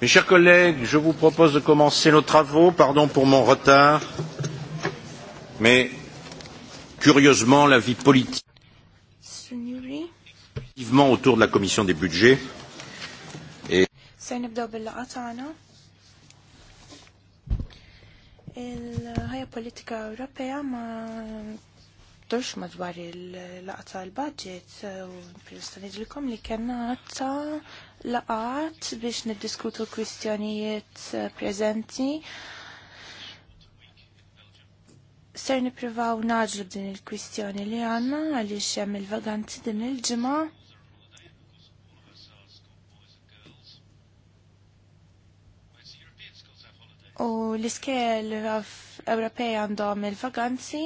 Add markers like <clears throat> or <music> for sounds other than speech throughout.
Mes chers collègues, je vous propose de commencer nos travaux. Pardon pour mon retard, mais curieusement, la vie politique vivement autour de la commission des budgets. Et... Il-ħajja politika Ewropea ma torx madwar il-laqta l-budget u pr-istaniġilkom li kena ta' laqat biex niddiskutu kwistjonijiet eh, prezenti. Ser niprivaw naġlu din il-kwistjoni li għanna għaliex hemm il-vaganti din il-ġimgħa. U l-iskel Ewropej għandhom il-vaganzi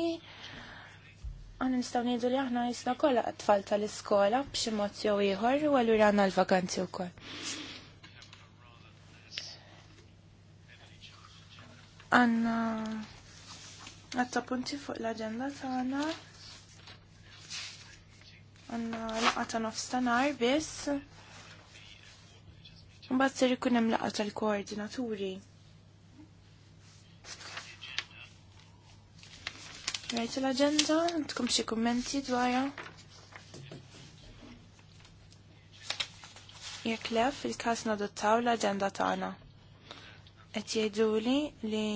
Għan nistaw nidu li aħna jisna kolla għatfall tal-iskola b'xi mod jew ieħor u għallu għandna l-vakanzi wkoll. Għanna għatta punti fuq l-agenda tagħna. Għanna laqgħa ta' nofstanhar biss. Mbagħad ser ikunem hemm laqgħa tal-koordinaturi. Rajt l-agenda, tkun xie kommenti dwarja. Jek le, fil-kas nadottaw l-agenda tagħna. Qed jgħiduli li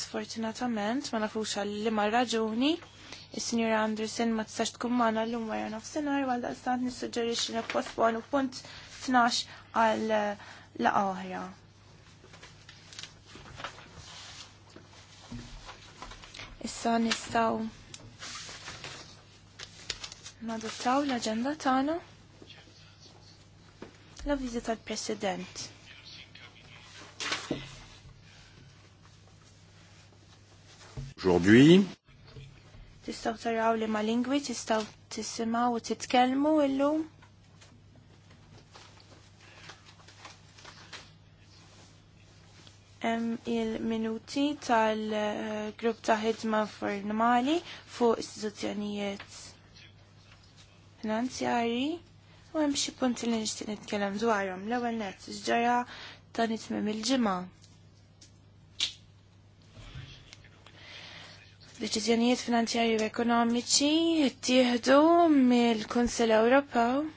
sfortunatament ma nafux għal ma raġuni is-Sinjura Anderson ma tistax tkun magħna llum wara nofsinhar għal daqstant nissuġġerixxi nipposponu punt 12 għal laqgħa oħra. Issa nistaw nadottaw l-agenda tagħna la viżita l president Aujourd'hui. Tistaw taraw li ma lingwi tistaw tisimaw u titkellmu illum. il-minuti tal-grupp ta' ħidma formali fuq istituzzjonijiet finanzjari u hemm xi punti li nixtieq nitkellem dwarhom. L-ewwel nett ġara ta' nitmim il-ġimgħa. Deċiżjonijiet finanzjarji u ekonomiċi ttieħdu mill-Kunsell Ewropew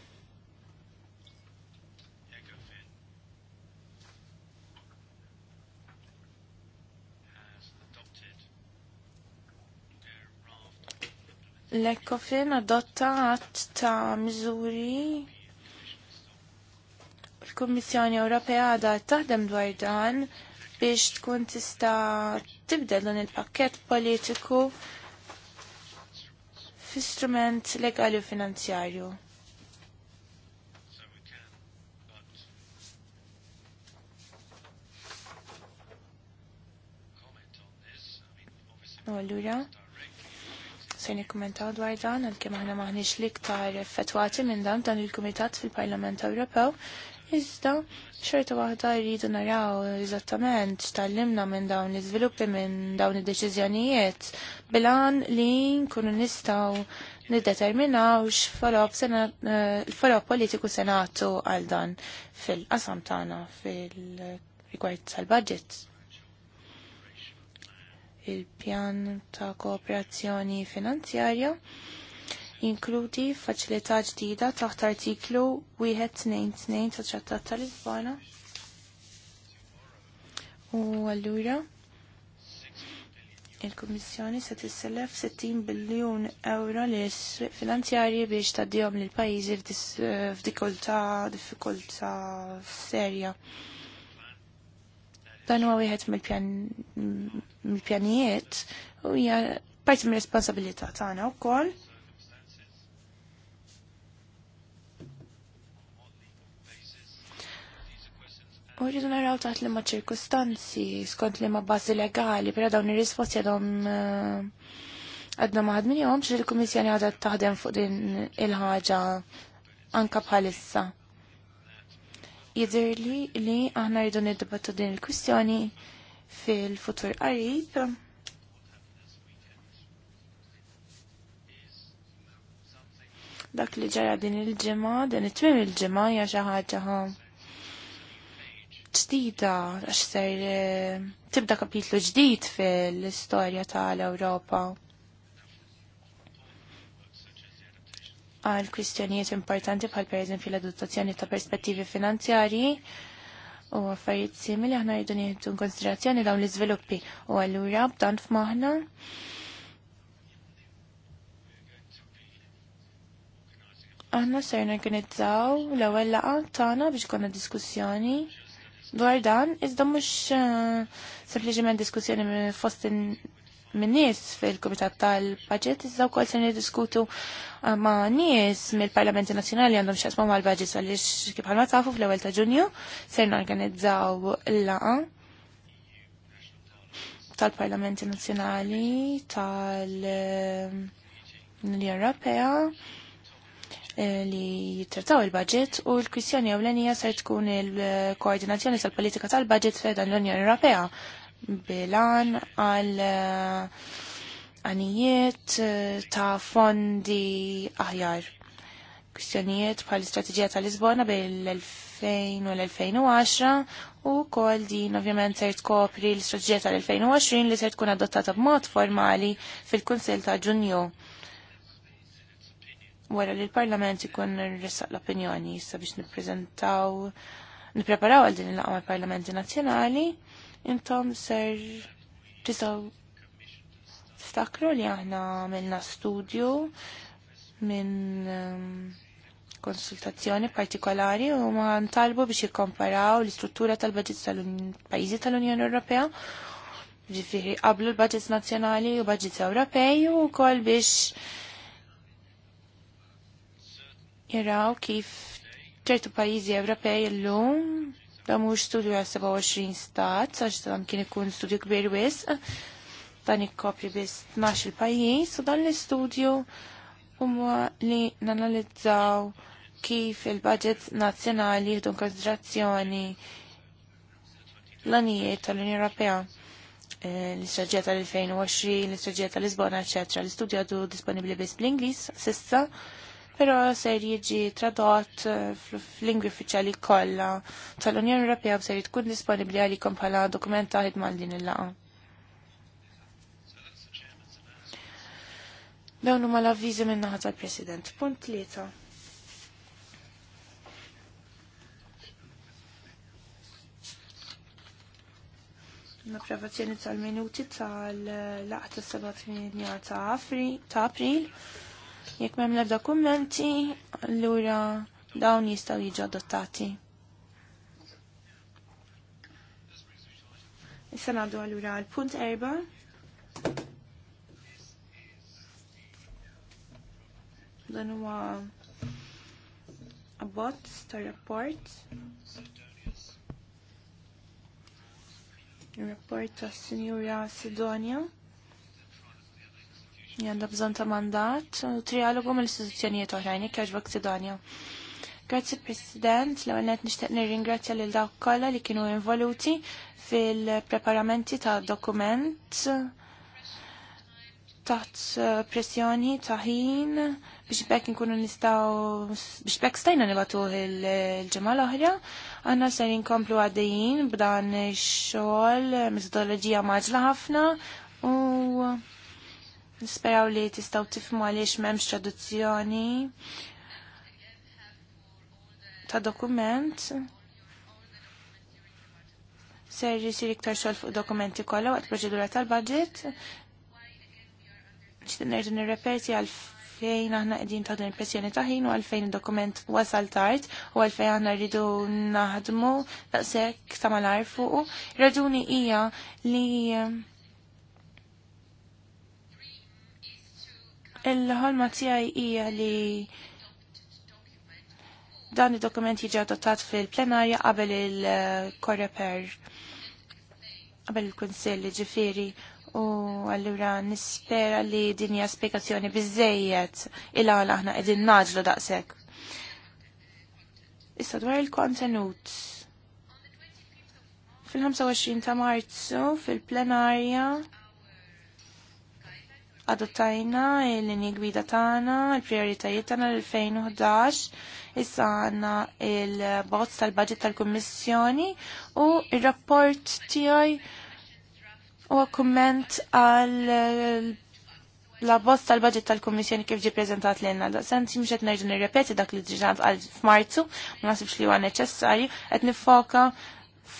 L-Ekofin adotta għat ta' miżuri l-Kommissjoni Ewropea għadha taħdem dwar dan biex tkun tista' tibdel dan il-pakket politiku f'istrument legali u finanzjarju. Allura. No, se nikkumentaw dwar dan għalkemm aħna maħniex l-iktar effettwati minn dan dan il-Kumitat fil-Parlament Ewropew, iżda xorta waħda jridu naraw eżattament x'tallimna minn dawn iżviluppi minn dawn id-deċiżjonijiet bilan li nkunu nistgħu niddeterminaw x-follow-up eh, politiku senatu għal dan fil-qasam tagħna fil-rigward tal-budget il-pjan ta' kooperazzjoni finanzjarja inkludi faċilità ġdida taħt artiklu 122 ta' ċattat tal-Lisbona. U allura il-Kummissjoni se tisselef 60 biljun euro li finanzjarji biex taddihom lil pajjiżi f'dikolta diffikultà serja. Dan huwa wieħed mill-pjanijiet u hija parti mir-responsabilità tagħna wkoll. U rridu naraw taħt li ma ċirkustanzi, skont li ma bazi legali, pera dawn ir-risposti għadhom għadna eh, ma għadmin jom, il-Komissjoni għadha taħdem fuq din il-ħaġa anka bħalissa jidher li li aħna rridu niddibattu din il-kwistjoni fil-futur qarib. Dak li ġara din il-ġimgħa, din it-twim il-ġimgħa hija xi ħaġa ġdida għax ser eh, tibda kapitlu ġdid fil-istorja tal-Ewropa. għal kwistjonijiet importanti bħal pereżempju l-adottazzjoni ta' perspettivi finanzjarji u affarijiet simili aħna rridu nieħdu konsiderazzjoni dawn l-iżviluppi u allura b'dan f'maħna aħna ser organizzaw l-ewwel laqgħa tagħna biex konna diskussjoni dwar dan iżda mhux eh, sempliċement diskussjoni fost nies fil-Kumitat tal-Budget, iżda wkoll se niddiskutu eh, ma' nies mill-Parlamenti Nazzjonali għandhom ma' mal-budget għaliex kif ma tafu fl-ewwel ta' Ġunju se norganizzaw laqa tal-Parlamenti Nazzjonali tal-Unjoni Ewropea eh, li jittrattaw il-budget u l-kwistjoni ewlenija se tkun il-koordinazzjoni tal-politika tal-budget f'dan l-Unjoni Ewropea bilan għal eh, għanijiet eh, ta' fondi aħjar. Kwistjonijiet bħal istrateġija ta' Lisbona bil-2000 u l-2010 u kol din ovvjament ser tkopri l-istrateġija tal-2020 li ser tkun adottata b'mod formali fil-Kunsil ta' Ġunju. Wara li l-Parlament ikun ressaq l-opinjoni sabiex nippreżentaw nippreparaw għal din il-laqma l-Parlamenti Nazzjonali intom ser tisaw tiftakru li aħna minna studju minn um, konsultazzjoni partikolari u ma ntalbu biex jikkomparaw l-istruttura tal-budget tal-pajjiżi tal-Unjoni Ewropea ġifiri qablu l-budgets nazzjonali u budget Ewropej u kol biex jiraw kif ċertu pajjiżi Ewropej l-lum Da mhux studju għal 27 stat, għax dan kien ikun studju kbir wisq, dan ikkopri biss 12 il-pajjiż, u dan l-istudju huma li nanalizzaw kif il-budget nazzjonali jieħdu konsiderazzjoni l-anijiet tal-Unjoni Ewropea eh, l-istraġġija tal-2020, l-istraġġija tal-Lisbona, ecc. L-istudju għadu disponibli biss bl-Inglis, sissa, però ser jiġi tradott eh, fl-lingwi uffiċjali kollha tal-Unjoni Ewropea b'ser tkun disponibbli għalikom bħala dokument ta' ħidma din il-laqgħa. Dawn huma l-avviżi minn naħa tal-President. Punt tlieta. l-approvazzjoni tal-minuti tal-laqta 7 ta' april Jekk m'hemm l allura dawn jistgħu jiġu adottati. Issa ngħaddu allura għal punt erba'. Dan huwa abbozz ta' rapport Il-rapport tas-Sinjura Sidonia. Janda bżon ta' mandat u trialogu mill-istituzzjonijiet oħrajn, jekk jaġbok Sidonja. Grazzi President, l għalnet nishtiq nirringrazzja lil dawk kollha li kienu involuti fil-preparamenti ta' dokument taħt eh, pressjoni ta' ħin biex bekk nkunu nistaw biex bekk stajna nibatu il-ġemal oħra. Għanna ser inkomplu għaddejjin b'dan ix-xogħol metodoloġija maġla ħafna u Nisperaw li tistaw tifmu għaliex memx traduzzjoni ta' dokument. Ser jisir iktar xol fuq dokumenti kollha waqt proċedura tal-budget. Ċtin nerġu nirreperti għal fejn aħna qegħdin ta' din impressjoni ta' ħin u għalfejn id-dokument wasal tard u għalfejn aħna rridu naħdmu daqshekk ta' malar fuq. Raġuni hija li Il-ħolma tiegħi hija li dan id-dokument jiġi adottat fil-plenarja qabel il-Koreper, qabel il li ġifiri u allura nispera li din hija spjegazzjoni il il ħna aħna qegħdin naġlu daqshekk. Issa dwar il-kontenut. Fil-25 ta' Marzu fil-plenarja adottajna l-linji gwida tagħna, il-prijoritajiet tagħna l-2011, issa għandna il-bozz tal-budget tal-Kummissjoni u ir-rapport tiegħi u kumment għal la bost tal-budget tal-Kommissjoni kif ġi prezentat l-enna. Daqsant jimxet nerġu nirrepeti dak li ġiġant għal f'Marzu, ma nasibx li huwa neċessarju, qed nifoka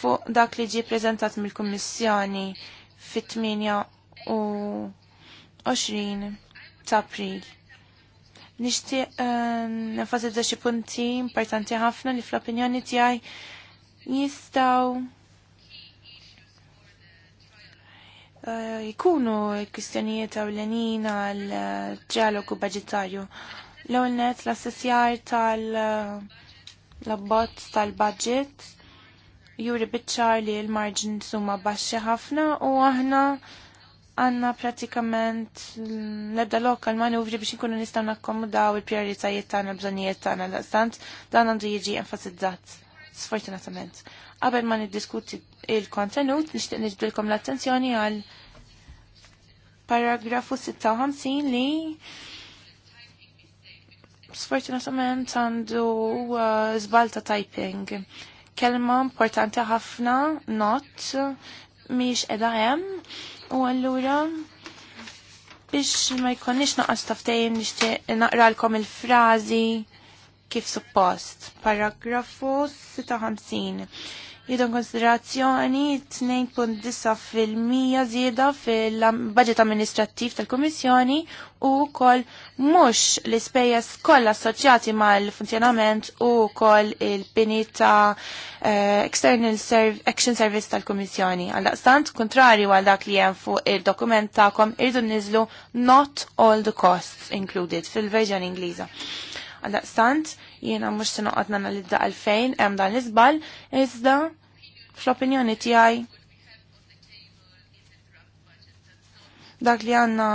fuq dak li ġi prezentat mill-Kommissjoni fit-8 u 20 ta' april. Nishtiq da eh, xie punti importanti ħafna li fl-opinjoni tiegħi jistgħu eh, jkunu kwistjonijiet ewlenin għal ġalogu eh, budgetarju. L-ewwel net l-assessjar tal-abbozz tal-budget juri biċċar li l-marġin summa baxxi ħafna u aħna għanna pratikament l-ebda lokal manuvri biex nkunu nistaw nakkomodaw il-prioritajiet tagħna l-bżonijiet tagħna l-istant dan għandu jiġi enfasizzat sfortunatament. Qabel ma niddiskuti il-kontenut, nixtieq niġbilkom l-attenzjoni għal paragrafu 56 li sfortunatament għandu zbalta uh, typing. Kelma importanti ħafna, not, miex edha hemm u allura biex ma jkonniex naqas taftejn nixtieq naqralkom il-frażi kif suppost. Paragrafu 56 jidon konsiderazzjoni 2.9 fil-mija zjeda fil-budget amministrattiv tal-Komissjoni u kol mux l-ispejjeż kollha assoċjati mal-funzjonament u kol il-bini ta' eh, External Serv Action Service tal-Komissjoni. Għal-daqstant, kontrarju għal dak li hemm fuq il-dokument ta'kom irdu niżlu not all the costs included fil-verżjoni Ingliża. Għaldaqstant, jiena mhux se noqgħod da għalfejn hemm dan l-iżbal, iżda fl-opinjoni għaj. dak li għandna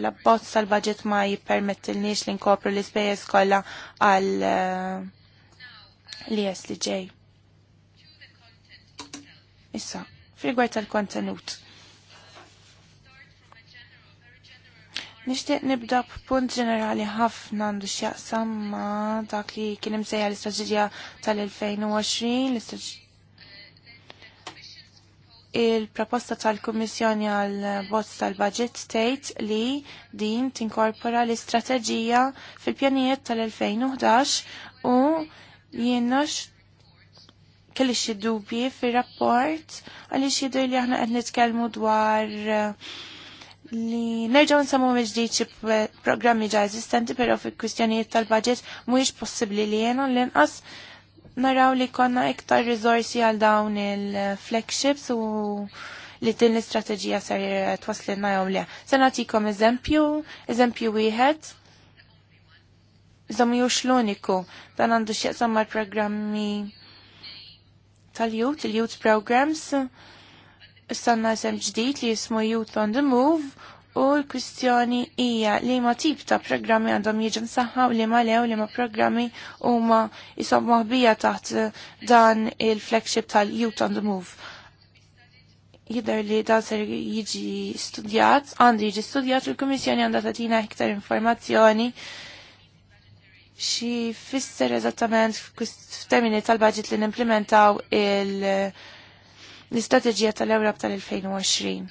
l-abbozz tal-budget ma jippermettilniex li nkopru l-ispejjeż kollha għal eh, li jess li ġej. Issa, fil-gwar tal-kontenut Nishtiq nibda b'punt ġenerali ħafna għandu x'jaqsam ma' dak li kien imsejja l-istraġġija tal-2020 il-proposta tal-Kummissjoni għal bozz tal-Budget tgħid li din tinkorpora l-istrateġija fil-pjanijiet tal-2011 u jiena kelli xi dubji fir-rapport għaliex jidher li aħna qed nitkellmu dwar uh, li nerġaw nsammu meġdijt programmi ġa eżistenti, pero fi kwistjonijiet tal-budget mhuwiex possibbli li jena l-inqas naraw li konna iktar rizorsi għal dawn il-flagships u li din l-istrateġija ser twaslinna jew le. Se nagħtikom eżempju, eżempju wieħed. Iżda mhux dan għandu x'jaqsam mal-programmi tal jut il jut programs. Sanna sem ġdijt li jismu Youth on the Move u l-kwistjoni hija li ma tip ta' programmi għandhom jieġen saħħa u li ma lew li ma programmi u ma jisob maħbija taħt eh, dan il-flagship tal-Youth on the Move. Jider li dan ser jiġi studjat, għandi jiġi studjat u l-Komissjoni għandha tatina iktar informazzjoni xi fisser eżattament f'termini tal-budget li nimplementaw il- l-istrateġija tal-Ewrop tal-2020.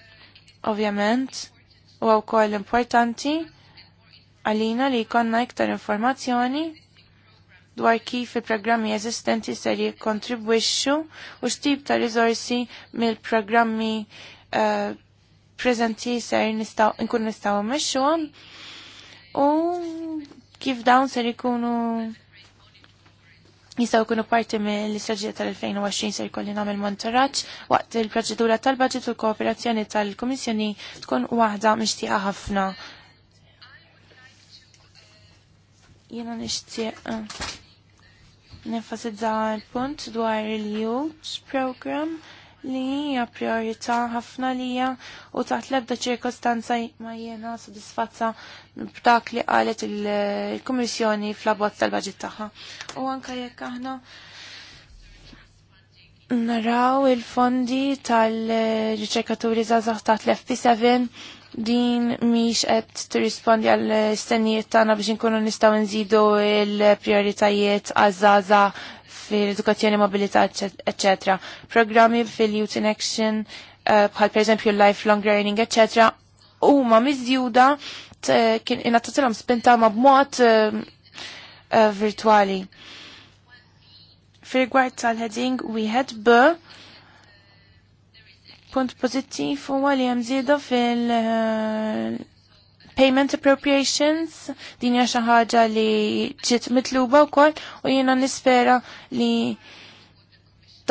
Ovvjament, u għaw importanti għalina li jkonna iktar informazzjoni dwar kif il-programmi eżistenti ser jikkontribwixxu u x'tip ta' riżorsi mill-programmi uh, preżenti ser nistaw nkun nistgħu u kif dawn ser jkunu jistaw kunu parti l istraġija tal-2020 se jkolli nagħmel monterraċ waqt il-proċedura tal-budget u l-kooperazzjoni tal komissjoni tkun waħda mixtieqa ħafna. Jena nixtieq eh, nenfasizza l-punt dwar il-Youth Program li hija priorità ħafna lija u taħt l-ebda ċirkostanza ma jiena sodisfazza b'dak li qalet il-Kummissjoni fl-abbozz tal-baġit tagħha. U anke jekk aħna naraw il-fondi tal-riċerkaturi żgħażagħ taħt l-FP7 din miex qed tirrispondi għall-istennijiet tagħna biex inkunu nistgħu nżidu l-prijoritajiet għaż-żgħażagħ fil edukazzjoni mobilità, etc. Programmi fil-Youth in Action, eh, bħal per esempio lifelong learning, etc. U ma mizjuda kien inattatilhom spinta ma b'mod eh, eh, virtuali. fil rigward tal-heading had B punt pozittiv huwa li hemm fil- payment appropriations, din hija xi ħaġa li ġiet mitluba wkoll u jiena nispera li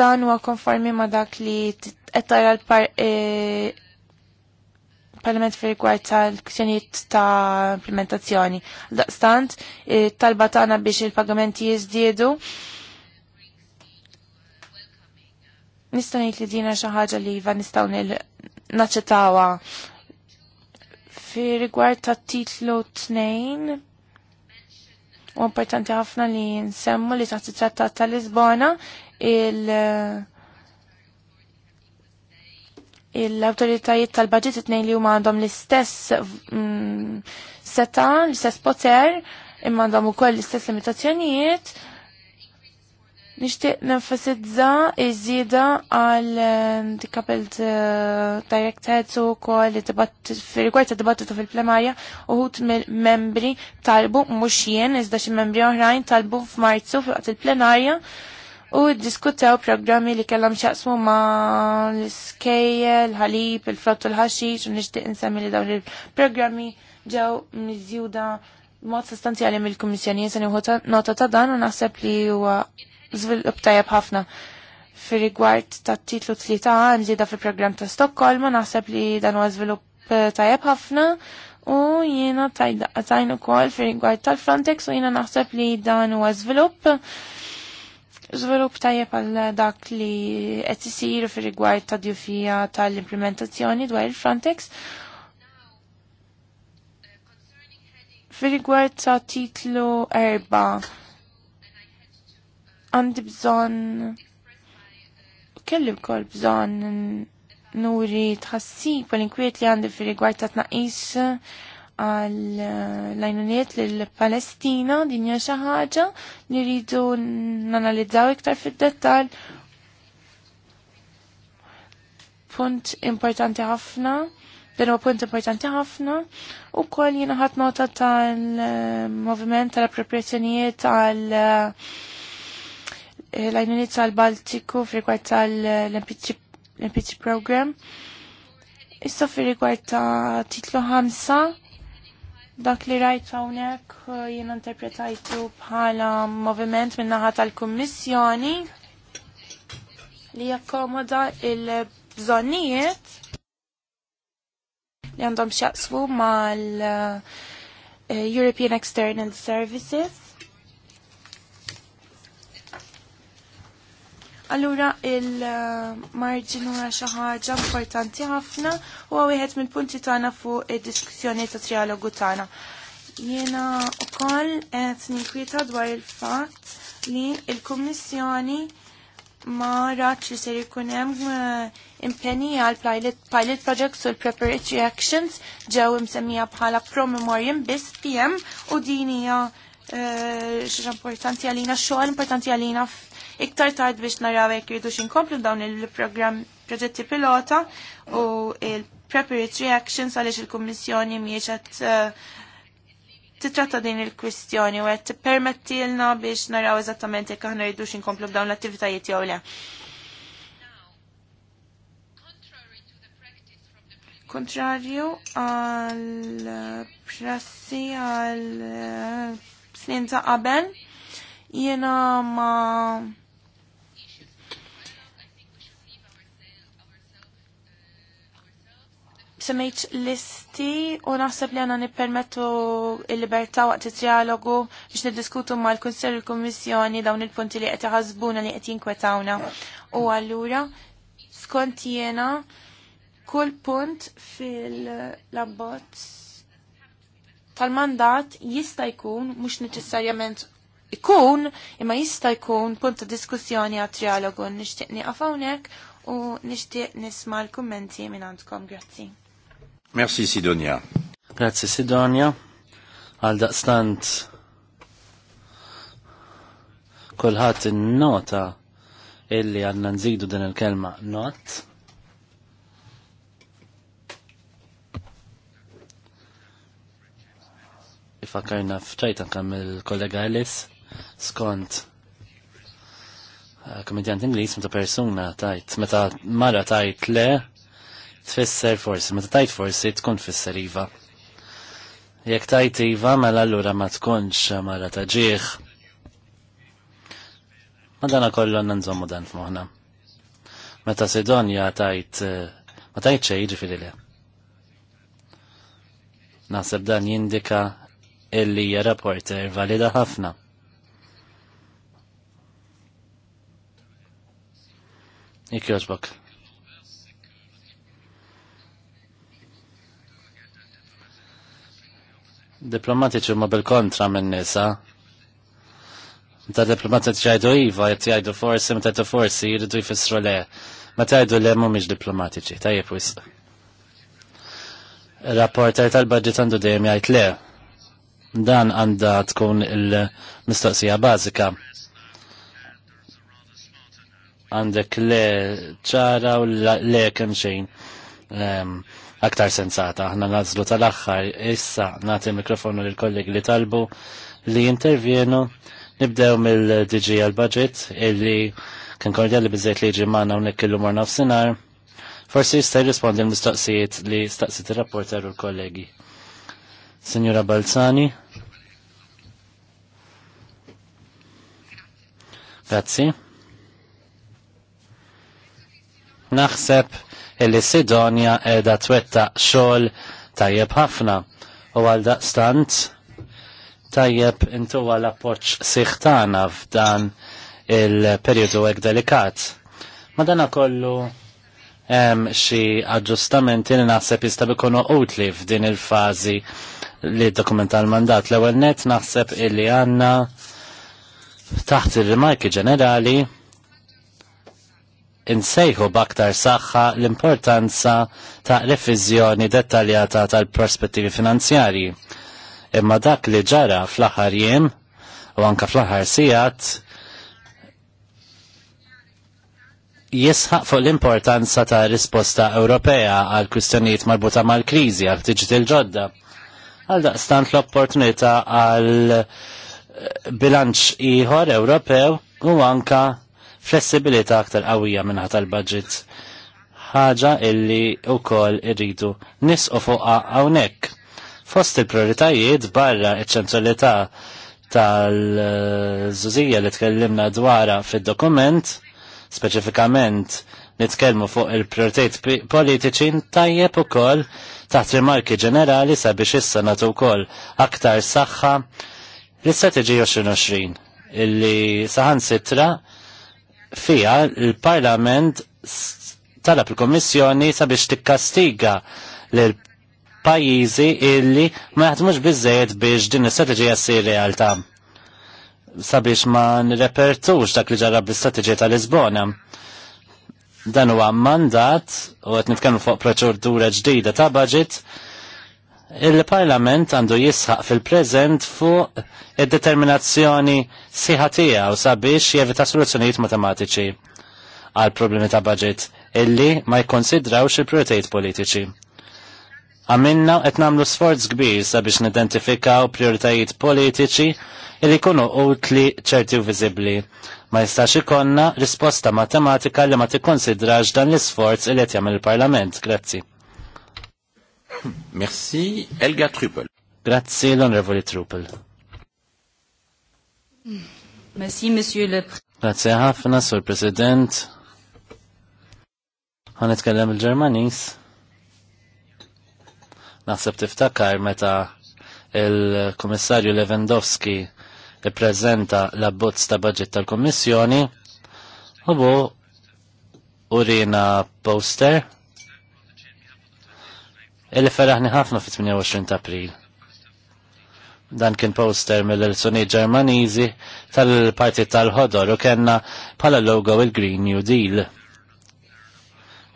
dan huwa konformi ma' dak li qed tara l-Parlament e, fi rigward tal kwestjonijiet ta' implementazzjoni. Daqstant, e, talba tagħna biex il-pagamenti jiżdiedu. Nista' ngħid li dina xi ħaġa li iva nistgħu naċċettawha Fi rigward ta' titlu tnejn u importanti ħafna li nsemmu li ta' it-trattat ta' Lisbona il- l-autoritajiet tal-budget it-nejn li huma għandhom l-istess mm, seta, l-istess poter, imma għandhom ukoll l-istess limitazzjonijiet Nishtiq nenfasizza iż-żieda għal ehm, decoupled eh, directed u kol fil-rigward ta' dibattitu fil-plemarja uħut membri talbu mhux jien iżda xi membri oħrajn talbu f'Marzu fuq il-plenarja u diskutew programmi li kellhom xaqsmu ma' l-iskejjel, ħalib, il-frott u l-ħaxix u nixtieq insemmi li dawn il-programmi ġew miżjuda mod sostanzjali mill-Kummissjoni se nota ta' dan u naħseb li huwa żvilupp tajjeb ħafna fir rigward ta' titlu 3 għandida fil-programm ta' Stockholm, naħseb li dan huwa żvilupp eh, tajjeb ħafna u jiena tajn ukoll fir rigward tal-Frontex u jiena naħseb li dan huwa żvilupp Zvilup tajjeb għal dak li qed isir fir rigward ta' djufija tal-implementazzjoni dwar il-Frontex fil-rigward ta' titlu erba' għandi bżon kelli wkoll bżon nuri tħassib u l-inkwiet li għandi fi rigward ta' tnaqis għal lajnuniet l-Palestina din hija xi ħaġa li rridu nanalizzaw iktar fid-dettall punt importanti ħafna, dan huwa punt importanti ħafna, u koll jina ħat nota tal-moviment tal-appropriazzjonijiet tal-, -moviment, tal appropriazzjonijiet tal tal l għajnuni tal-Baltiku f'rigward tal-MPC program. Issa f'rigward ta' titlu 5, dak li rajt hawnhekk uh, jien interpretajtu bħala moviment min-naħa tal-Kummissjoni li jakkomoda il-bżonnijiet li għandhom xaqsmu mal-European uh, External Services Allura il-marġinu xi ħaġa importanti ħafna u wieħed mill-punti tagħna fuq id-diskussjoni ta' trialogu tagħna. Jiena wkoll qed ninkwita dwar il-fatt li il-Kummissjoni ma raċ li se jkun hemm eh, impenji għal pilot projects u l-preparatory actions ġew imsemmija bħala promemorium biss PM u din hija eh, xi importanti għalina xogħol importanti għalina iktar tard biex naraw jekk jridu xinkomplu dawn il-programm proġetti pilota u il preparate reactions għaliex il-Kummissjoni miex qed eh, titratta din il-kwistjoni u qed permettilna biex naraw eżattament jekk aħna jridu xinkomplu dawn l-attivitajiet jew le. kontrarju għal eh, prassi għal eh, snin ta' qabel jena ma semmejt listi u naħseb li għana nipermettu il-libertà waqt il-trialogu biex nidiskutu ma l-Kunsel u l-Kommissjoni dawn il-punti li qed ħasbuna li qed jinkwetawna. U allura skont jiena kull punt fil labbot tal-mandat jista' jkun mhux neċessarjament ikun imma jista' jkun punt ta' diskussjoni għat-trialogu nixtieq nieqaf hawnhekk u nixtieq nisma' l-kummenti minn għandkom. Grazzi. Merci Sidonia. Grazie Sidonia. Għal daqstant kolħat nota illi għanna nżidu din il-kelma not. Ifakarna fċajta kam il-kollega Ellis skont eh, komedjant Ingliż meta persuna tajt, meta mara tajt le, tfisser forsi, meta tajt forsi tkun tfisser iva. Jekk tajt iva, l mela allura ma tkunx mara taġiħ. ġieħ. Ma dana kollu nanżommu dan f'moħna. Meta Sidonja tajt, eh, ma tajt xej ġifiri le. Naħseb dan jindika illi hija rapporter valida ħafna. Ikjoġbok. diplomatiċi ma bil-kontra minn nisa. Ta diplomatiċi jgħidu iva, jgħid jgħidu forsi, meta jgħidu forsi, jridu jfissru le. Meta jgħidu le mhumiex diplomatiċi, tajjeb wis. Rapporter tal-budget għandu dejjem jgħid le. Dan għandha tkun il-mistoqsija bażika. Għandek le ċara u le kemm xejn. Um, aktar sensata. Aħna nazlu tal-axħar, issa nagħti mikrofonu lil kollegi li talbu li intervjenu. Nibdew mill-DG għal-budget illi kien kordjali bizzejt li jiġi maħna unnek illu mar nafsinar. Forsi jista' jirrispondi l-mistoqsijiet li staqsit ir-rapporter u l-kollegi. Signora Balzani. Grazzi. Naħseb illi Sidonja edha twetta xogħol tajjeb ħafna u għal daqstant tajjeb intu għal appoċ siħtana f'dan il-periodu għek delikat. Madana kollu hemm xi aġġustamenti li naħseb jista' ikunu utli f'din il-fażi li dokumental mandat L-ewwel net naħseb illi għandna taħt ir-rimarki ġenerali insejħu baktar saħħa l-importanza ta' revizjoni dettaljata tal-prospettivi finanzjarji. Imma dak li ġara fl-aħħar jiem u anka fl-aħħar sigħat jisħaq fuq l-importanza ta' risposta Ewropea għal kwistjonijiet marbuta mal-kriżi għal digital ġodda. Għal daqstant l-opportunità għal bilanċ ieħor Ewropew u anka flessibilità aktar qawwija minn tal-budget. Ħaġa illi wkoll irridu nisqu fuqha hawnhekk. Fost il-prioritajiet barra iċ-ċentralità tal-żużija li tkellimna dwara fid-dokument, speċifikament nitkellmu fuq il prioritajiet politiċi tajjeb ukoll taħt rimarki ġenerali sabiex issa nagħtu wkoll aktar saħħa l-istrateġi 2020 illi saħan sitra fija il-Parlament talab il-Kommissjoni sabiex tikkastiga l pajjiżi illi ma jaħdmux bizzejed biex din is-strateġija ssir realtà sabiex ma nrepertux dak li ġarra l istrateġija tal-Lisbona. Dan huwa mandat u qed nitkellmu fuq proċedura ġdida ta' budget il-Parlament għandu jisħaq fil-prezent fuq id-determinazzjoni siħatija u sabiex jevita soluzzjonijiet matematiċi għal problemi ta' budget illi ma jkonsidrawx il-prioritajiet politiċi. Għamilna qed nagħmlu sforz kbir sabiex nidentifikaw prioritajiet politiċi illi jkunu utli ċerti u viżibbli. Ma jistax ikonna risposta matematika li ma tikkonsidrax dan l-isforz li qed jagħmel il-Parlament. Grazzi. Merci, Elga Truppel. Grazie, l'onorevole Truppel. Merci, Monsieur le Grazie ħafna, Sur President. Għan itkellem il germanis Naħseb tiftakar meta il-Komissarju Lewandowski ippreżenta l-abbozz ta' budget tal-Kommissjoni Ubu urina poster illi ferraħni ħafna fit-28 ta' april. Dan kien poster mill-elezzjoni ġermaniżi tal-partit tal-ħodor u kellna bħala logo il-Green New Deal.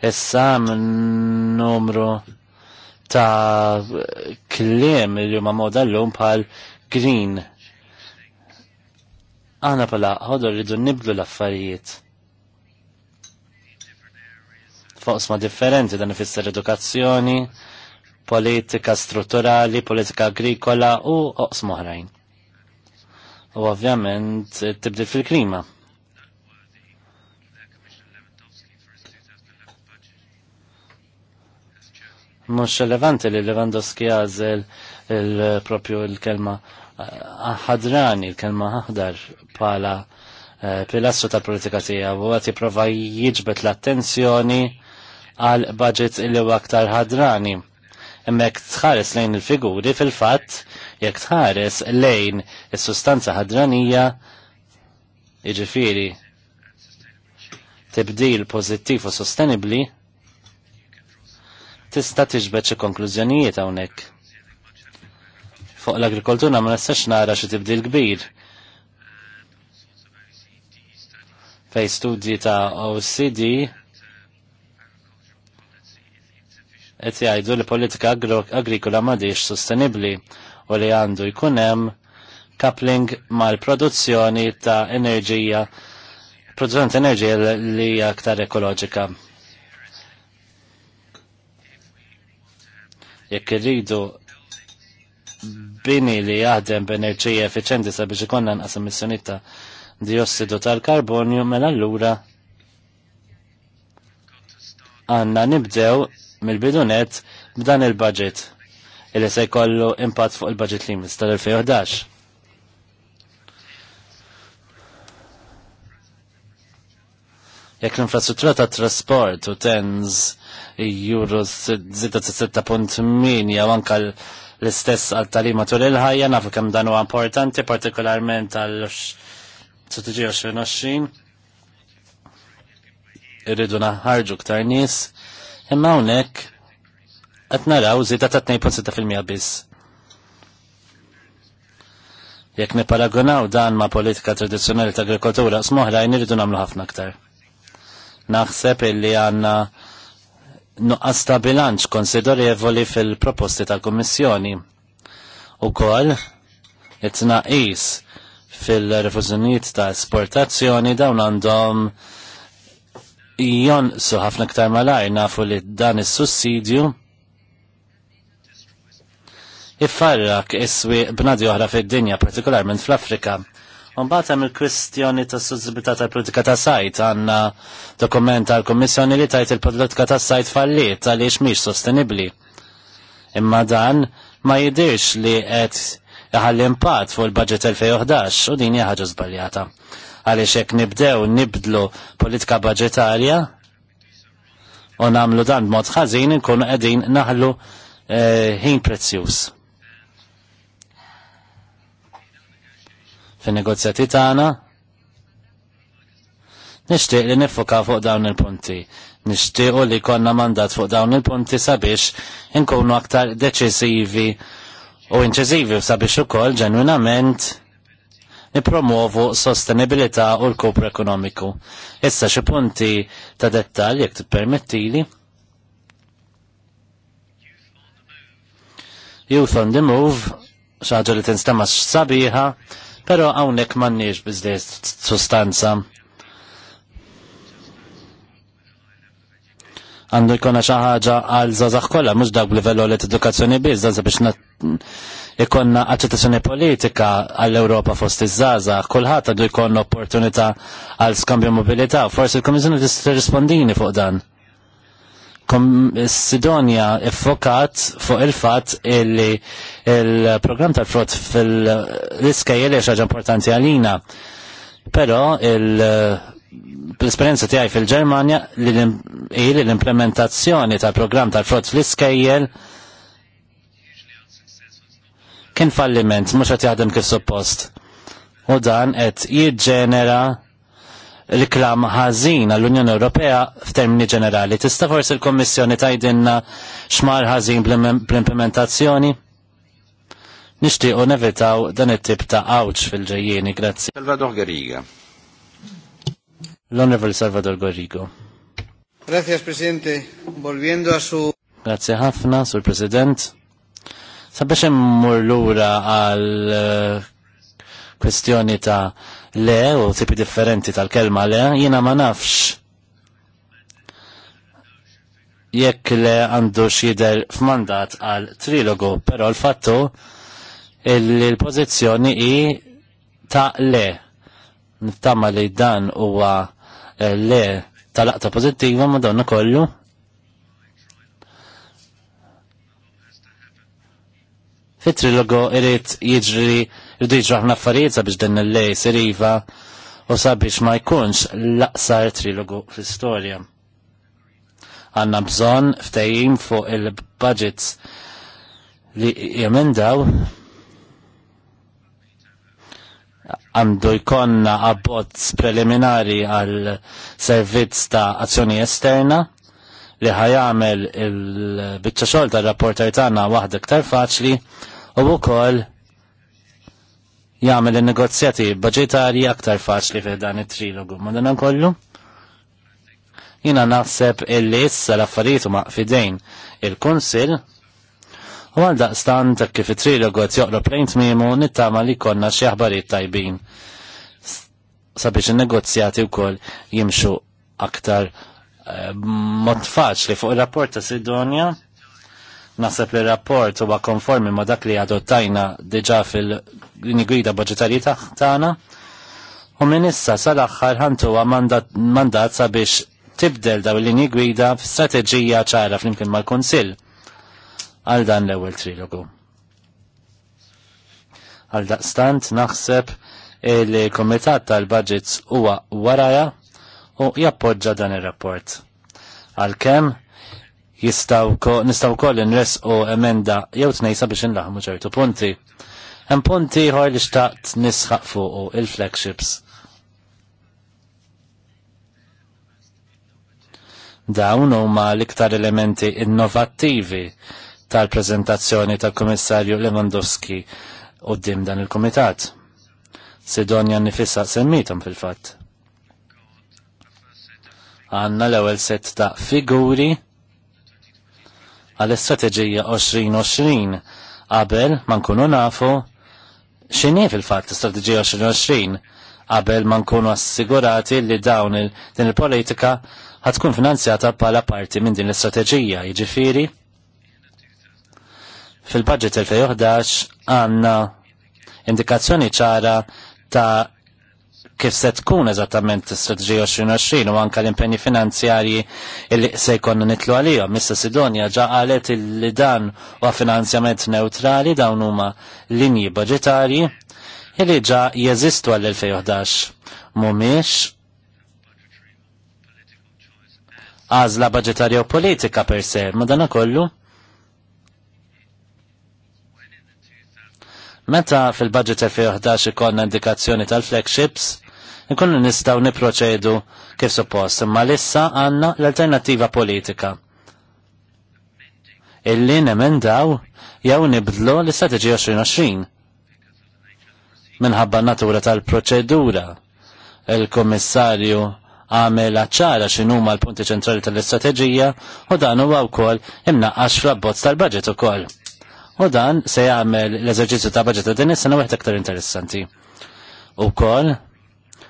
Issa minn numru ta' kliem li huma moda llum bħal Green. Aħna bħala ħodor ridu nibdu l-affarijiet Fosma differenti dan ifisser edukazzjoni, politika strutturali, politika agrikola u oqs moħrajn. U ovvjament tibdil fil-klima. Mux relevanti li Lewandowski għazel il-propju il-kelma eh, ħadrani, il-kelma ħadar pala eh, pilastru tal-politika tiegħu u għati prova jiġbet l-attenzjoni għal budget li huwa aktar ħadrani emmek tħares lejn il-figuri fil-fatt jekk tħares lejn is-sustanza ħadranija jiġifieri tibdil pożittiv u sostenibbli tista' tiġbeċ konklużjonijiet hawnhekk. Fuq l-agrikoltura ma nistax nara xi tibdil kbir. Fej studji ta' OCD qed jgħidu li politika agrikola m'għadix sostenibbli u li għandu jkun hemm coupling mal-produzzjoni ta' enerġija produzzjoni ta' enerġija li hija aktar ekoloġika. Jekk irridu bini li jaħdem b'enerġija effiċenti sabiex ikonna nqas emissjoni ta' diossidu tal-karbonju mela allura għanna nibdew mil bidunet b'dan il-budget illi se jkollu impatt fuq il-budget li jmiss tal-2011. Jekk l-infrastruttura ta' trasport u tens juru zita min jew anka l-istess għal talima tul il-ħajja nafu kemm dan huwa importanti partikolarment għal strategija 2020 irridu naħħarġu ktar nies Imma hawnhekk qed naraw żieda ta' 2.6% biss. Jekk niparagunaw dan ma' politika tradizzjonali ta' agrikoltura smoħra jniridu nagħmlu ħafna aktar. Naħseb illi għandna nuqqas ta' bilanċ konsiderevoli fil-proposti tal-Kummissjoni. U it jitnaqis fil refuzjoniet ta' esportazzjoni dawn għandhom jonqsu ħafna ktar malajr nafu li dan is-sussidju iffarrak iswi b'nadi oħra fid-dinja, partikolarment fl-Afrika. Mbagħad hemm il-kwistjoni tas sussibilità tal-politika ta' sajt għandna dokument tal-Kummissjoni li tajt il-politika ta' sajt fallit għaliex mhix sostenibbli. Imma dan ma jidirx li qed iħalli pat fuq il-budget 2011 u din hija ħaġa żbaljata għaliex jekk nibdew nibdlu politika budgetarja u namlu dan b'mod ħażin nkunu qegħdin naħlu eh, ħin prezzjuż. Fin-negozjati tagħna nixtieq li nifuka fuq dawn il-punti. Nixtiequ li konna mandat fuq dawn il-punti sabiex inkunu aktar deċisivi u inċisivi sabiex ukoll ġenwinament nipromovu sostenibilità u l-kopru ekonomiku. Issa xi punti ta' dettalj jekk tippermettili. Youth on the Move, xaġa li tinstema sabiħa, pero hawnhekk m'għandniex biżdejjed sustanza. għandu jkun xi ħaġa għal żgħażagħ kollha mhux dak b'livell li edukazzjoni biss żgħażagħ biex ikonna aċċettazzjoni politika għall-Ewropa fost iż-żgħażagħ, kulħadd għandu jkun opportunità għal skambju mobilità, forsi l-Kummissjoni tista' tirrispondini fuq dan. Sidonja effokat fuq il-fat illi il-program tal-frott fil riska li xaġa importanti għalina. Pero il- l-esperienza tiegħi fil-Ġermanja li l-implementazzjoni tal-programm tal-frott fl-iskejjel kien falliment mhux qed jaħdem kif suppost. U dan qed jiġġenera riklam ħażin għall-Unjoni Ewropea f'termini ġenerali. Tista' forsi l-Kommissjoni tgħidilna xmar ħażin bl-implementazzjoni? Nixtiequ nevitaw dan it-tip ta' awċ fil-ġejjieni, grazzi. Salvador Gariga. L-Honorable Salvador Gorrigo. Grazie, Presidente. Volviendo a su... Grazie ħafna, Sur President. Sabiex immur lura għal eh, kwestjoni ta' le u tipi differenti tal-kelma le, jiena ma nafx jekk le għandu xider f'mandat għal trilogu, pero l-fattu il-pozizjoni i ta' le. Niftama li dan huwa Eh, le tal pozittiva madonna kollu fit logo irrit jiġri jidri jiġru affarijiet sabiex denna il-lej iva u sabiex ma jkunx laqsar trilogu fl-istorja. Għanna bżon ftejim fuq il-budgets li jemendaw għandu jkonna abbozz preliminari għal servizz ta' azzjoni esterna li ħajamel il-bicċa xogħol tar-rapporter tagħna waħda iktar faċli u wkoll jagħmel in-negozjati budġetarji aktar faċli fi dan it-trilogu. Madan kollu jiena naħseb illi issa l-affarijiet huma fidejn il-Kunsill U għal daqstan ta' kif it-trilogu għazjoq joqro plejn t-mimu nittama li konna xieħbarit tajbin sabiex il-negozjati u koll jimxu aktar eh, mod faċli fuq il-rapport ta' Sidonja. Nasab li rapport huwa konformi ma' dak li adottajna diġa fil-gwida budgetarji taħtana. U minissa issa sal-axħar ħantuwa mandat, mandat sabiex tibdel daw l-linji gwida f'strateġija ċara fl-imkien mal-Konsil għal dan l-ewwel trilogu. Għal daqstant naħseb il-Komitat tal-Budgets huwa waraja u jappoġġa dan ir-rapport. Għalkemm jistaw nistaw koll inres u emenda jew tnejsa biex inlaħmu ċertu punti. Hemm punti ħor li xtaqt nisħaq fuq il-flagships. Dawn huma l-iktar elementi innovattivi tal-prezentazzjoni tal-Komissarju Lewandowski u dan il-Komitat. Sidonja nifissa semmitom fil-fatt. Għanna l-ewel set ta' figuri għal-istrateġija 2020 qabel ma nkunu nafu x'inhi fil-fatt istrateġija 2020 qabel ma nkunu assigurati li dawn il din il-politika ħatkun finanzjata bħala parti minn din l-istrateġija, jiġifieri Fil-budget 2011 għanna indikazzjoni ċara ta' kif se tkun eżattament strategija 2020 u anka l-impenni finanzjarji li se jkollna nitlu għalihom. Missa Sidonja ġa qalet li dan huwa finanzjament neutrali dawn huma linji budġetarji li ġa jeżistu għall-2011. Mhumiex għażla budgetarja u politika per se, ma kollu Meta fil-budget F11 ikonna indikazzjoni tal-flagships, nkunu nistaw niproċedu kif suppost, imma lissa għanna l-alternativa politika. Illi nemendaw jew nibdlu l-istrateġi 2020. Minħabba natura tal-proċedura, il-Komissarju għamel ċara x'inhuma l-punti ċentrali tal-istrateġija u dan huwa wkoll imnaqqax fl-abbozz tal-budget ukoll u dan se jagħmel l-eżerċizzju ta' budget ta' din is-sena wieħed aktar interessanti. Ukoll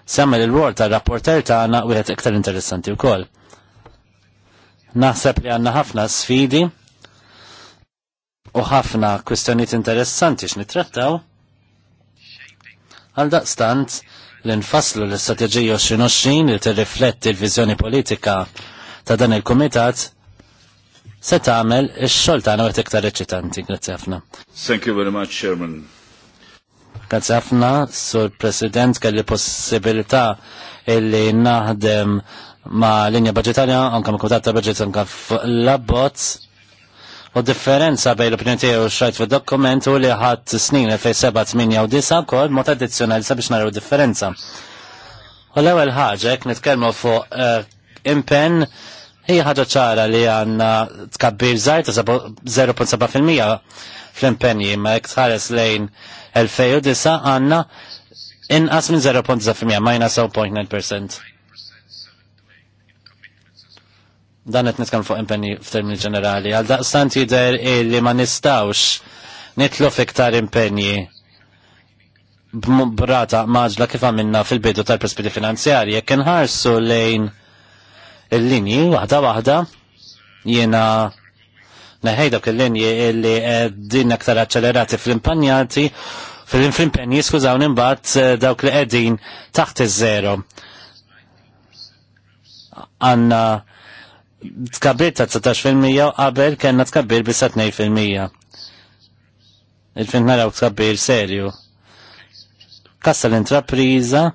se jagħmel il-wol tar-rapporter tagħna wieħed aktar interessanti wkoll. Naħseb li għandna ħafna sfidi u ħafna kwistjonijiet interessanti x'nittrattaw. Għal daqstant, l-infaslu l-istrateġija 2020 li tirrifletti l-viżjoni politika ta' dan il-Kumitat se tagħmel ix-xogħol tagħna wet iktar eċitanti. Grazzi ħafna. Thank you very much, Chairman. Grazzi ħafna, Sur President, kelli possibilità illi naħdem ma' linja budgetarja, anke ma' komitat ta' budget anka f'labbozz. U differenza bej l-opinjoni u xrajt fid-dokument u li ħadd snin 2007 u 9 wkoll mod addizzjonali sabiex naraw differenza. U l-ewwel ħaġa jekk nitkellmu fuq eh, impenn Hija ħaġa ċara li għanna tkabbir zaħta 0.7% fl-impenji ma' tħares lejn 2009 għanna inqas minn 0.7% ma' 0.9%. Dan qed nitkellem fuq impenji f'termini ġenerali. Għal daqstant jidher li ma nistawx nitlu fiktar impenji b'rata maġla kif għamilna fil-bidu tal-perspedi finanzjarji jekk inħarsu lejn il-linji waħda waħda jiena neħej dak il-linji illi din aktar accelerati fl-impanjati fil-infrimpenji skużaw nimbat eh, dawk li qegħdin taħt iż-żero. Għanna tkabbir ta' 19% qabel kellna tkabbir bisa 2%. Il-fin naraw tkabbir serju. Kassa l-intrapriża,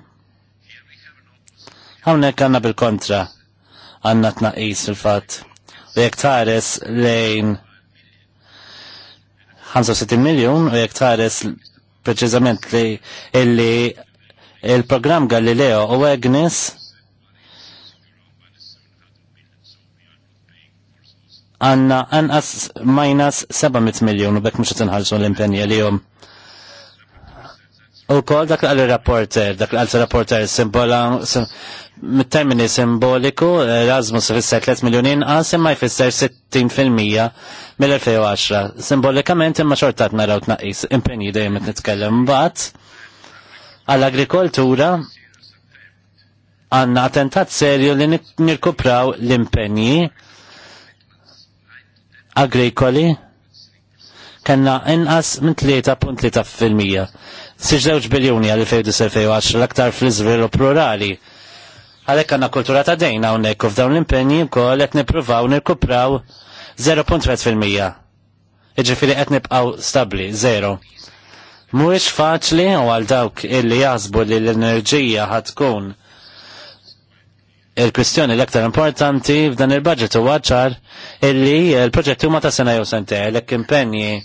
hawnhekk għandna bil-kontra għanna tnaqis fil-fat. U jek tares lejn 65 miljon u jek tares preċizament li illi il-program Galileo u Agnes għanna anqas minus 700 miljon u bekk mux tinħalsu l-impenja li jom. U kol dak għal rapporter dak għal rapporter simbola, mit-termini simboliku, Erasmus fisser 3 miljonin għas imma jfisser 60% mill-2010. Simbolikament imma xortat naraw t-naqis, impenji dejjem nitkellem bat, Għall-agrikoltura għanna attentat serju li nirkupraw l-impenji agrikoli kanna inqas minn 3.3 fil-mija. Siġ żewġ biljuni għal għax l-aktar fl-iżvilupp rurali. Għalhekk għandna kultura ta' dejna hawnhekk u f'dawn l-impenji wkoll qed nippruvaw nirkupraw 0.3%. Iġifieri qed nibqgħu stabbli, 0. Mhuwiex faċli u għal dawk illi jazbu li l-enerġija ħatkun il-kwistjoni l-aktar importanti f'dan il-budget u għadċar illi il-proġetti huma ta' sena jew sente l impenji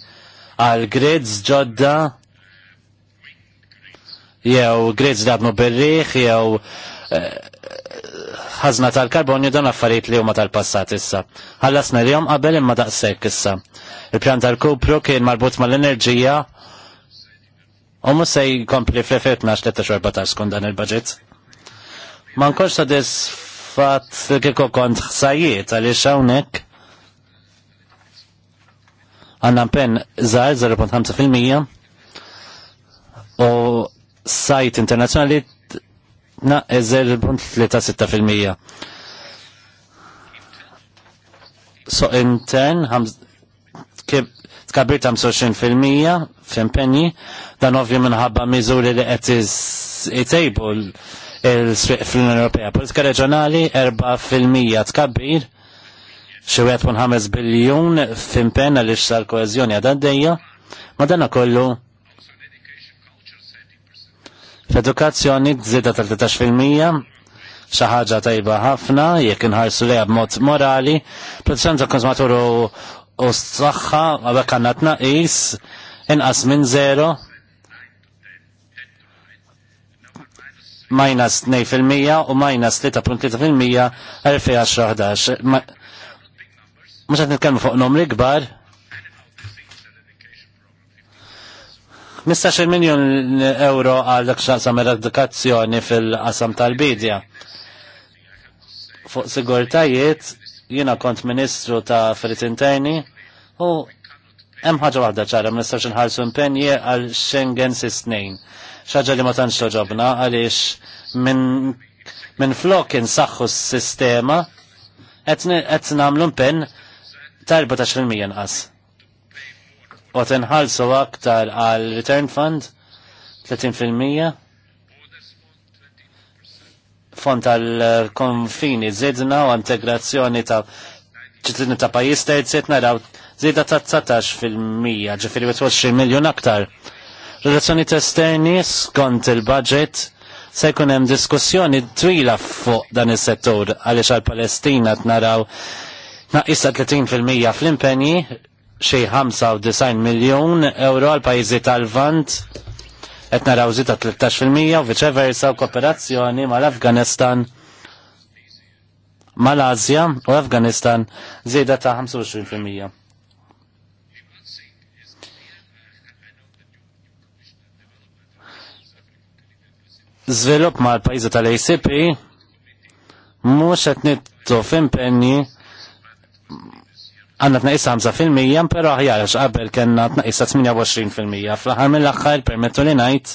għal grids ġodda jew grids dabnu berriħ, jew eh, ħazna tal-karbonju dan affarijiet li huma tal-passat issa. Ħallasna l-jom qabel imma daqshekk issa. Il-pjan tal-kupru kien marbut mal-enerġija u mhux se jkompli fl-2012 13 kun dan il baġit Ma nkunx sadisfatt kieku kont ħsajiet għaliex hawnhekk għandna pen żgħar 0.5 u sajt internazzjonali naqeżel fil-mija. So intern tkabir ta' 25% f'impenji dan ovvju minħabba miżuri li qed itejbu l-sriq fl-Unjoni Ewropea. Politika reġjonali 4% tkabbir xi wieħed biljun f'impenn għaliex sal koeżjoni għadha għaddejja, ma dan kollu Edukazzjoni, tżida tal-13% xi ħaġa tajba ħafna jekk inħarsu lejha b'mod morali, protezzjoni ta' konsumatur u s-saħħa għabek għandna tnaqis inqas minn zero minus 2% u minus 3.3% 2011. Mux għat nitkellmu fuq numri kbar, 15 miljon euro għal dak xaqsam eradikazzjoni fil-qasam tal-bidja. Fuq sigurtajiet, jiena kont ministru ta' fritintajni u hemm ħaġa waħda ċara ma nistax inħarsu impenji għal Schengen sistnejn. Xaġa li ma tantx toġobna għaliex minn min flok insaħħu s-sistema qed nagħmlu impenn ta' 14% nqas u tinħallsu aktar għal return fund 30% fond tal-konfini zidna u integrazzjoni ta' ċittadini ta' pajis terzi naraw zida ta' 19% ġifiri 20 miljon aktar. Relazzjoni esterni skont il-budget se jkun hemm diskussjoni twila fuq dan is-settur għaliex għall-Palestina tnaraw naqisa 30% fil-mija fl-impenji xi 95 miljon euro għal pajizi tal-Vant qed naraw żied 13% u viċeversa u kooperazzjoni mal-Afganistan mal-Asja u Afganistan żieda ta' 25%. Zvilup mal pajizi tal-ACP mhux qed nittu f'impenni għanna tnaqis 5% pero aħjar għax qabel kena tnaqis 28% fl-ħar mill-axħar permettu li najt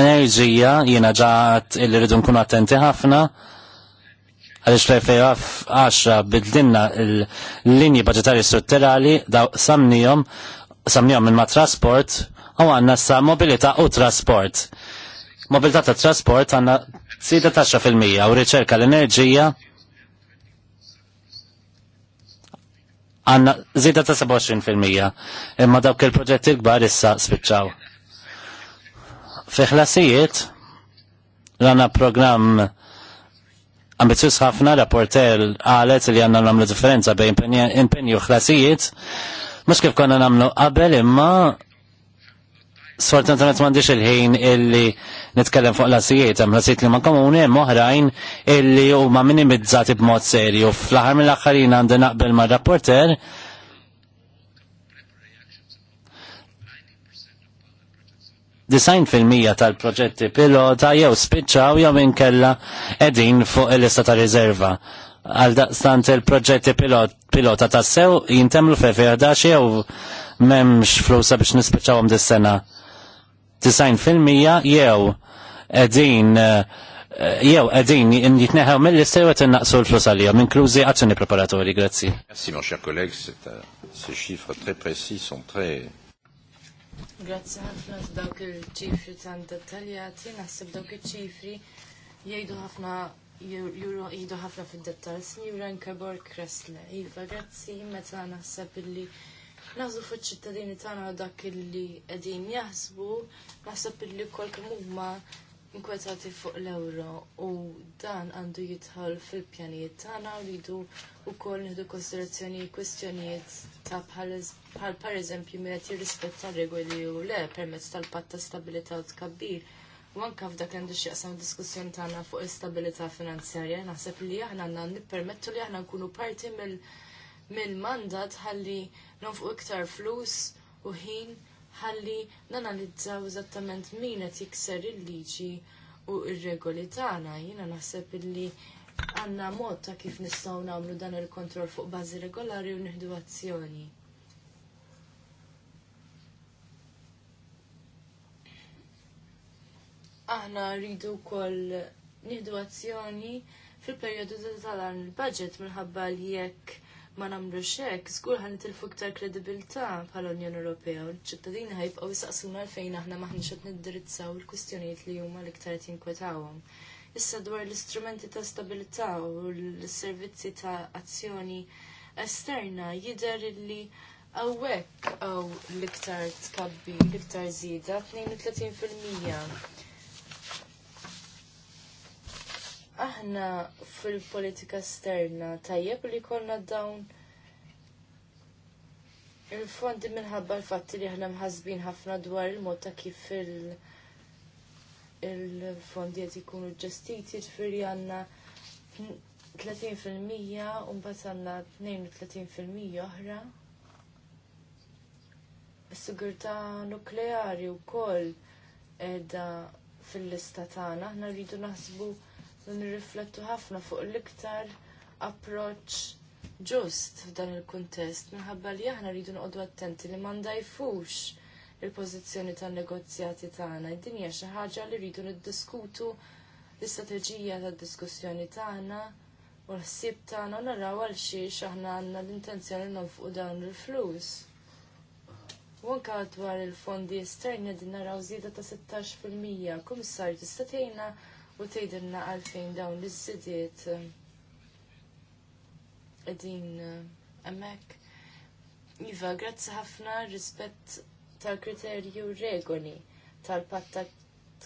enerġija jiena ġaħat illi rridu nkunu attenti ħafna għalix fl-2010 bidlinna l-linji budgetari strutturali daw samnijom samnijom minn ma trasport u għanna sa mobilita u trasport. Mobilita ta' trasport għanna 16% fil-mija u riċerka l-enerġija għanna zida ta' 27% imma dawk il-proġetti l-kbar issa spiċċaw. Fi ħlasijiet għanna program ambizjuż ħafna rapporter għalet li għanna namlu differenza bejn impenju ħlasijiet mux kif konna namlu qabel imma Sfortunatament m'għandix il-ħin illi nitkellem fuq l-asijiet, hemm l-asijiet li ma komuni hemm oħrajn illi huma minimizzati b'mod serju. Fl-aħħar mill-aħħarin għandi naqbel mar-rapporter design fil-mija tal-proġetti pilota jew spiċċaw jew inkella edin fuq il-lista ta' riserva. Għal daqstant il-proġetti pilota ta' sew jintemlu fe 11 jew memx flusa biex nispiċċawhom dis-sena fil-mija jew qegħdin eh, jew qegħdin jitneħaw mill-lista jew naqsu l-flus minn kruzi azzjoni preparatori, grazzi. Grazzi, mon cher collègue, euh, ces chiffres très précis sont très Grazzi ħafna f'dawk il-ċifri tan dettaljati, naħseb dawk il-ċifri jgħidu ħafna juru jgħidu ħafna fil dettal Sinjura Inkeborg Kresle, Iva, grazzi, meta naħseb illi naħsbu fuq ċittadini tagħna dak li qegħdin jaħsbu, naħseb illi kol kemm huma inkwetati fuq l-ewro u dan għandu jidħol fil-pjanijiet tagħna u rridu wkoll nieħdu konsiderazzjoni kwistjonijiet ta' bħal pereżempju min qed jirrispetta regoli u le permezz tal-patt ta' stabilità u tkabbir. U anke f'dak għandu x'jaqsam diskussjoni tagħna fuq l-istabilità finanzjarja, naħseb li aħna għandna nippermettu li aħna nkunu parti mill-mandat ħalli nonfqu iktar flus u ħin ħalli nanalizzaw eżattament min qed jikser il-liġi u r regoli tagħna. Jiena naħseb illi għandna mod ta' kif nistgħu nagħmlu dan il-kontroll fuq bażi regolari u nieħdu azzjoni. Aħna rridu wkoll nieħdu azzjoni fil-perjodu tal-budget minħabba li jekk ma namlu hekk, zgur ħan nitilfu iktar kredibilta bħala Unjoni Ewropea u l-ċittadini ħajbqgħu jisaqsuna fejn aħna maħniex qed niddirizzaw il-kwistjonijiet li huma l-iktar tinkwetawhom. Issa dwar l-istrumenti ta' stabilità u l-servizzi ta' azzjoni esterna jidher li hawnhekk hawn l-iktar tkabbi, l-iktar zida, 32 aħna fil-politika esterna tajjeb li konna dawn il-fondi minħabba l-fatti li aħna mħazbin ħafna dwar il-mod ta' kif il-fondi qed ikunu ġestiti ġifieri għandna 30% u mbagħad għandna 32% oħra. Is-sigurtà nukleari wkoll edha fil-lista tagħna aħna rridu naħsbu nirriflettu ħafna fuq l-iktar approċ ġust f'dan il-kuntest minħabba li aħna rridu nqogħdu attenti li ma ndajfux il-pożizzjoni tan-negozjati tagħna. Din hija xi ħaġa li rridu niddiskutu l-istrateġija tad-diskussjoni tagħna u l-ħsieb tagħna u naraw għal xi aħna għandna l-intenzjoni nonfqu dawn il-flus. U anke dwar il-fondi esterni din naraw żieda ta' 16%. Kummissarju tista' tgħinna u tgħidilna għalfejn dawn l-iżidiet eh, qegħdin eh, hemmhekk. Iva, grazzi ħafna rispett tal-kriterju regoli tal-patta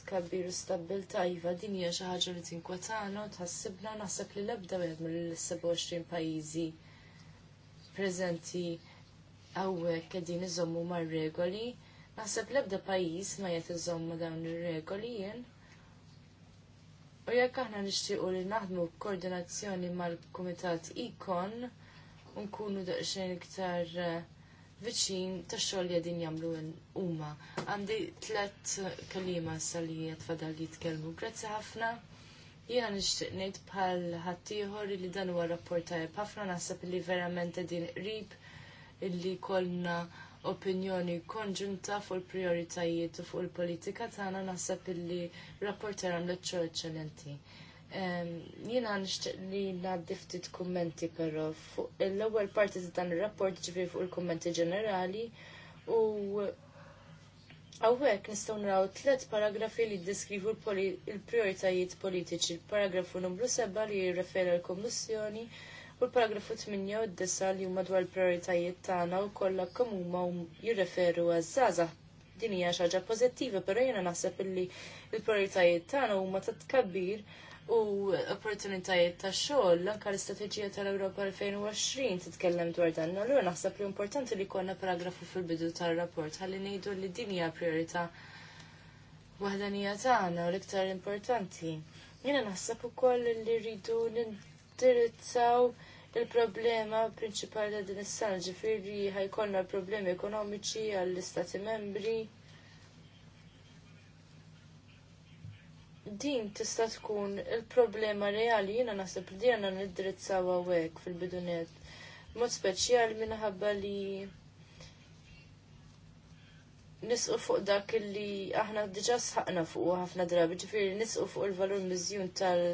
tkabbir u stabilta iva din hija xi ħaġa li tinkwetana u tħassibna naħseb li l-ebda wieħed mill-27 pajjiżi preżenti hawnhekk qegħdin iżommu mar-regoli. Naħseb l-ebda pajjiż ma jgħet iżommu dawn ir-regoli jien. U jekk aħna nixtiequ li naħdmu koordinazzjoni mal-Kumitat Ikon, nkunu daqsxejn iktar eh, viċin tax xogħol li qegħdin jagħmlu huma. Għandi tliet kelima sa li jitfadal jitkellmu. Grazzi ħafna. Jiena nixtieq ngħid bħal ħaddieħor li dan huwa rapport tajjeb ħafna naħseb li verament qegħdin qrib illi kollna opinjoni konġunta fuq il-prioritajiet u fuq il-politika tagħna naħseb illi rapporter għamlet ċo eċċellenti. Jiena nixtieq li ngħaddi ftit kummenti però fuq l-ewwel parti ta' dan ir-rapport ġifieri fuq il-kummenti ġenerali u Għawek nistgħu naraw tliet paragrafi li jiddeskrivu l-prioritajiet politiċi. Paragrafu numru seba' li jirrifera l kummissjoni u l-paragrafu 8 u disa li huma dwar il-prioritajiet tagħna u kollha kemm huma jirreferu għaż-żgħażagħ din hija xi ħaġa pożittiva, però jiena naħseb illi l-prioritajiet tagħna huma ta' tkabbir u opportunitajiet ta' xogħol anke l-istrateġija tal-Ewropa 2020 titkellem dwar dan. Allura naħseb li importanti li jkollna paragrafu fil-bidu tar-rapport ħalli ngħidu li din hija priorità waħdanija tagħna u l-iktar importanti. Jiena naħseb ukoll li rridu nindirizzaw il-problema prinċipali ta' din is-sena ġifieri ħajkollna problemi ekonomiċi għall-istati membri. Din tista' tkun il-problema reali jiena naħseb li għandna niddrizzaw hawnhekk fil-bidunet. Mod speċjali minħabba li nisqu fuq dak li aħna diġa sħaqna fuq ħafna drabi, ġifiri nisqu fuq il-valur mizjun tal-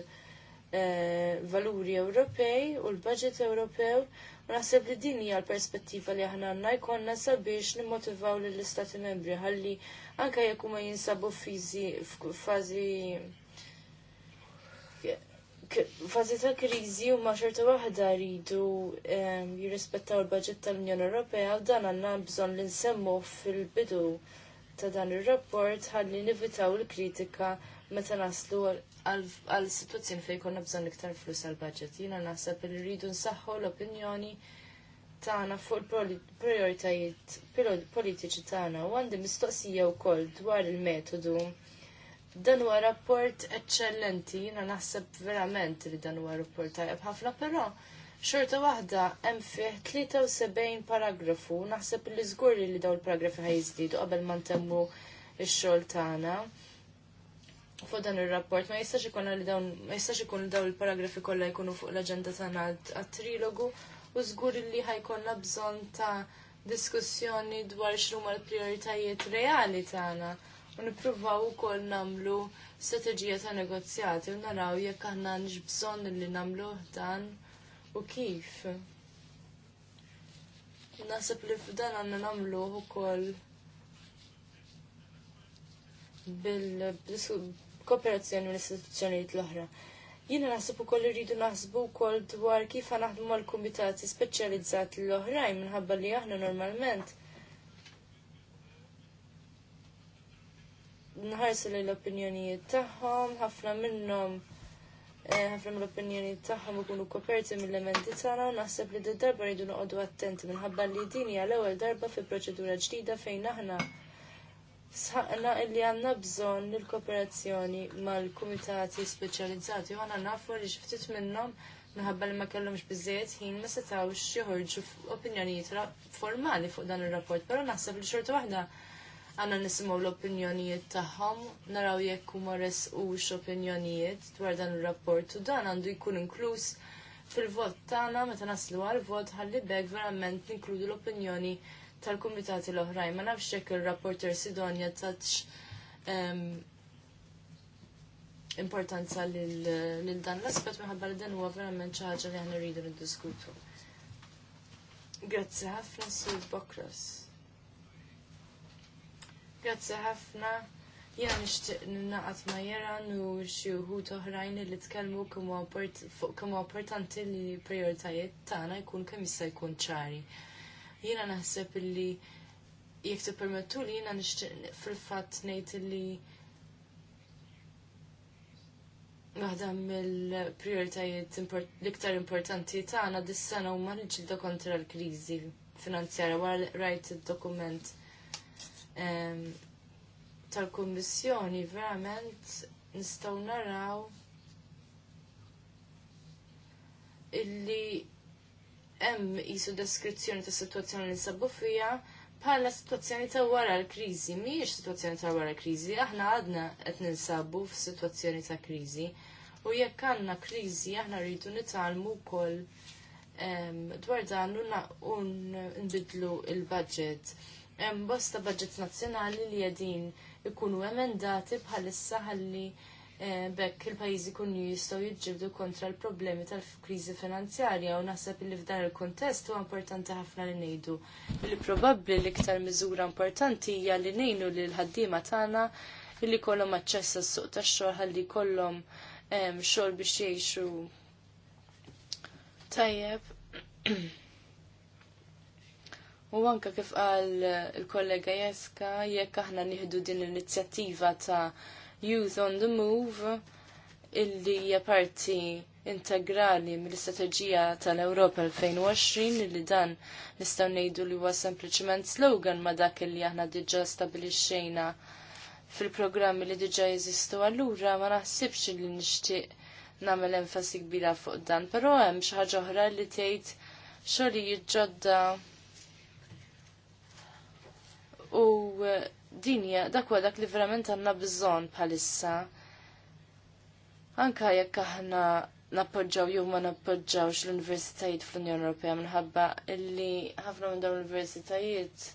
Eh, valuri Ewropej u l-budget Ewropew u naħseb li din hija l-perspettiva li aħna għandna jkollna sabiex nimmotivaw lill istati membri ħalli anke jekk huma jinsabu fiżi f'fażi fażi ta' kriżi huma xorta waħda rridu ehm, jirrispettaw il-budget tal-Unjoni Ewropea u dan għandna bżonn li nsemmu fil-bidu ta' dan ir-rapport ħalli nivitaw il-kritika meta naslu għal situazzjoni fejn konna bżonn iktar flus għal budget. Jiena naħseb li rridu nsaħħu l-opinjoni tagħna fuq il-prioritajiet politiċi tagħna u għandi mistoqsija wkoll dwar il-metodu. Dan huwa rapport eċċellenti, jiena naħseb verament li dan huwa rapport tajjeb ħafna, però xorta waħda hemm fih 73 paragrafu, naħseb li żgur li dawn il-paragrafi ħajżdiedu qabel ma ntemmu x-xogħol tagħna fuq dan ir-rapport ma jistax ikun li dawn ma jistax ikun dawn il-paragrafi kollha jkunu fuq l-aġenda tagħna għat-trilogu u żgur li ħajkollna bżonn ta' diskussjoni dwar x'huma l-prijoritajiet reali tagħna u nippruvaw ukoll nagħmlu strateġija ta' negozjati u naraw jekk aħna għandix bżonn li nagħmlu dan u kif. Naħseb li f'dan għandna nagħmluh u bil kooperazzjoni mill-istituzzjonijiet l-oħra. Jiena naħseb ukoll irridu naħsbu wkoll dwar kif naħdmu mal-kumitati speċjalizzati l-oħrajn minħabba li aħna normalment. Nħarsu l opinjonijiet tagħhom, ħafna minnhom eh, ħafna mill-opinjoni tagħhom ikunu koperti mill-elementi tagħna u naħseb li d-darba rridu noqogħdu attenti minħabba li din hija l-ewwel darba fi proċedura ġdida fejn aħna sħaqna illi għanna bżon l-kooperazzjoni mal-kumitati speċjalizzati u għanna nafu li xiftit minnom minħabba li ma kellhomx biżejjed ħin ma setawx joħorġu opinjonijiet formali fuq dan ir-rapport, però naħseb li xorta waħda għanna nisimgħu l-opinjonijiet tagħhom, naraw jekk huma resqux opinjonijiet dwar dan ir-rapport u dan għandu jkun inkluż fil-vot tagħna meta naslu għal-vot ħalli bek verament ninkludu l-opinjoni tal-kumitati l-oħrajn. Ma nafx jekk ir-rapporter Sidonja tatx importanza lil dan l-aspett minħabba li dan huwa verament xi ħaġa li aħna rridu niddiskutu. Grazzi ħafna Sur Bokros. Grazzi ħafna. Jena nishtiq naqat ma jeran u xi wħud oħrajn li tkellmu kemm importanti li prioritajiet tagħna jkun kemm jista' jkun ċari. Jiena naħseb illi jekk tippermettu li jiena nixtieq fil-fatt ngħid illi Waħda mill-prioritajiet l-iktar importanti tagħna dis-sena huma l-ġilda kontra l-kriżi finanzjarja wara rajt id-dokument ehm, tal-Kummissjoni verament nistgħu naraw illi hemm qisu deskrizzjoni ta' situazzjoni li sabu fija bħala situazzjoni ta' wara l-kriżi, mhijiex situazzjoni ta' wara l-kriżi, aħna għadna qed ninsabu f'sitwazzjoni ta' kriżi. U jekk għandna kriżi aħna rridu nitgħalmu wkoll ehm, dwar dan u nbidlu l budget Hemm bosta budget nazzjonali li qegħdin ikunu emendati bħalissa ħalli Eh, bekk il-pajjiżi kunu jistgħu jiġġieldu kontra l-problemi tal-kriżi finanzjarja u naħseb li f'dan il kontest huwa importanti ħafna li ngħidu. Li probabbli l-iktar miżura importanti hija li ngħinu l ħaddiema tagħna li kollhom aċċess għas-suq tax-xogħol ħalli jkollhom xogħol biex jgħixu tajjeb. <clears throat> U anka kif qal il-kollega Jeska, jekk aħna nieħdu din l-inizjattiva ta' Youth on the Move illi hija parti integrali mill-istrateġija tal-Ewropa 2020 li dan nistgħu ngħidu li huwa sempliċement slogan ma' dak li aħna diġà stabilixxejna fil-programmi li diġà jeżistu allura ma naħsibx li nixtieq nagħmel enfasi kbira fuq dan, però hemm xi ħaġa oħra li tgħid xogħlijiet ġodda u dinja dak dak li verament għandna bżonn bħalissa. Anka jekk aħna nappoġġaw jew ma nappoġġawx l-universitajiet fl-Unjoni Ewropea minħabba illi ħafna minn dawn l-universitajiet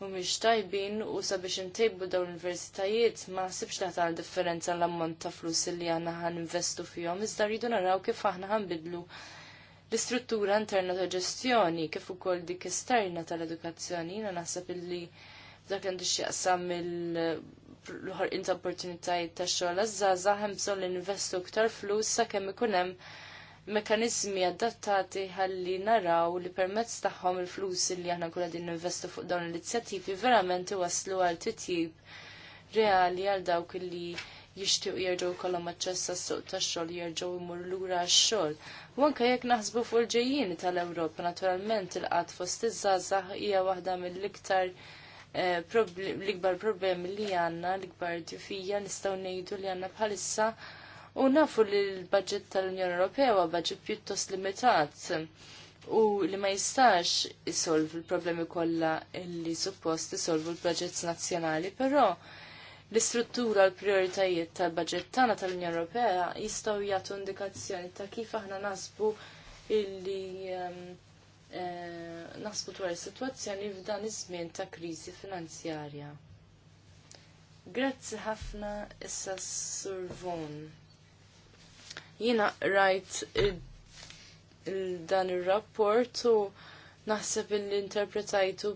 mhumiex tajbin u sabiex intejbu dawn l-universitajiet ma sibx li ħatal differenza l-ammont ta' flus li għandna ħan investu fihom, iżda rridu naraw kif aħna ħanbidlu l-istruttura interna ta' ġestjoni kif ukoll dik esterna tal-edukazzjoni jiena naħseb illi dak għandu xieqsam il ħor inta opportunitajiet ta' xogħol għażaża hemm bżonn investu iktar flus sakemm ikun hemm mekanizmi adattati ħalli naraw li permezz tagħhom il-flus li aħna kull din investu fuq dawn l-inizjattivi verament iwasslu għal titjib reali għal dawk li jixtiequ jerġgħu kollhom aċċess għas-suq tax-xogħol jerġgħu jmur lura għax-xogħol. U anke jekk naħsbu fuq il-ġejjieni tal-Ewropa, naturalment il-qatt fost iż-żgħażagħ hija waħda mill-iktar Eh, l-ikbar problemi li għanna, l-ikbar tifija nistaw nejdu li għanna bħalissa u nafu li l-budget tal-Unjoni Ewropea huwa budget pjuttost limitat u li ma jistax isolvu l-problemi kollha li suppost isolvu l-budgets nazzjonali, però l-istruttura l-prioritajiet tal-budget tagħna tal-Unjoni Ewropea jistgħu jagħtu indikazzjoni ta' kif aħna nasbu illi ehm, Eh, naħsbu dwar is-sitwazzjoni f'dan iż-żmien ta' kriżi finanzjarja. Grazzi ħafna issa Survon. Jiena rajt dan ir-rapport u naħseb li interpretajtu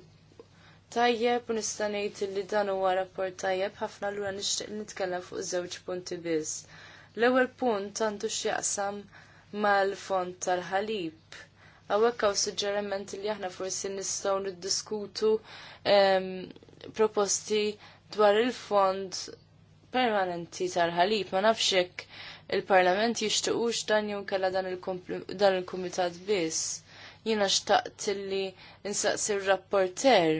tajjeb u nista' ngħid li dan huwa rapport tajjeb ħafna lura nixtieq nitkellem fuq żewġ punti biss. L-ewwel punt għandu x'jaqsam mal-fond tal-ħalib Għawek għaw suġġerimenti li aħna forsi nistaw niddiskutu proposti dwar il-fond permanenti tal-ħalib, ma nafxek il-parlament jishtuqux dan jew kella dan il-komitat il biss. Jiena xtaqt li insaqsi il rapporter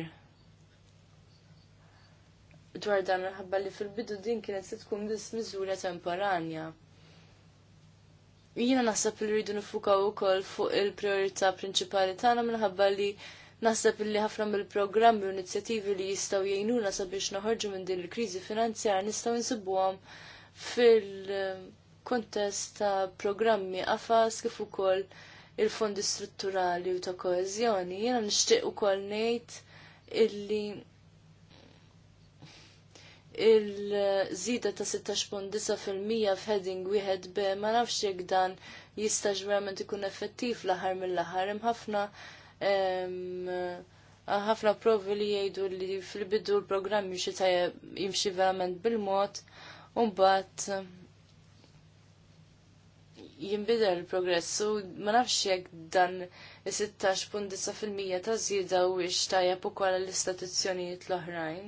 dwar dan il-ħabba li fil-bidu din kienet se tkun biss miżura temporanja. Jiena naħseb li rridu nifukaw ukoll fuq il-priorità prinċipali tagħna minħabba li naħseb li ħafna mill-programmi u inizjattivi li jistgħu jgħinuna sabiex noħorġu minn din il-kriżi finanzjar nistgħu nsibuhom fil-kontest ta' programmi qafas kif ukoll il-fondi strutturali u ta' koeżjoni. Jiena nixtieq ukoll ngħid illi il-żida ta' 16.9% f'heading wieħed be ma nafx jekk dan jista' ġverament ikun effettiv l-aħħar mill-aħħar hemm ħafna ħafna provi li jgħidu li fil-bidu l-programm jimxi jimxi verament bil-mod u mbagħad jinbidel il-progress u ma nafx jekk dan is-16.9% ta' żieda u ix tajjeb ukoll l-istituzzjonijiet l-oħrajn.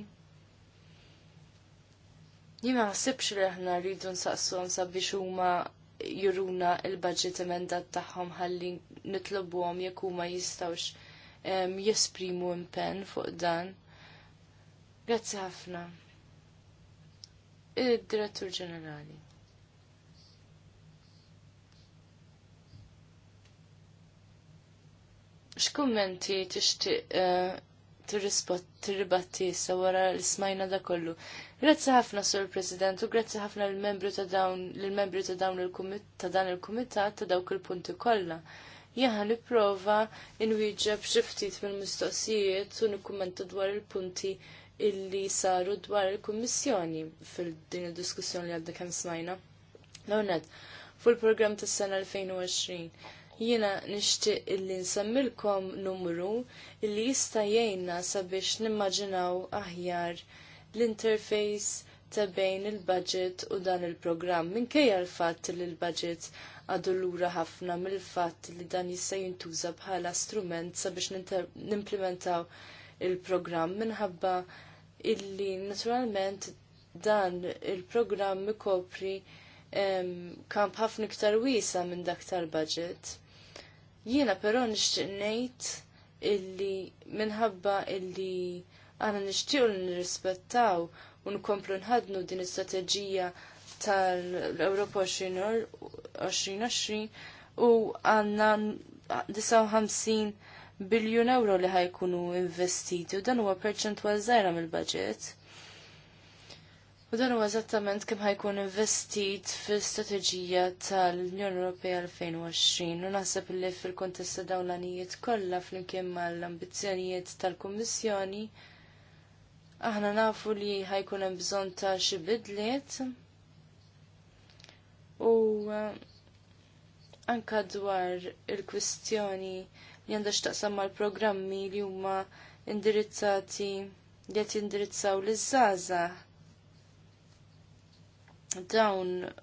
Jien ma naħsibx li aħna rridu nsaqsuhom sabiex huma juruna il-budget emendat tagħhom ħalli nitlobuhom jekk huma jistgħux jesprimu impenn fuq dan. Grazzi ħafna. Il-Direttur Ġenerali. x'kummenti tixtieq eh, tirribatti issa wara l smajna da kollu. Grazzi ħafna, Sur President, u grazzi ħafna l-membru ta' dawn l-membru ta' dawn ta' dan il-kumitat ta' dawk il-punti kollha. Jaha nipprova inwieġeb xi ftit mill-mistoqsijiet u nikkummenta dwar il-punti illi saru dwar il-Kummissjoni fil-din id-diskussjoni li għadda kemm smajna. Lawnet, fuq il-programm tas-sena 2020 jiena nixtieq illi nsemmilkom numru illi jista' jgħinna sabiex nimmaġinaw aħjar l-interface ta' bejn il-budget u dan il-programm. Minkejja l-fatt li l-budget għadu lura ħafna mill-fatt li dan jista' jintuża bħala strument sabiex nimplementaw il-programm minħabba illi naturalment dan il-programm ikopri kamp ħafna iktar wiesa minn dak tal-budget. Jiena però nixtieq ngħid illi minħabba illi għana nixtiequ nirrispettaw u nkomplu nħadnu din is-strateġija tal-Europa 2020 u għanna 59 biljon euro li ħajkunu investiti u dan huwa perċentwal żgħira mill-budget. U dan huwa eżattament kemm ħajkun investit fil-strateġija tal-Unjoni Ewropea 2020 u naħseb li fil-kontest ta' dawn kollha flimkien mal-ambizzjonijiet tal-Kummissjoni aħna nafu li ħajkun hemm bżonn ta' xi bidliet u eh, anka dwar il-kwistjoni li għandha x'taqsam mal-programmi li huma indirizzati li qed jindirizzaw liż-żgħażagħ dawn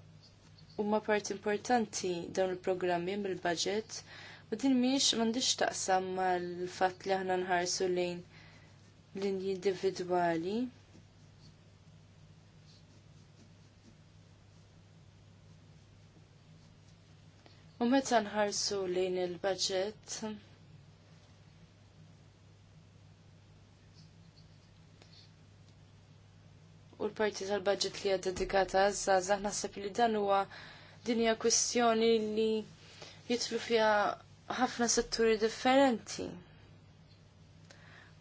huma parti importanti dawn il-programmi mill-budget u din miex m'għandix taqsam mal-fatt li aħna nħarsu lejn linji individwali. U meta nħarsu lejn il-budget, u l-parti tal-budget li hija dedikata għaż-żgħażagħ naħseb li dan huwa din hija kwestjoni li jitlu fija ħafna setturi differenti.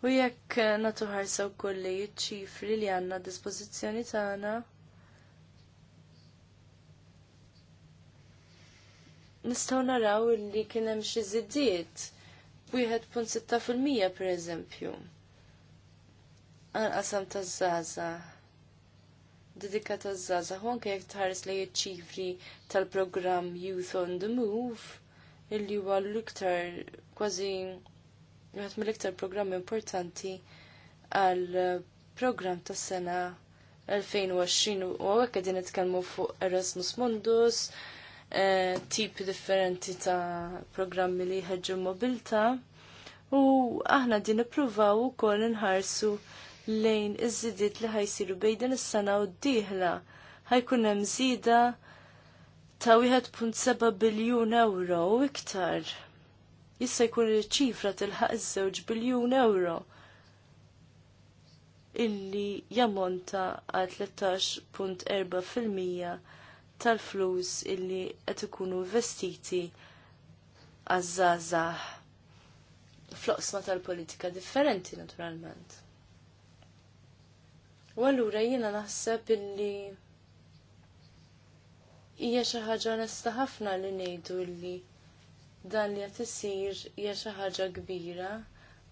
U jekk nagħtu ħarsa wkoll li ċifri li għandna dispożizzjoni tagħna. nistaw naraw li kien hemm xi żiddiet fil-mija pereżempju. għall-qasam taż-żaża dedikata z-zaza, anke jekk tħares li jitċifri tal-programm Youth on the Move, illi huwa l-iktar kważi għat mill-iktar programm importanti għal eh, programm tas sena 2020 u għak għedin nitkellmu fuq Erasmus Mundus, eh, tip differenti ta' programmi li ħeġu mobilta u aħna din u ukoll inħarsu lejn iż-żidiet li ħajsiru bejden is-sena u d-dieħla. Ħajkun hemm żieda ta' 1.7 biljun euro u iktar. Issa jkun il-ċifra tilħaq iż-żewġ biljun euro illi jammonta għal 13.4% tal-flus illi qed ikunu vestiti għaż-żgħażagħ Floqsma tal-politika differenti naturalment. U allura jiena naħseb illi hija xi ħaġa onesta ħafna li ngħidu li dan li qed isir hija xi ħaġa kbira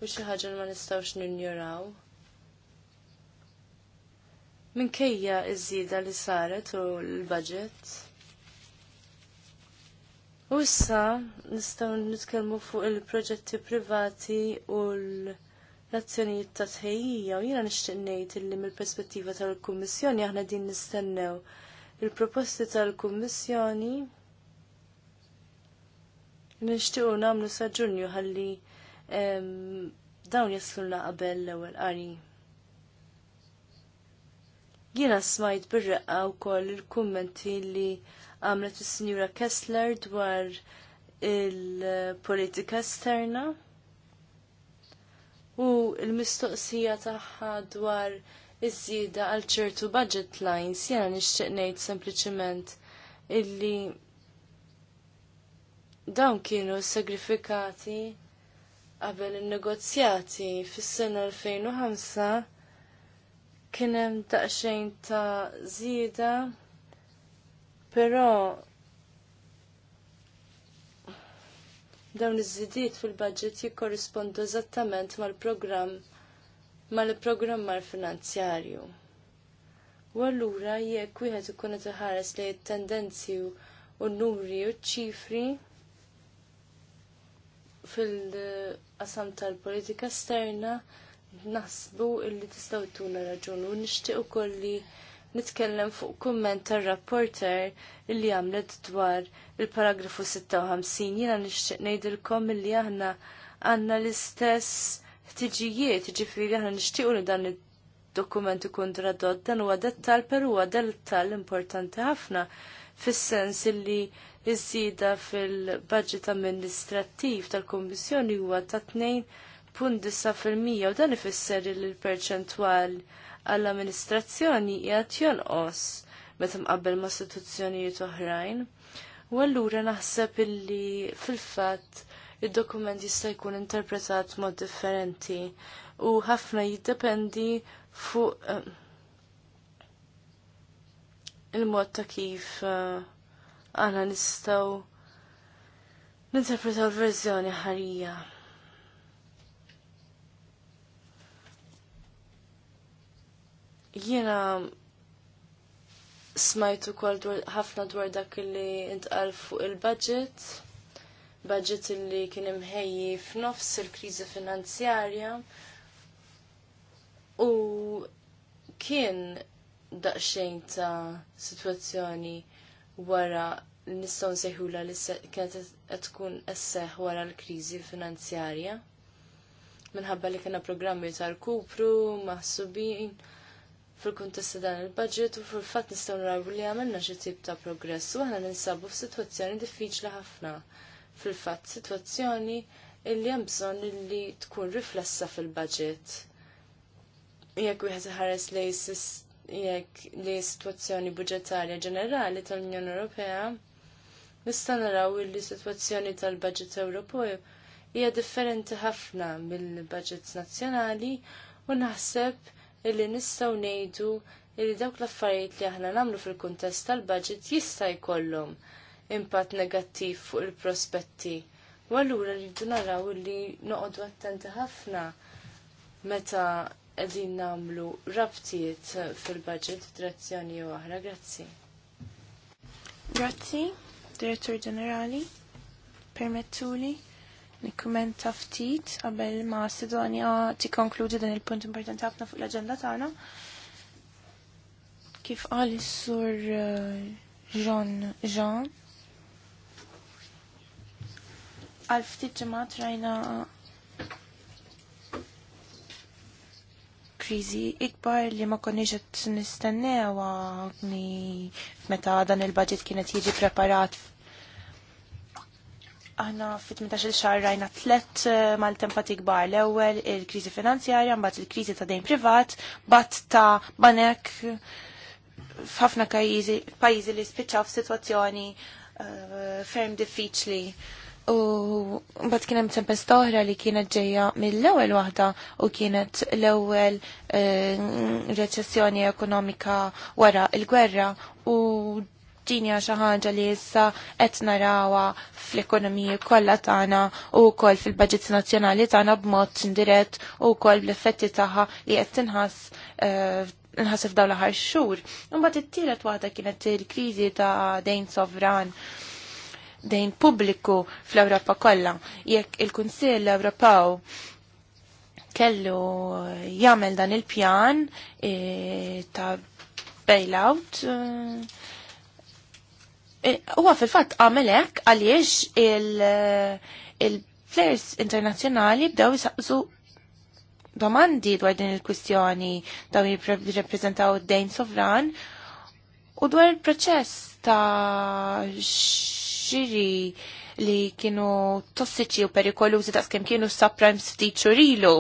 u xi ħaġa li ma nistgħux ninjoraw. Minkejja iż-żieda li saret u l-budget. U issa nistgħu nitkellmu fuq il-proġetti privati u l- l-azzjonijiet ta' tħejjija u jiena nixtieq ngħid illi mill-perspettiva tal-Kummissjoni aħna din nistennew il-proposti tal-Kummissjoni nixtiequ nagħmlu sa' Ġunju ħalli dawn jaslulna qabel l-ewwel qari. Jiena smajt bir-reqqa wkoll il-kummenti li għamlet is-Sinjura Kessler dwar il-politika esterna u l-mistoqsija tagħha dwar iż-żieda għal ċertu budget lines jena nixtieq ngħid sempliċement illi dawn kienu sagrifikati qabel in-negozjati fis-sena 2005 kien hemm daqsxejn ta' żieda però dawn iż-żidiet fil-budget jikkorrispondu eżattament mal-programm mal-programmar finanzjarju. U allura jekk wieħed ikun qed iħares li t-tendenzi u n-numri u ċifri fil-qasam tal-politika esterna naħsbu illi tistgħu tuna raġun u nixtieq ukoll li nitkellem fuq kumment tar-rapporter li għamlet dwar il-paragrafu 56 jiena nixtieq ngħidilkom li aħna għandna l-istess ħtiġijiet, ġifieri aħna nixtiequ li dan id-dokument ikun tradott dan huwa dettal per huwa dettal importanti ħafna fis-sens li iż fil-budget amministrattiv tal-Kummissjoni huwa ta' 2.9 u dan ifisser il l-perċentwal għall-amministrazzjoni jgħat jonqos meta mqabbel ma' istituzzjonijiet oħrajn. U allura naħseb illi fil-fatt id-dokument jista' jkun interpretat mod differenti u ħafna jiddependi fuq eh, il-mod ta' kif għana eh, nistaw ninterpretaw l-verżjoni ħarija. Jiena smajtu kol ħafna dwar dak li intqal fuq il-budget, budget li kien imħejji f'nofs il-kriżi finanzjarja u kien daqxejn ta' sitwazzjoni wara nistgħu nsejħula li kienet qed tkun esseħ wara l-kriżi finanzjarja. Minħabba li kena programmi tal-kupru, maħsubin, fil kuntesta dan il-budget u fil-fatt nistgħu naraw li għamilna xi tip ta' progress u aħna ninsabu f'sitwazzjoni diffiċli ħafna. Fil-fatt sitwazzjoni illi hemm bżonn li tkun riflessa fil-budget. Jekk wieħed iħares li jekk li situazzjoni budġetarja ġenerali tal-Unjoni Ewropea, nista' naraw li situazzjoni tal-budget Ewropew hija differenti ħafna mill-budgets nazzjonali u naħseb illi nistgħu ngħidu illi dawk l-affarijiet li aħna nagħmlu fil-kuntest tal-budget jista' jkollhom impatt negattiv fuq il-prospetti. U allura rridu naraw illi noqogħdu attenti ħafna meta qegħdin nagħmlu rabtiet fil-budget f'direzzjoni jew oħra. Grazzi. Grazzi, Direttur Ġenerali, permettuli nikkumenta ftit qabel ma Sidonia tikkonkludi dan il-punt importanti ħafna fuq l-aġenda tagħna. Kif qal is-sur eh, Jean Jean għal ftit ġimgħa rajna kriżi ikbar li ma konniex qed nistennew meta dan il-budget kienet jiġi preparat Aħna fit-18 xahar rajna tlet eh, mal-tempati kbar l-ewwel il-kriżi finanzjarja, mbagħad il-kriżi ta' dejn privat, bat ta' banek f'ħafna pajjiżi li spiċċaw f'sitwazzjoni eh, ferm diffiċli. U mbagħad kien hemm tempesta oħra li kienet ġejja mill-ewwel waħda u kienet l-ewwel eh, reċessjoni ekonomika wara l-gwerra u dinja xi ħaġa li issa qed narawha fl ekonomiju kollha tagħna u wkoll fil-budgets nazzjonali tagħna b'mod indirett u wkoll bl-effetti tagħha li qed tinħass eh, nħasif daw l-ħar xur. Mbagħad it-tielet waħda kienet il-kriżi ta' dejn sovran dejn pubbliku fl-Ewropa kollha. Jekk il-Kunsill Ewropew kellu jagħmel dan il-pjan eh, ta' bailout eh, Eh, huwa fil-fatt għamel hekk għaliex eh, il-players il internazzjonali bdew jisaqsu domandi dwar din il-kwistjoni daw d dejn sovran u dwar il-proċess ta' xiri li kienu tossiċi u perikolużi ta' skem kienu subprimes ftit ilu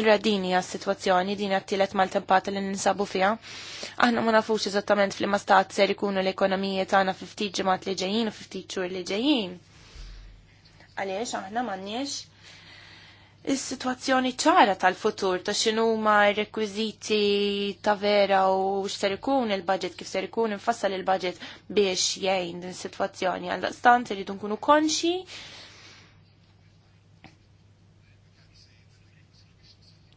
radini għas situazzjoni din għattilet mal-tempata li ninsabu fija. Aħna ma nafux eżattament fl stat ser ikunu l-ekonomijiet għana 50 ġemat li ġejjin u 50 ċur li ġejjin. Għaliex, aħna m'għandniex. Is-sitwazzjoni ċara tal-futur ta' x'inhu ma' rekwiżiti ta' vera u x'ser ikun il-budget kif ser ikun infassal il-budget biex jgħin din is-sitwazzjoni għal stant irid nkunu konxi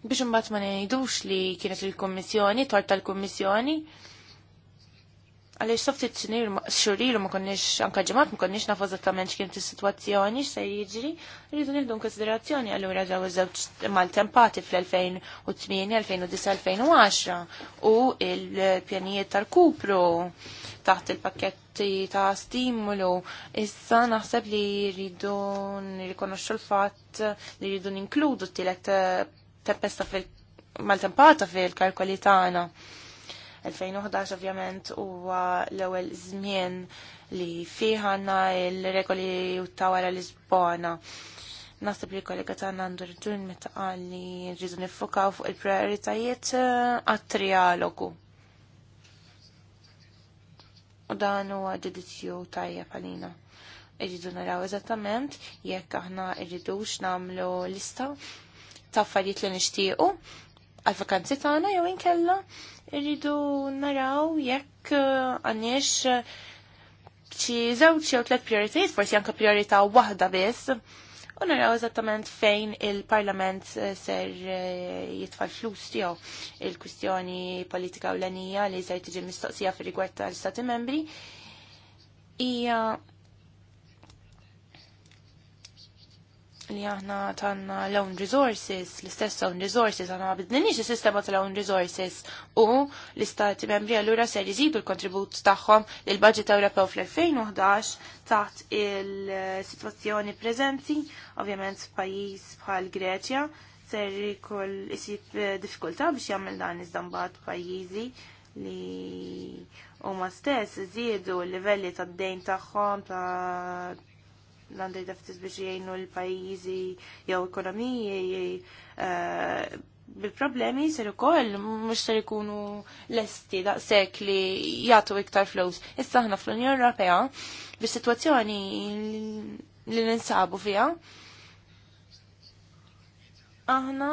biex imbagħad ma ngħidux li kienet il-kummissjoni, tort tal-kummissjoni. Għaliex soft it-tnir xurilu ma konniex anka ġemat ma konniex nafu zattament x'kienet is-sitwazzjoni x'se jiġri, rridu nieħdu konsiderazzjoni allura ġew iż-żewġ maltempati fl-2008, 2009, 2010 u il-pjanijiet tal-kupru taħt il-pakketti ta' stimulu. Issa naħseb li rridu nirrikonoxxu l-fatt li rridu ninkludu t-tielet tempesta fil mal-tempata fil karkolitana 2011 ovvjament huwa l-ewwel żmien li fiħanna il-regoli u tawara l-Lisbona. Nasib li kollega tagħna għandu rġun meta qal li rridu nifokaw fuq il-prioritajiet uh, għat-trialogu. U dan huwa ġudizzju tajjeb għalina. Irridu naraw eżattament jekk aħna rridux nagħmlu lista taffariet affarijiet li nixtiequ għal vakanzi tagħna jew inkella irridu naraw jekk eh, għanniex eh, xi żewġ jew tliet prioritajiet, forsi anke priorità waħda biss. U naraw eżattament fejn il-Parlament eh, ser jitfall flus tiegħu il-kwistjoni politika u l għanija li ser tiġi mistoqsija fir rigward tal-Stati membri hija li aħna tanna lawn resources, l-istess own resources, għana bidninix il-sistema ta' own resources u l-istati membri għallura se jizidu l-kontribut tagħhom l budget Ewropew fl-2011 taħt il-situazzjoni preżenti, ovvjament pajis bħal Greċja, ser jkoll isib diffikulta biex jagħmel dan iżda mbagħad pajjiżi li huma stess iżiedu l-livelli tad-dejn tagħhom ta' l-għandaj daftis biex jgħinu l-pajizi jew ekonomiji eh, bil-problemi ser ukoll mhux ser ikunu lesti daqshekk li jagħtu iktar flows. Issa aħna fl-Unjoni Ewropea bis-sitwazzjoni li ninsabu fiha Aħna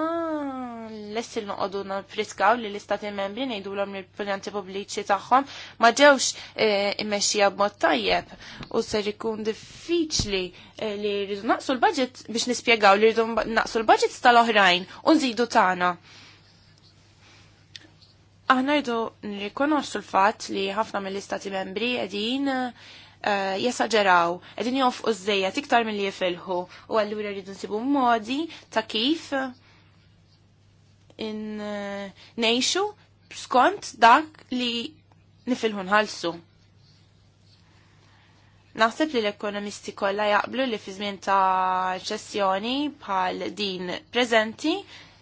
l-essil noqodu nal-friskaw li l-istati membri nejdu l-om l-pjanti publiċi taħħom ma ġewx eh, immexxija b'mod tajjeb u ser ikun diffiċli eh, li rridu naqsu l-budget biex nispiegaw li rridu naqsu l-budget tal-oħrajn u nżidu tagħna. Aħna rridu nirrikonoxxu l-fatt li ħafna mill-istati membri qegħdin Eh, jesagġeraw, edin jonfqu zzejja tiktar mill-li jifilħu u għallura rridu nsibu modi ta' kif in eh, nejxu skont dak li nifilħu nħalsu. Naħseb li l-ekonomisti kollha jaqblu li fi żmien ta' ċessjoni bħal din preżenti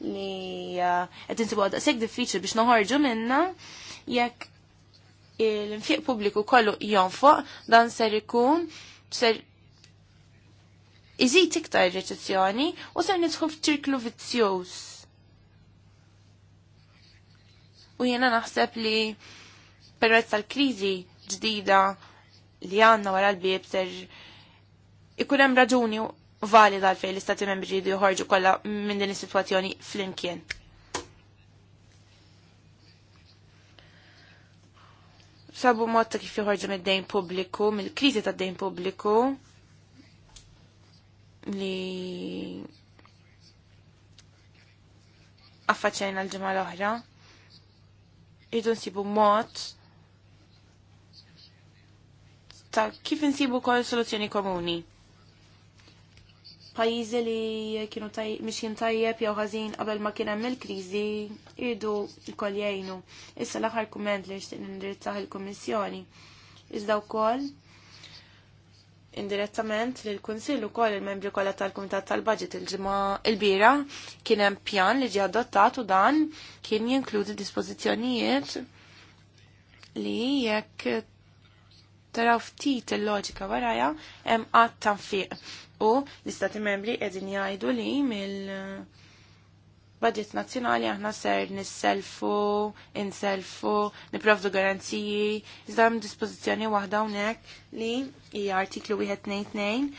li eh, qed insibu għadaqsek diffiċli biex noħorġu minna jekk l-infiq pubbliku kollu jonfoq dan ser ikun ser iżid iktar reċezzjoni u ser nidħu f'ċirklu vizzjuż. U jiena naħseb li permezz tal-kriżi ġdida li għandna wara l-bieb ser ikun hemm raġuni valida għalfejn l-istati membri jridu joħorġu kollha minn din is-sitwazzjoni flimkien. sabu mod ta' kif joħorġu mid-dejn pubbliku, mill-kriżi ta' dejn pubbliku li affaċċajna l-ġimgħa l-oħra. Irridu nsibu mod ta' kif insibu kol soluzzjoni komuni pajizi li kienu miexin tajjeb jew ħażin qabel ma kien hemm il-kriżi irdu jkoll jgħinu. Issa l-aħħar kumment li xtieq nindirizzaħ il-Kummissjoni. Iżda wkoll indirettament li l-Kunsill ukoll il-membri kollha tal-Kumitat tal-Budget il-ġimgħa l-bira kien hemm pjan li ġie adottat u dan kien jinkludi dispożizzjonijiet li jekk taraw ftit il-loġika warajja hemm qatt tanfiq u l-istati membri edin jajdu li mill budget nazzjonali aħna ser nisselfu, inselfu, niprofdu garanziji, iżda hemm dispożizzjoni waħda hawnhekk li hija artiklu wieħed eh,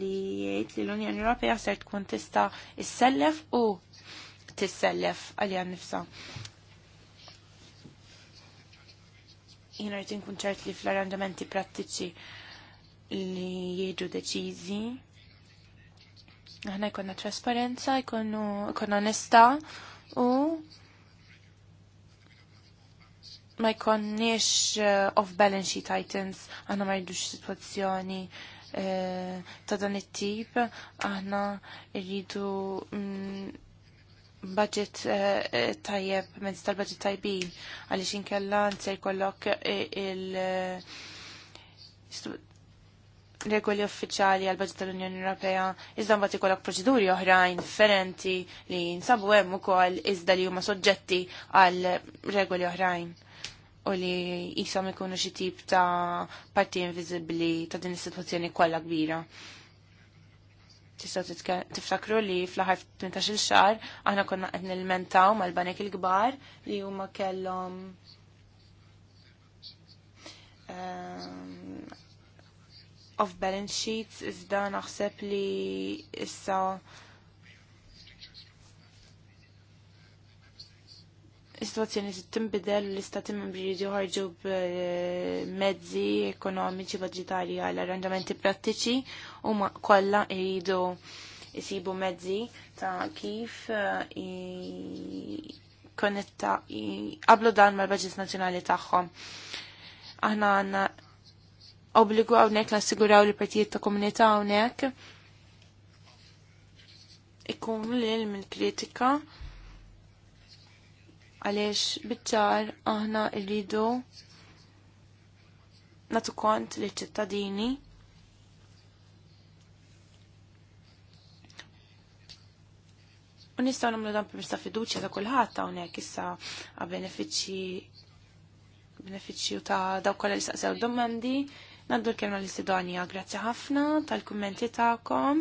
li jgħid li l-Unjoni Ewropea ser tkun tista' isselef u tissellef għalija nifsa. Jien rrid inkun ċert li fl-arranġamenti prattiċi li jieġu deċizi. Aħna jkonna trasparenza, jkonna onesta u ma jkonniex uh, off-balance sheet items, aħna ma jridux situazzjoni uh, eh, ta' dan it-tip, aħna jridu mm, budget uh, tajjeb, mezz tal-budget tajbin, għaliex inkella nser kollok il- regoli uffiċjali għal budget tal-Unjoni Ewropea, iżda mbagħad ikollok proċeduri oħrajn differenti li nsabu hemm ukoll iżda li huma soġġetti għal regoli oħrajn u li jisom ikunu xi tip ta' parti inviżibbli ta' din is-sitwazzjoni kollha kbira. Tista' tiftakru li fl-aħħar 18-il xahar aħna konna qed nilmentaw mal-banek il-kbar li huma kellhom ehm, Of balance sheets iżda naħseb li issa Is-situazzjoni tinbidel l-istati membri jridu jħarġu b'mezzi ekonomiċi budgetari għal arranġamenti prattiċi u ma kollha jridu jisibu mezzi ta' kif jkonnetta eh, jqablu dan mal-budget nazzjonali tagħhom. Aħna għandna obbligu hawnhekk assiguraw li partijiet ta' komunità hawnhekk ikun lil mill-kritika għaliex bitċar aħna rridu natu kont li ċittadini U namlu dan permess ta' fiduċja ta' kulħadd hawnhekk issa għal benefiċċji benefiċċju ta' dawk kollha li staqsew domandi Naddu l-kelma li Sidonja, grazzi ħafna tal kommenti ta'kom,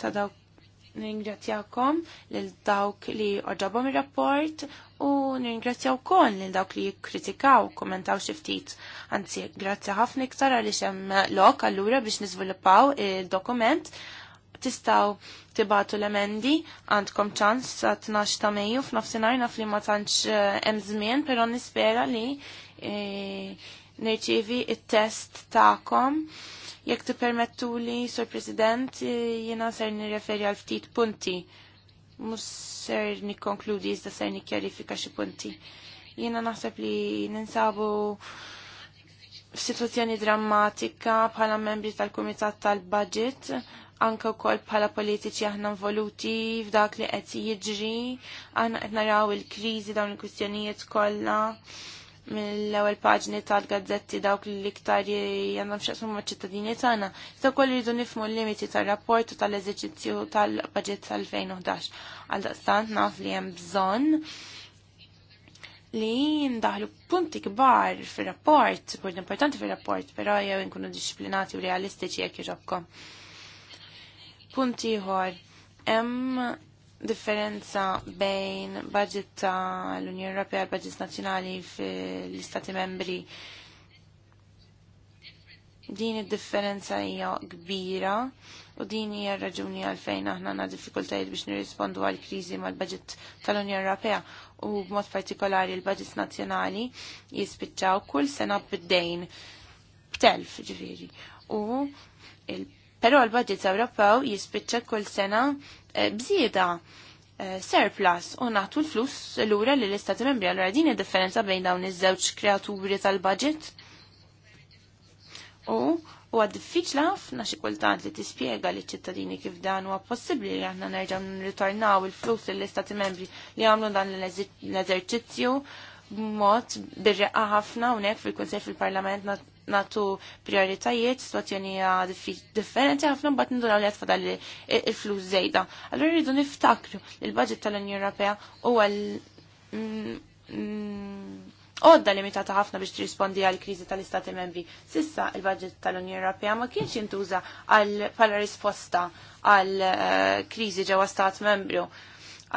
ta' dawk ningrazzjakom lil dawk li oġabom ir-rapport u ningrazzjaw kon lil dawk li kritikaw kommentaw xi ftit. Anzi, grazzi ħafna iktar għaliex hemm lok allura biex niżviluppaw il-dokument tistaw tibatu l-emendi, għandkom ċans sa 12 ta' Mejju f'nofsinhar naf li ma tantx eh, hemm żmien, però nispera li eh, nirċivi il test ta'kom. Jekk permettu li, Sur President, jena ser nirreferi għal ftit punti. Mus ser nikonkludi, iżda ser nikjarifika xi punti. Jena naħseb li ninsabu f'sitwazzjoni drammatika bħala membri tal-Kumitat tal-Budget anka wkoll bħala politiċi aħna involuti f'dak li qed jiġri, aħna qed naraw il-kriżi dawn il-kwistjonijiet kollha mill-ewwel paġni tal-gazzetti dawk l-iktar jandhom x'aqsmu maċ-ċittadini tagħna. sa wkoll iridu nifhmu l-limiti tar-rapport tal-eżerċizzju tal-baġġett tal-2011. Għal daqstant naf li hemm bżonn li ndaħlu punti kbar fir-rapport, punti importanti fir-rapport, però jew inkunu disciplinati u realistiċi jekk jġobkom. Punti ieħor hemm differenza bejn budget ta' l-Unjoni Ewropea l budget nazzjonali fl-Istati membri din id-differenza hija kbira u din hija raġuni għalfejn aħna għandna diffikultajiet biex nirrispondu għal kriżi mal-budget tal-Unjoni Ewropea u b'mod partikolari l-budget nazzjonali jispiċċaw kull sena bid-dejn b'telf ġifieri. U il Però l-budget Ewropew jispiċċa kull sena Eh, bżieda eh, surplus u natu l-flus lura lill istati membri allora din id-differenza bejn dawn iż-żewġ kreaturi tal-budget. U huwa diffiċli ħafna xi kultant li tispjega liċ ċittadini kif dan huwa possibbli li aħna nerġgħu nirritornaw il-flus lill istati membri li għamlu dan l-eżerċizzju b'mod birreqa ħafna hawnhekk fil-Kunsell fil-Parlament natu prioritajiet, situazzjoni differenti ħafna mbagħad nindunaw li għatfadal il-flus żejda. Allura rridu niftakru li l-budget tal-Unjoni Ewropea huwa mm, mm, Odda limitata ħafna biex tirrispondi għal kriżi tal-Istati Membri. Sissa il-budget tal-Unjoni Ewropea ma kienx jintuża għal pala risposta għal eh, kriżi ġewwa Stat Membru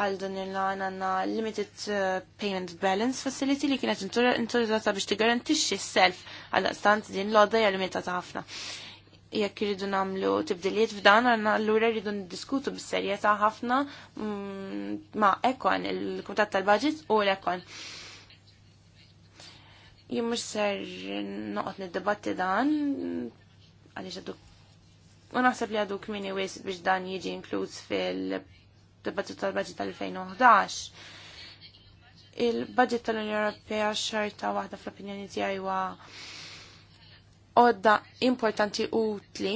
għal dan il għanna Limited uh, Payment Balance Facility li kienet intużata biex tigarantixxi s-self għal stant din l-għodda hija limitata ħafna. Jekk irridu nagħmlu tibdiliet f'dan għandna allura rridu niddiskutu bis-serjetà ħafna mm, ma' Ekon, il-Kumitat tal-Budget u l-Ekon. Jien mhux ser noqgħod niddebatti dan għaliex għadu u naħseb li għadu kmini wis biex dan jiġi inkluż fil- il il-budget tal-budget tal-2011. Il-budget tal-Unjoni Ewropea xorta waħda fl-opinjoni tiegħi huwa għodda importanti utli.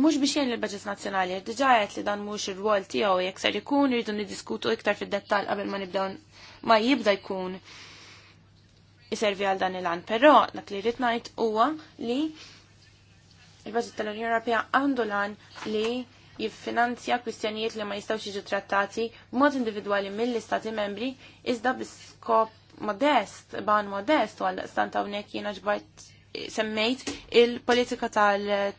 Mhux biex jien il-budget nazzjonali, diġà qed li dan mhux il rwol tiegħu jekk ser ikun rridu niddiskutu iktar fid-dettall qabel ma nibdew ma jibda jkun iservi għal dan il-għan. Però dak li rrid ngħid huwa li il-budget tal-Unjoni Ewropea għandu lan li jiffinanzja kwistjonijiet li ma jistawx jiġu trattati b'mod individwali mill-istati membri iżda b'skop modest, ban modest, u għal-stant hawnhekk jiena ġbajt semmejt il-politika tal-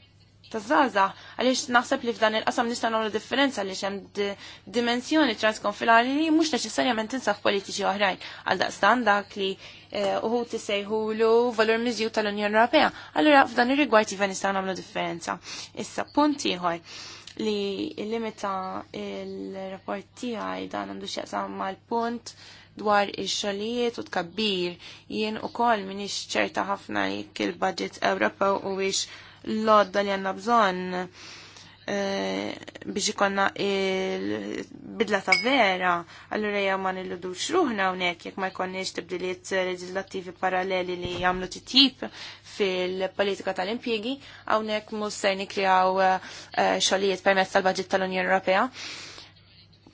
tazzaza, għaliex naħseb li f'dan il-qasam nista' nagħmlu differenza għaliex hemm dimensjoni transkonfilari li mhux neċessarjament insaf politiċi oħrajn. Għal daqstan dak li eh, uħu lu valur miżju tal-Unjoni Ewropea. Allura f'dan ir-rigward iva nistgħu nagħmlu differenza. Issa punt ieħor li limita il-rapport tiegħi dan għandu ma l punt dwar ix-xogħlijiet u tkabbir. Jien ukoll minix ċerta ħafna jekk il-budget Ewropew huwiex l-odda li għandna bżonn Eh, biex ikonna il-bidla ta' vera, allura ja ma ludu xruħna unek, jek ma jkonniex tibdiliet leġislattivi paralleli li jamlu titjib fil-politika tal-impjegi, għawnek mus se nikrijaw eh, xolijiet permezz tal-budget tal-Unjoni Ewropea.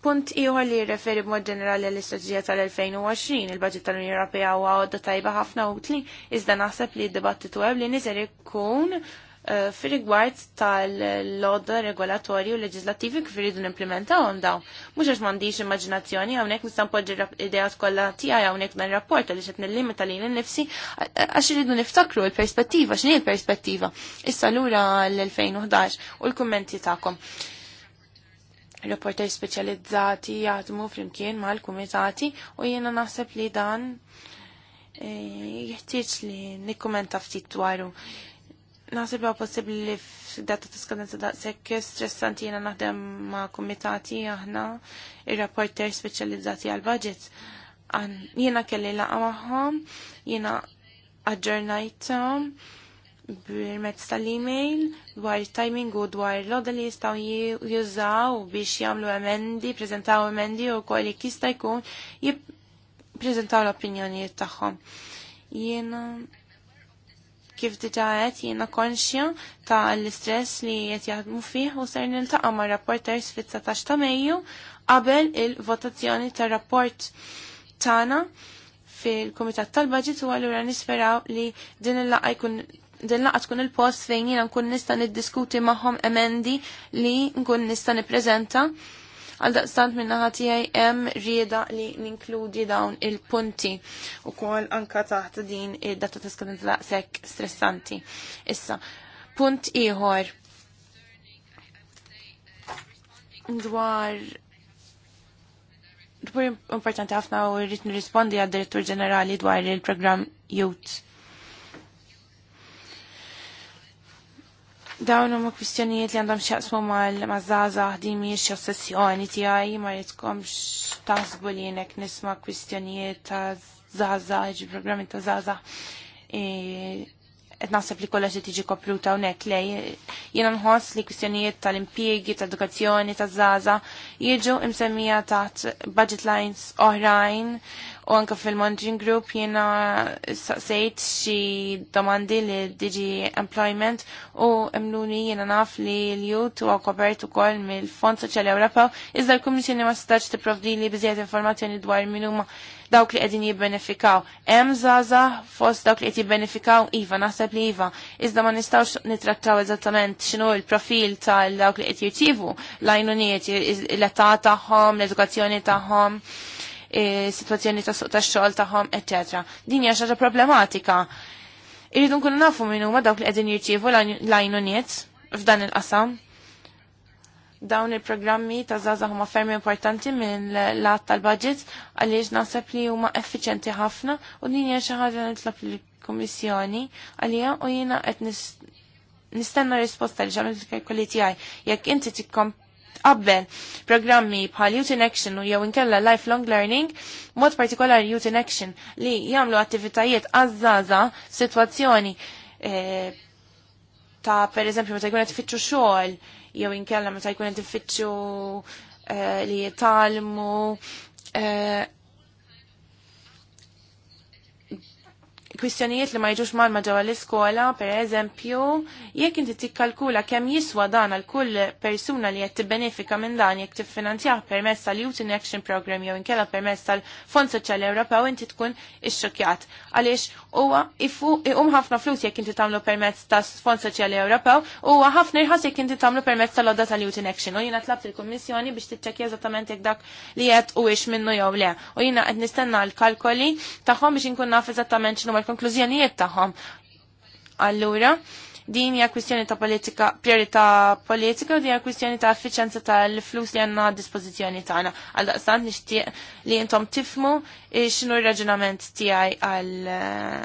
Punt ieħor li jirreferi b'mod ġenerali għall istraġija tal-2020, il-budget tal-Unjoni Ewropea huwa għodda tajba ħafna utli, iżda naħseb li d-dibattitu għeb li niżer ikun Eh, fil-rigward tal-loda regolatorju leġislativi kif iridu nimplementawhom dawn. Mhux għax m'għandix immaġinazzjoni hawnhekk nista' npoġġi idea kollha tiegħi hawnhekk dan ir-rapport għaliex qed nillimita lil innifsi għax iridu niftakru l-perspettiva, x'inhi l-perspettiva. Issa lura l-2011 u l-kummenti tagħkom. Reporter speċjalizzati jaħdmu flimkien mal-kumitati u jiena naħseb li dan eh, jeħtieġ li nikkumenta ftit dwaru. Naħseb għaw possibli li f'data ta' skadenza da' sekk stressanti jena naħdem ma' komitati aħna ir-rapporter speċjalizzati għal-budget. Jena kelli la' maħħom, jena aġġornajta bil-mezz tal-email dwar timing u dwar l-oda li jistaw jużaw biex jamlu emendi, prezentaw emendi u kol li kista jkun jiprezentaw l-opinjonijiet tagħhom. Jena Kif diġa qed jiena konxja ta' l-istress li qed jaħdmu fih u ser niltaqa' ma' rapporters fit-19 ta' Mejju qabel il-votazzjoni tar-rapport tagħna fil-Kumitat tal-Baġit u allura nisperaw li din il-laqgħa jkun din laqa tkun il-post fejn jiena nkun nista' niddiskuti magħhom emendi li nkun nista' nippreżenta Għal daqstant minna ħatijaj jem rieda li ninkludi dawn il-punti u kol anka taħt din id-data ta' skadenza daqsek stressanti. Issa, punt iħor dwar dwar importanti ħafna u rrit nirrispondi għad direttur ġenerali dwar il-program Youth Dawn huma kwistjonijiet li għandhom xaqsmu mal mażaza ħdin mhijiex ossessjoni tiegħi ma jridkomx taħsbu li jinek nisma' kwistjonijiet ta' żgħażagħ, programmi ta' żgħażagħ qed naħseb li kollox tiġi kopruta hawnhekk lej jiena nħoss li kwistjonijiet tal-impjiegi, tal-edukazzjoni, taż zaza jieġu imsemmija taħt budget lines oħrajn u anke fil-monitoring group jiena sejt xi domandi li diġi employment u mluni jiena naf li l-jut huwa kopert ukoll mill-Fond Soċjali Ewropew iżda l-Kummissjoni ma staċ tipprovdi li biżjed informazzjoni dwar minnuma huma dawk li qegħdin jibbenefikaw. Hemm zaza fost dawk li qed jibbenefikaw iva, naħseb li iva. Iżda ma nistgħux nitrattaw eżattament x'inhu l-profil ta' dawk li qed jirċievu l-għajnuniet, l-età tagħhom, l-edukazzjoni tagħhom e, situazzjoni ta' suq ta' xogħol tagħhom, eċċetera. Din hija xaġa problematika. Irridu nkunu nafu minnu huma dawk li qegħdin jirċievu l-għajnuniet f'dan il-qasam dawn il-programmi ta' zaza huma fermi importanti minn l-att tal-budget għaliex naħseb li huma effiċenti ħafna u din hija xi ħaġa nitlob lill-Kummissjoni għalija u jiena qed nistenna risposta li xamil kalkoli tiegħi jekk inti tikkom tqabbel programmi bħal Youth in Action u jew inkella lifelong learning, mod partikolari Youth in Action li jagħmlu attivitajiet għaż zaza situazzjoni eh, ta' per eżempju meta jkun qed xogħol jew inkella meta jkun qed ifittxu eh, li jitalmu eh, kwistjonijiet li ma jġux malma ġewwa l-iskola, per eżempju, jekk inti tikkalkula kemm jiswa dan għal kull persuna li qed tibbenefika minn dan jekk tiffinanzjah permezz tal Youth in Action Program jew inkella permezz tal-Fond Soċjali Ewropew inti tkun ixxokjat. Għaliex huwa iqum ħafna flus jekk inti tagħmlu permezz tas-Fond Soċjali Ewropew huwa ħafna irħas jekk inti tagħmlu permezz tal-Odda tal-Youth in Action. U jiena tlabt il-Kummissjoni biex tiċċekkja eżattament jekk dak li qed huwiex minnu jew le. U jiena qed nistenna l-kalkoli tagħhom biex inkun naf eżattament x'numar il-konklużjonijiet tagħhom. Allura, din hija kwistjoni ta' politika, priorità politika u din hija kwistjoni ta' effiċenza tal-flus li għandna dispożizzjoni tagħna. Għal daqstant nixtieq li intom tifmu x'inhu r-raġunament tiegħi għal eh,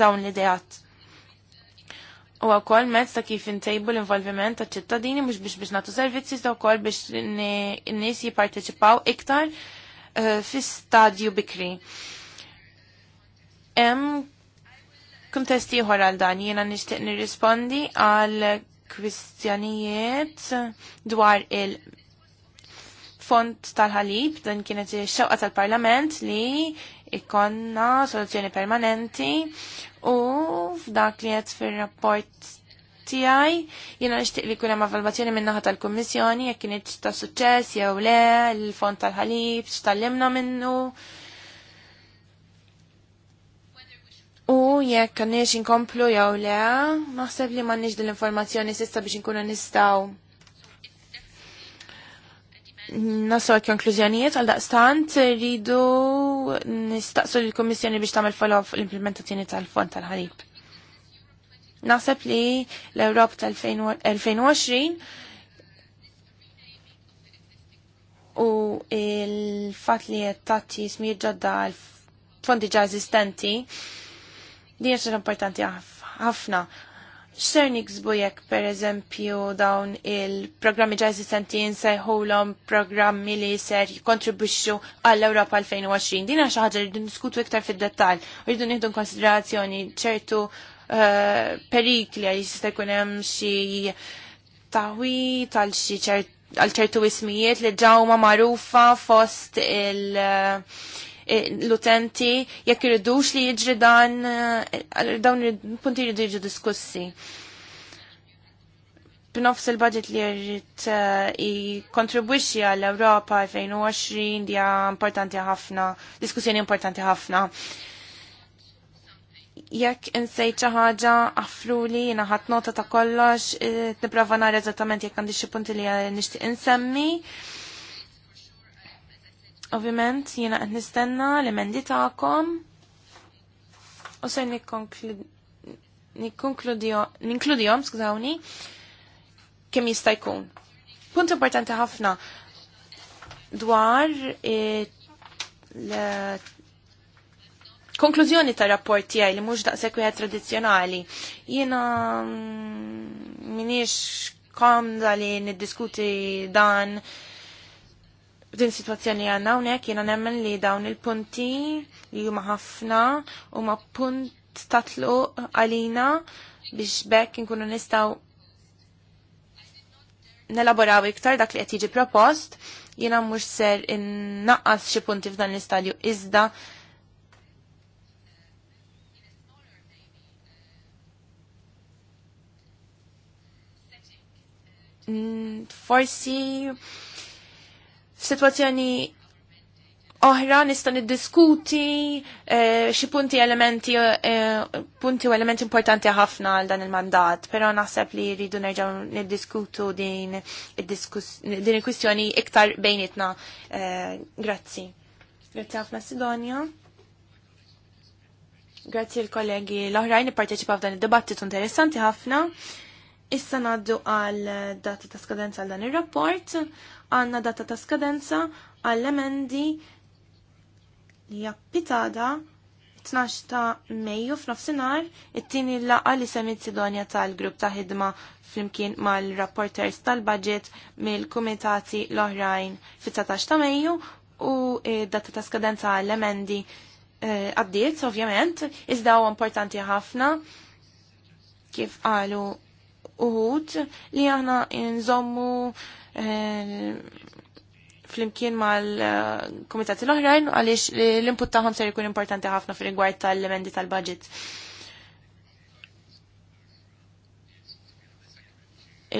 dawn l-ideat. U għakol mezz ta' kif intejbu l-involviment ta' ċittadini mux biex biex natu servizzi ta' għakol biex n-nis jiparteċipaw iktar eh, fi stadju bikri. Hemm kuntesti ieħor għal dan jiena nixtieq nirrispondi għal kwistjonijiet dwar il font tal-ħalib dan kienet ix-xewqa tal-Parlament li ikonna soluzzjoni permanenti u f'dak li qed fir-rapport tiegħi jiena nixtieq li jkun hemm evalwazzjoni min naħa tal-Kummissjoni jekk kienet ta' suċċess jew le, il-font tal-ħalib, x'tallimna minnu U jekk għanniex inkomplu jew le, naħseb li m'għandniex din l-informazzjoni s'issa biex inkunu nistgħu Nasaw konklużjonijiet għal daqstant rridu nistaqsu l-Komissjoni biex tagħmel follow l-implementazzjoni tal-fond tal-ħarib. Naħseb li l-Ewrop tal-2020 u il-fat li jettati smirġadda ġodda l-fondi ġa eżistenti Di għaxġa importanti ħafna. Xser niksbu per eżempju dawn il-programmi ġa esistenti jinsejħulhom programmi li ser jikontribwixxu għall-Ewropa 2020. Dina xaħġa ħaġa rridu niskutu iktar fid-dettall, rridu nieħdu konsiderazzjoni ċertu uh, perikli li jista' jkun hemm xi taħwi tal xi ċertu għal ċertu ismijiet li ġawma marufa fost il- l-utenti jekk irridux li jiġri dan eh, dawn il-punti jridu jiġu diskussi. B'nofs il-budget li jrid eh, jikkontribwixxi għall Ewropa 2020 dija importanti ħafna, diskussjoni importanti ħafna. Jekk insejt xi ħaġa affruli jiena ħadd nota ta' kollox, eh, nipprova nara eżattament jekk għandi xi punti li nixtieq insemmi. Ovviment jiena qed nistenna l-emendi tagħkom u se nikkonkludihom, skużawni, kemm jista' jkun. Punt importanti ħafna dwar e, konklużjoni ta' rapport tiegħi li mhux daqshekk wieħed tradizzjonali. Jiena mm, minix komda li niddiskuti dan B'din situazzjoni għanna unek jena nemmen li dawn il-punti li juma ħafna u ma punt tatlu għalina biex bekk nkunu nistaw nelaboraw iktar dak li qed jiġi propost, jiena mhux ser innaqqas xi punti f'dan l-istadju iżda forsi situazzjoni oħra nista' niddiskuti eh, xi punti elementi eh, punti u elementi importanti ħafna għal dan il-mandat, però naħseb li jridu nerġgħu niddiskutu din din il-kwistjoni iktar bejnietna. Eh, grazzi. Grazzi ħafna Sidonja. Grazzi l-kollegi l-oħrajn ipparteċipaw f'dan id-dibattitu interessanti ħafna. Issa naddu għal data ta' skadenza għal dan ir rapport għanna data ta' skadenza għall-emendi li jappitada 12 ta' Mejju f'nofsinhar it-tieni laqa li semmit Sidonja tal-grupp ta' ħidma flimkien mal-rapporters tal-budget mill-kumitati l-oħrajn fit-19 ta' Mejju u eh, data ta' skadenza għall emendi eh, għaddiet, ovvjament, iżda u importanti ħafna kif qalu uħud li aħna nżommu eh, flimkien mal-komitati eh, l-oħrajn għaliex l-input tagħhom ser jkun importanti ħafna fil-rigward tal-emendi tal-budget.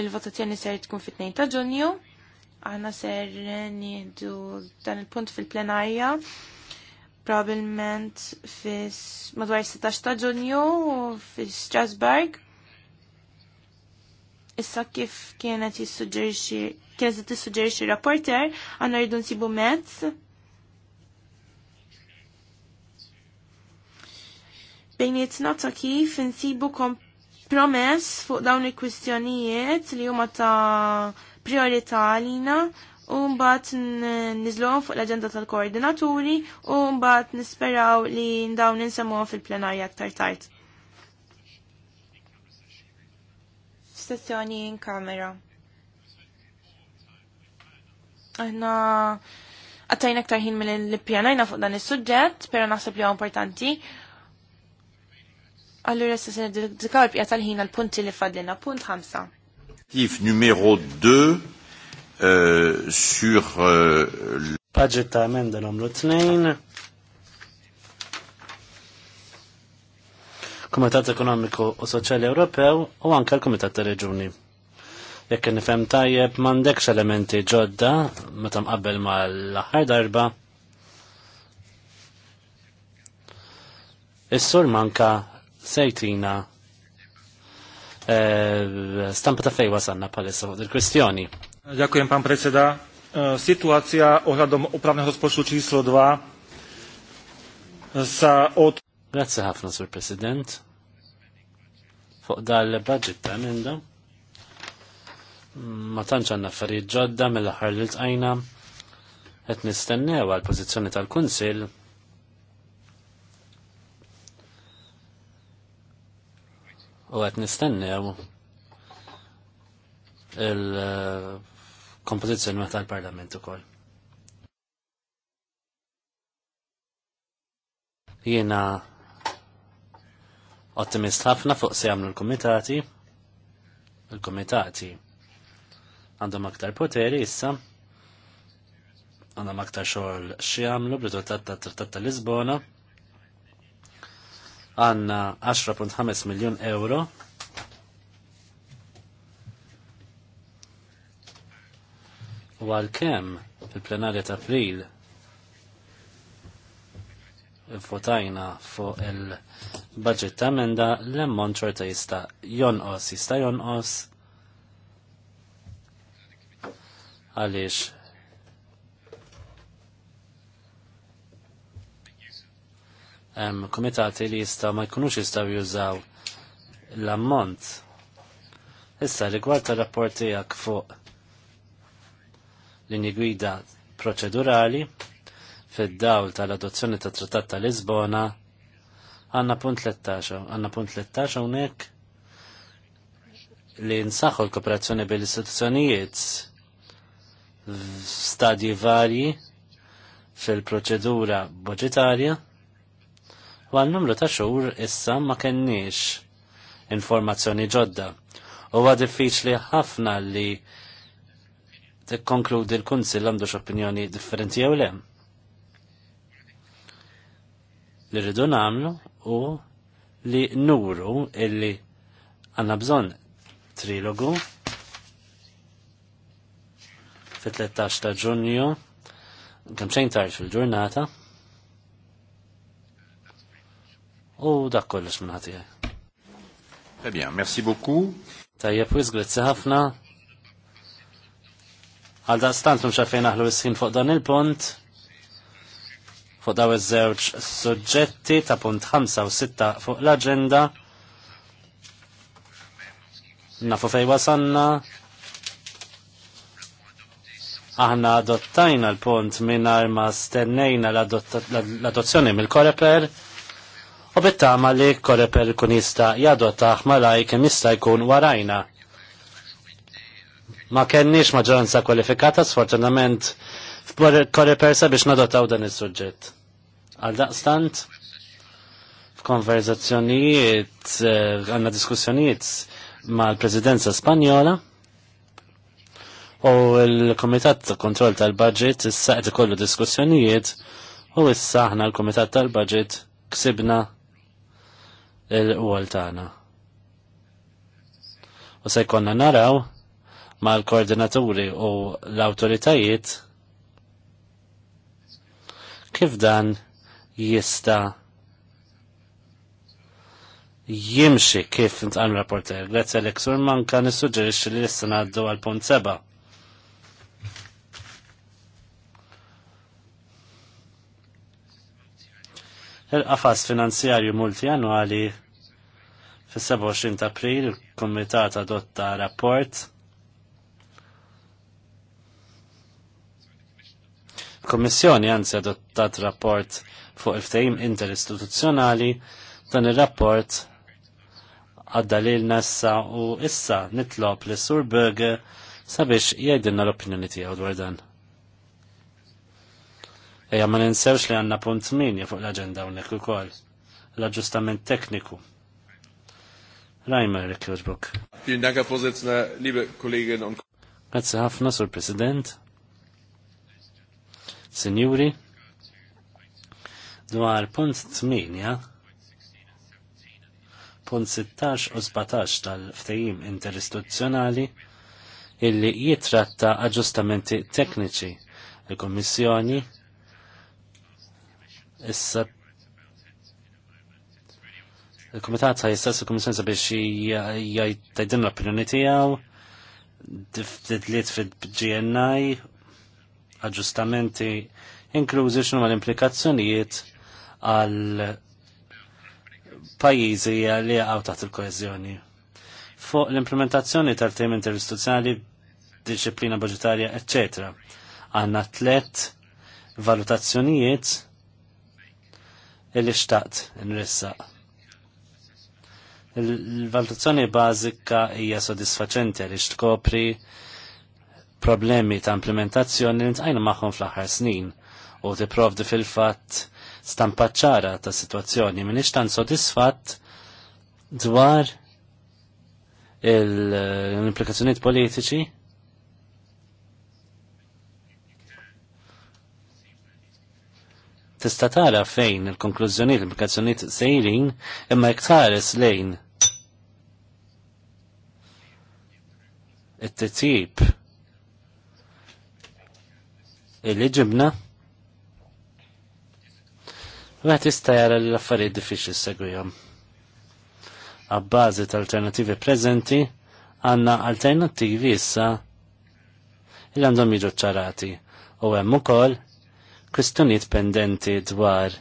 Il-votazzjoni ser tkun fit-2 ta' Ġunju. Aħna ser nieħdu dan il-punt fil-plenarja probabbilment fis madwar 16 ta' Ġunju fi Strasburg Issa kif kienet jissuġġerixi, kienet tissuġġerixxi rapporter, għanna rridu nsibu mezz. Bejnietna ta' kif nsibu kompromess fuq dawn il-kwistjonijiet li huma ta' priorità għalina u mbagħad niżluhom fuq l-aġenda tal-koordinaturi u mbagħad nisperaw li ndaw insemmuhom fil-plenarja aktar tard. sessjoni in kamera. Aħna għattajn aktar ħin mill-pjanajna l fuq dan il-sujġet, pero naħseb li għu importanti. Allura se se dedikaw il-pjata tal-ħin għal-punti li fadlina, punt 5. Tif numero 2 eh, sur. Paġġet emenda l-omlu 2 Komitat Ekonomiku u Soċjali Ewropew u anke l-Komitat ta' Reġuni. Jekk nifhem tajjeb m'għandekx elementi ġodda meta mqabbel mal-aħħar darba. Is-sur manka sejtina eh, stampa ta' fejwa sanna palissa fuq il-kwestjoni. Dziękuję pan predseda. Eh, Sytuacja ohradom uprawnych rozpocztu číslo 2 sa od Grazzi ħafna, Sur President. Fuq dal-budget ta' minda. Ma tantx għandna affarijiet ġodda mill-aħħar li tqajna qed nistennew għall pożizzjoni tal-Kunsill u qed nistennew il kompożizzjoni ma tal-parlament ukoll. Jiena ottimist ħafna fuq se jagħmlu l-kumitati. Il-kumitati għandhom aktar poteri issa għandhom aktar xogħol xi jagħmlu b'riżultat tat-Trattat ta' Lisbona. Għandna 10.5 miljun euro u għal-kem fil-plenarja ta' april votajna fuq il-budget ta' emenda l-emmont xorta jista' jonqos, jista' jonqos għaliex Komitati li jista' ma jkunux jistgħu jużaw l-ammont. Issa rigward tar-rapport tiegħek fuq l-inigwida proċedurali, fid-dawl tal-adozzjoni ta' Trattat ta' Lisbona għanna punt 13, għanna punt 13 unek li nsaħħu l-kooperazzjoni bil istituzzjonijiet stadji varji fil-proċedura budgetarja u għal numru ta' xhur issa ma kenniex informazzjoni ġodda. Huwa diffiċli ħafna li tikkonkludi l-kunsill għandu opinjoni differenti jew le li rridu namlu u li nuru illi għanna bżon trilogu fit-13 ta' ġunju kemxejn tard fil-ġurnata u dak kollox minn għaj. Très merci beaucoup. Tajjeb, wis grazzi ħafna. Għal daqstant mxafejn ħlu s fuq dan il-pont fuq daw iż-żewġ suġġetti ta' punt 5 u 6 fuq l-agenda. Nafu fej wasanna. Aħna adottajna l-punt minnar ma stennejna l-adozzjoni mill-Koreper u bittama li Koreper kun jista jadottaħ malaj kem jista jkun warajna. Ma kenniex maġġoranza kwalifikata sfortunament f'kore persa biex nadotaw dan is-suġġett. Għal daqstant, f'konverzazzjonijiet, eh, għanna diskussjonijiet ma' l-Presidenza Spanjola u l-Komitat Kontroll tal-Budget issa qed ikollu diskussjonijiet u issa aħna l-Komitat tal-Budget ksibna l-għol tagħna. U se jkollna naraw mal-koordinaturi u l-autoritajiet kif dan jista jimxi kif ntqan rapporter. Grazie għalek sur manka nissuġġerixxi li issa ngħaddu għal punt seba'. Il-qafas finanzjarju multianwali fis-27 ta' April il-Kumitat adotta rapport Il-Kommissjoni għanzi adottat rapport fuq il-ftehim interistituzzjonali dan il-rapport għadda li l-nessa u issa nitlob li Sur Berger sabiex jgħidinna l-opinjoni tiegħu dwar dan. Eja ma ninsewx li għanna punt minja fuq l-agenda u ukoll l-aġġustament tekniku. Rajmer, Kjordbuk. Vielen Dank, Herr Vorsitzender, liebe Kolleginnen und Kollegen. Grazie ħafna, Sur President. Sinjuri, dwar punt 8, punt 16 u 17 tal ftajim interistituzzjonali illi jitratta aġġustamenti tekniċi. l kommissjoni issa il-Komitat ħaj jistess il-Kommissjoni sabiex jgħid l-opinjoni tiegħu tiftidliet fil-GNI aġġustamenti inklużi x'numa l-implikazzjonijiet għal pajjiżi li jaqgħu taħt il-koeżjoni. Fuq l-implementazzjoni tal-temi interistituzzjonali, disċiplina budgetarja, ecc. Għanna tlet valutazzjonijiet li xtaqt rissa Il-valutazzjoni bażika hija sodisfaċenti għaliex tkopri problemi ta' implementazzjoni li ntajna maħħom fl-aħħar snin u tipprovdi fil-fatt stampaċċara ta' situazzjoni minix tan sodisfatt dwar l-implikazzjoniet politiċi tista' tara fejn il-konklużjonijiet l-implikazzjonijiet sejrin imma iktares lejn it-titjib il ġibna. Wieħed jista' jara l-affarijiet diffiċli segwihom. Abbażi tal-alternattivi preżenti għandna alternattivi issa il għandhom jiġu ċarati u hemm ukoll kwistjonijiet pendenti dwar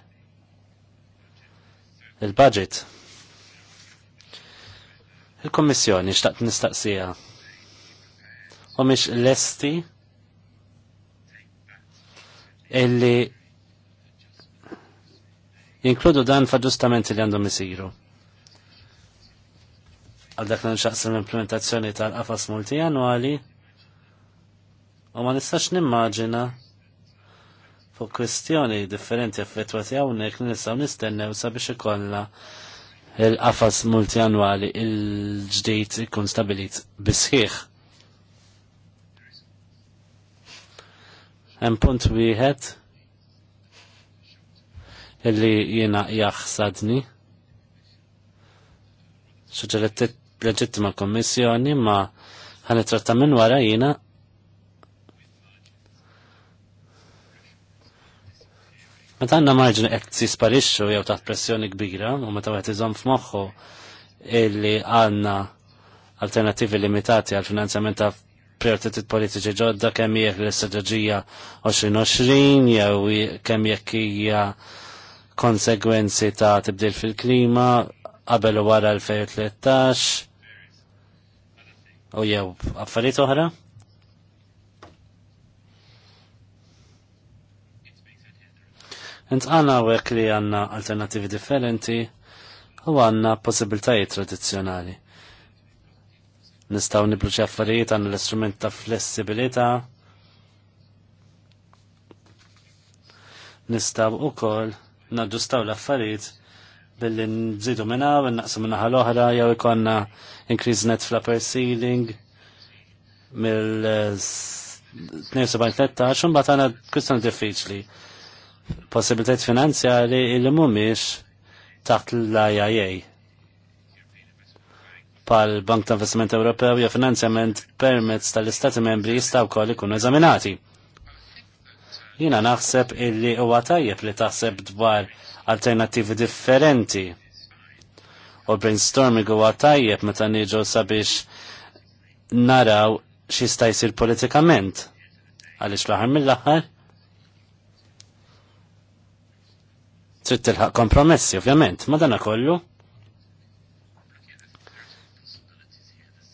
il-budget. Il-Kommissjoni xtaqt nistaqsija u mhix lesti illi jinkludu dan f'aġġustamenti li għandhom isiru. Għal dak l-implementazzjoni tal-qafas multi u ma nistax nimmaġina fuq kwestjoni differenti effettwati hawnhekk li nistgħu nistennew sabiex ikollna il-qafas multianwali il ġdijt ikun stabilit bisħiħ. Hemm punt wieħed illi jiena jaħsadni. Suġġerit leġittima kommissjoni ma ħanitratta minn wara jiena Meta għandna marġni qed tisparixxu jew taħt pressjoni kbira u meta wieħed iżomm f'moħħu illi għandna alternativi limitati għal finanzjament ta' prioritiet politiċi ġodda kemm jekk l-istrateġija 2020 jew kemm jekk hija konsegwenzi ta' tibdil fil-klima qabel u wara l-2013 u jew affarijiet oħra? Int għana għek li għanna alternativi differenti u għanna possibiltajiet tradizjonali nistaw niblu ċaffariet għan l-istrument ta' flessibilita. Nistaw u kol naġustaw l-affarijiet billi nżidu minna u naqsu minna ħal-oħra jew ikonna increase net flapper ceiling mill-72-13 un batana kustan diffiċli. Possibilitet finanzjari il-mumiex taħt l-IIA pal Bank ta' Investiment Ewropew jew finanzjament permezz tal-Istati membri jistgħu wkoll ikunu eżaminati. Jiena naħseb illi huwa tajjeb li taħseb dwar alternattivi differenti. U brainstorming huwa tajjeb meta niġu sabiex naraw x'jista' jsir politikament. Għaliex l-aħħar mill-aħħar trid tilħaq kompromessi, ovvjament, ma dana kollu.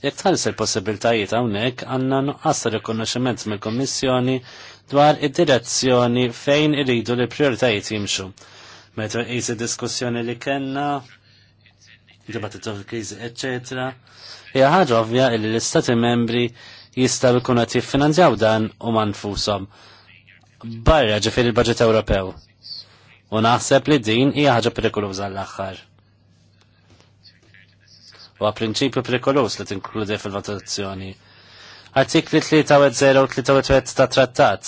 Jekk tħares il-possibiltajiet hawnhekk għandna nuqqas rikonoxximent mill-Kummissjoni dwar id-direzzjoni fejn iridu li prioritajiet jimxu. Meta qis diskussjoni li kellna, dibattitu fil-kriżi, eċċetera. Hija ħaġa ovvja li l-Istati membri jistgħu jkunu qed jiffinanzjaw dan u manfushom barra ġifieri il-Baġit Ewropew. U naħseb li din hija ħaġa perikoluża l-aħħar u prinċipju prekolus li tinkludi fil-votazzjoni. Artikli 3.0 u ta' trattat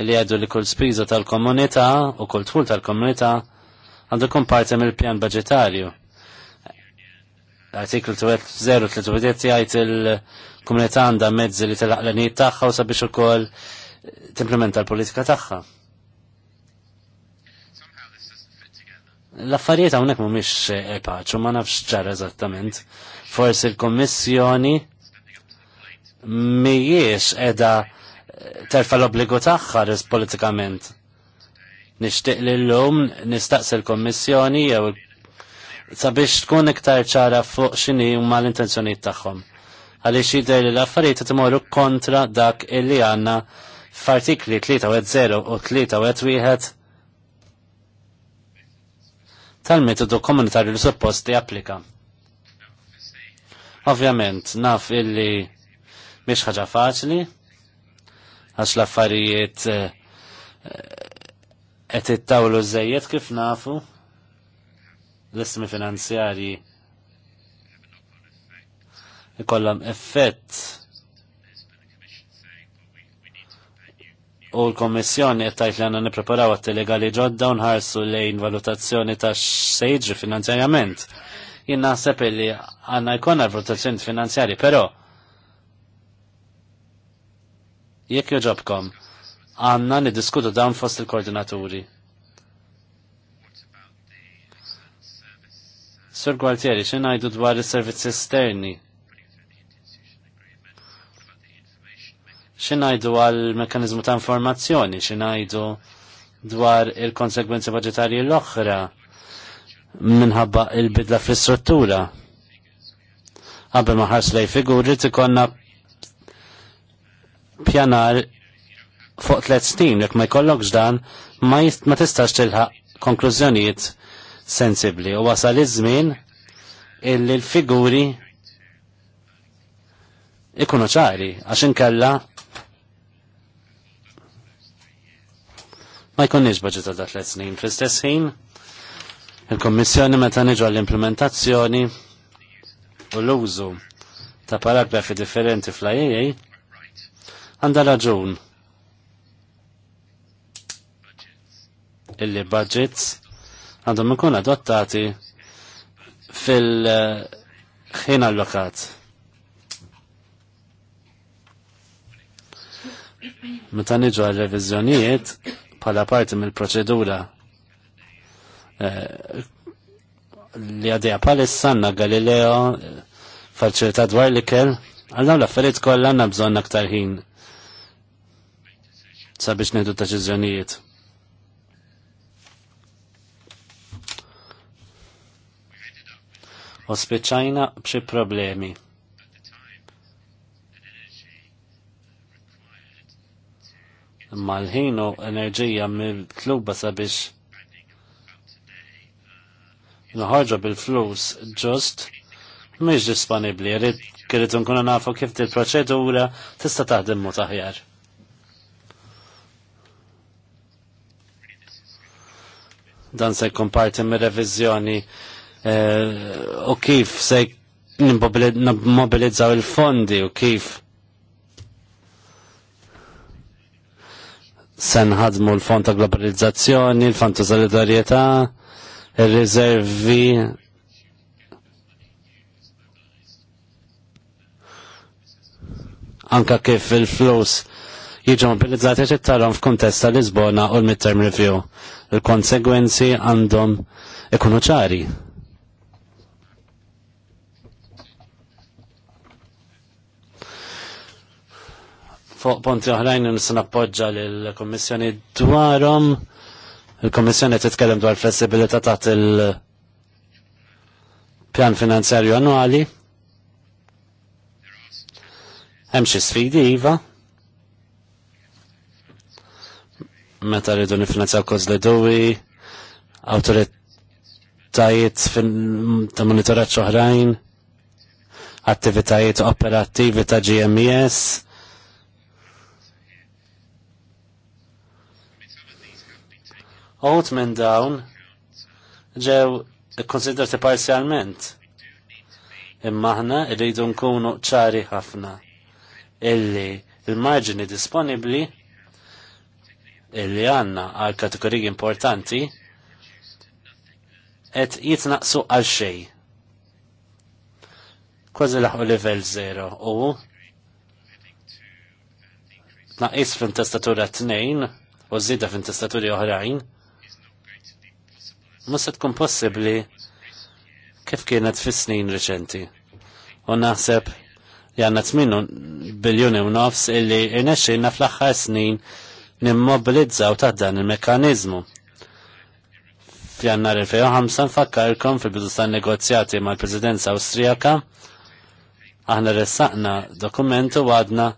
li għaddu li kull spiża tal-komunità u kull tħul tal-komunità għandu kun parti mill pjan budgetarju. Artiklu 0-3 il-komunità għandha mezzi li tal-aqlanijiet tagħha u sabiex ukoll implementa l-politika tagħha. L-affarijiet hawnhekk mhumiex epaċu, eh, ma nafx ċar eżattament. Forsi l-Kommissjoni mhijiex qiegħda eh, terfa l-obbligu tagħha politikament. Nixtieq li llum nistaqsi l-Kommissjoni jew sabiex tkun iktar ċara fuq x'inhi huma l-intenzjonijiet tagħhom. Għaliex jidher li l-affarijiet timorru kontra dak illi għandna f'artikli 3 u 0 u 3 tal-metodu komunitarju li suppost japplika. Ovvjament, naf illi biex ħaġa faċli, għax l-affarijiet eh, eh, qed ittawlu żejjed kif nafu l-ismi finanzjarji ikollhom effett u l-Kommissjoni qed tajt li għandna nippreparaw għat tilegali ġodda u nħarsu lejn valutazzjoni ta' xejġri finanzjarjament. Jien naħseb li għandna jkollna valutazzjoni finanzjarji, però jekk joġobkom għandna niddiskutu dawn fost il-koordinaturi. Sur Gualtieri, ngħidu dwar is-servizzi esterni? xinajdu għal-mekanizmu ta' informazzjoni, xinajdu dwar il-konsekwenzi budgetarji l-oħra minħabba il-bidla fl-istruttura. Għabel maħars lej figuri t pjanar fuq tlet snin, jek ma jkollokx dan, ma, ma tistax tilħaq konklużjonijiet sensibli. U wasal iż-żmien illi l-figuri ikunu ċari, għax inkella ma jkunniex budget ta' tliet snin. Fl-istess ħin, il-Kommissjoni meta niġu għall-implementazzjoni u l-użu ta' paragrafi differenti fl-IAA għandha raġun. illi budgets għandhom ikun adottati fil-ħin allokat. Meta niġu għal-reviżjonijiet, bħala parti mill-proċedura eh, li għadija palessanna Galileo eh, faċilità dwar li kell għalna l-affarijiet kollha għandna bżonn aktar ħin sabiex ngħidu deċiżjonijiet. U spiċċajna b'xi problemi. mal-ħin u enerġija mill tluba sabiex nħarġa bil-flus ġust mhix disponibbli, rrid kirid nkunu nafu kif il proċedura tista' taħdem mod aħjar. Dan se jkun parti mir-reviżjoni eh, u kif se nimmobilizzaw il-fondi u kif senħadmu l-fond ta' globalizzazzjoni, l-fond ta' solidarieta, il rezervi Anka kif il-flus jiġu mobilizzati ċittarom f'kuntesta Lisbona u l-midterm review. Il-konsegwenzi għandhom ikunu ċari. fuq ponti oħrajn nisna nappoġġa l kummissjoni dwarhom. il kummissjoni titkellem dwar flessibilità taħt il-pjan finanzjarju annwali. Hemm xi sfidi iva. Meta rridu nifinanzjaw kozli duwi, awtoritajiet ta' monitoraġġ oħrajn, attivitajiet operattivi ta' GMES, Uħut minn dawn ġew konsiderti parzjalment. Imma aħna rridu nkunu ċari ħafna illi il-marġini disponibli illi għanna għal kategoriji importanti et jitnaqsu għal xej. Kważi laħu level 0 u naqis fin testatura 2 u zida fin testaturi oħrajn Musa se tkun possibbli kif kienet fi snin reċenti. U naħseb li għanna 8 biljuni u nofs illi irnexxilna fl-aħħar snin nimmobilizzaw ta' dan il-mekanizmu. Fjannar 2005 nfakkarkom fil-bidu tan negozjati mal-Presidenza Awstrijaka aħna ressaqna dokumentu għadna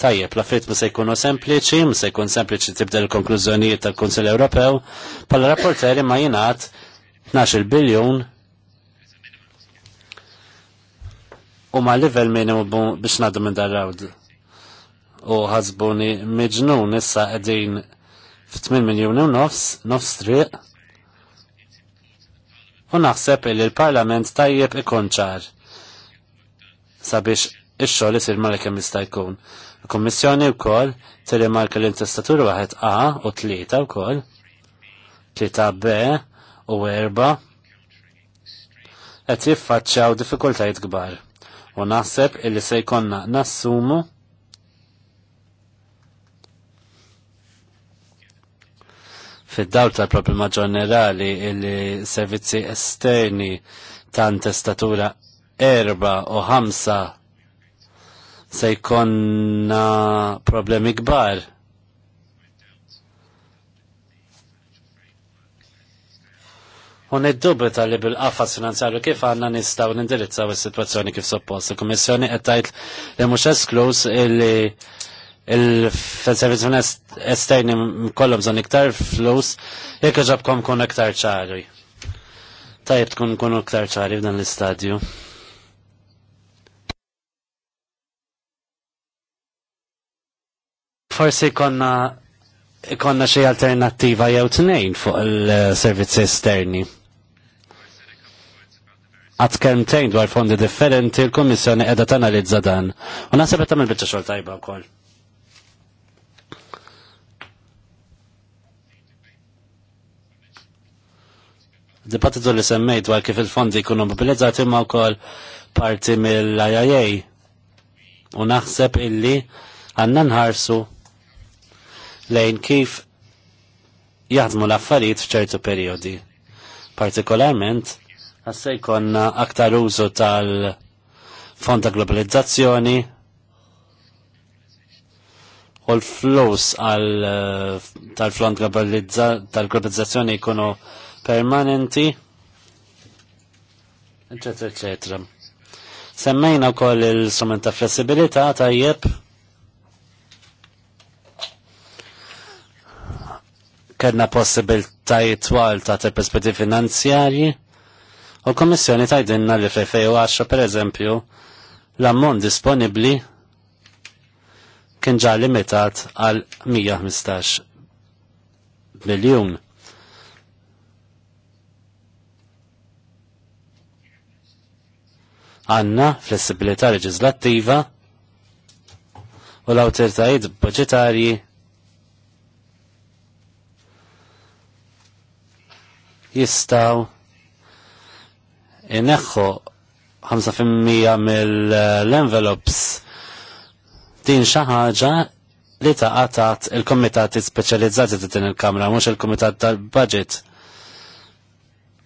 tajjeb, la fit se jkunu sempliċi, se jkun sempliċi tibda l-konklużjonijiet tal-Kunsill Ewropew, pal rapporteri ma jingħad 12 biljun u ma livell minimu biex nadu minn dar-rawd. U ħasbuni miġnun issa qegħdin f'8 miljuni u nofs, nofs triq. U naħseb li l-Parlament tajjeb ikun ċar sabiex ix-xogħol isir mal kemm jista' jkun. Il-Kommissjoni wkoll tirrimarka l intestatura waħed A u tlieta wkoll, tlieta B u erba qed jiffaċċjaw diffikultajiet kbar u naħseb illi se jkollna nassumu fid-dawl tal-problema ġenerali illi servizzi esterni ta' intestatura erba u ħamsa se jkonna problemi kbar. Un id-dubbi tal-li bil-qafas finanzjarju kif għanna nistaw nindirizzaw is-sitwazzjoni kif suppost. Il-Kummissjoni qed tgħid li mhux esklus illi il-servizz esterni kollhom bżonn iktar flus jekk ġabkom kun iktar ċari. Tajb tkun kun iktar ċari f'dan l-istadju. forsi konna konna xie alternattiva jew tnejn fuq il-servizzi esterni. Għat kelmtejn dwar fondi differenti, il komissjoni edha tanalizza dan. U nasib għetam il-bicċa xol tajba u koll. Dibattitu li semmejt dwar kif il-fondi jkunu mobilizzati ma' wkoll parti mill-IIA. U naħseb illi għanna nħarsu lejn kif jaħdmu l-affarijiet f'ċertu perjodi. Partikolarment, għassaj konna aktar użu tal-fond ta' globalizzazzjoni u l-flus eh, tal-fond tal-globalizzazzjoni jkunu permanenti, eccetera, eccetera. Semmejna kol il-strument ta' flessibilità tajjeb, possibil possibiltajiet twal ta' perspetti finanzjarji u komissjoni kommissjoni tajdinna li u għaxa per eżempju l-ammont disponibli kien ġa limitat għal 115 miljun. Għanna flessibilità leġislattiva u l-autoritajiet budġetarji jistaw ineħħu 5% mill-envelopes din xi ħaġa li taqatat il-komitati speċjalizzati ta' din il-Kamra, mhux il-Kumitat tal-Budget.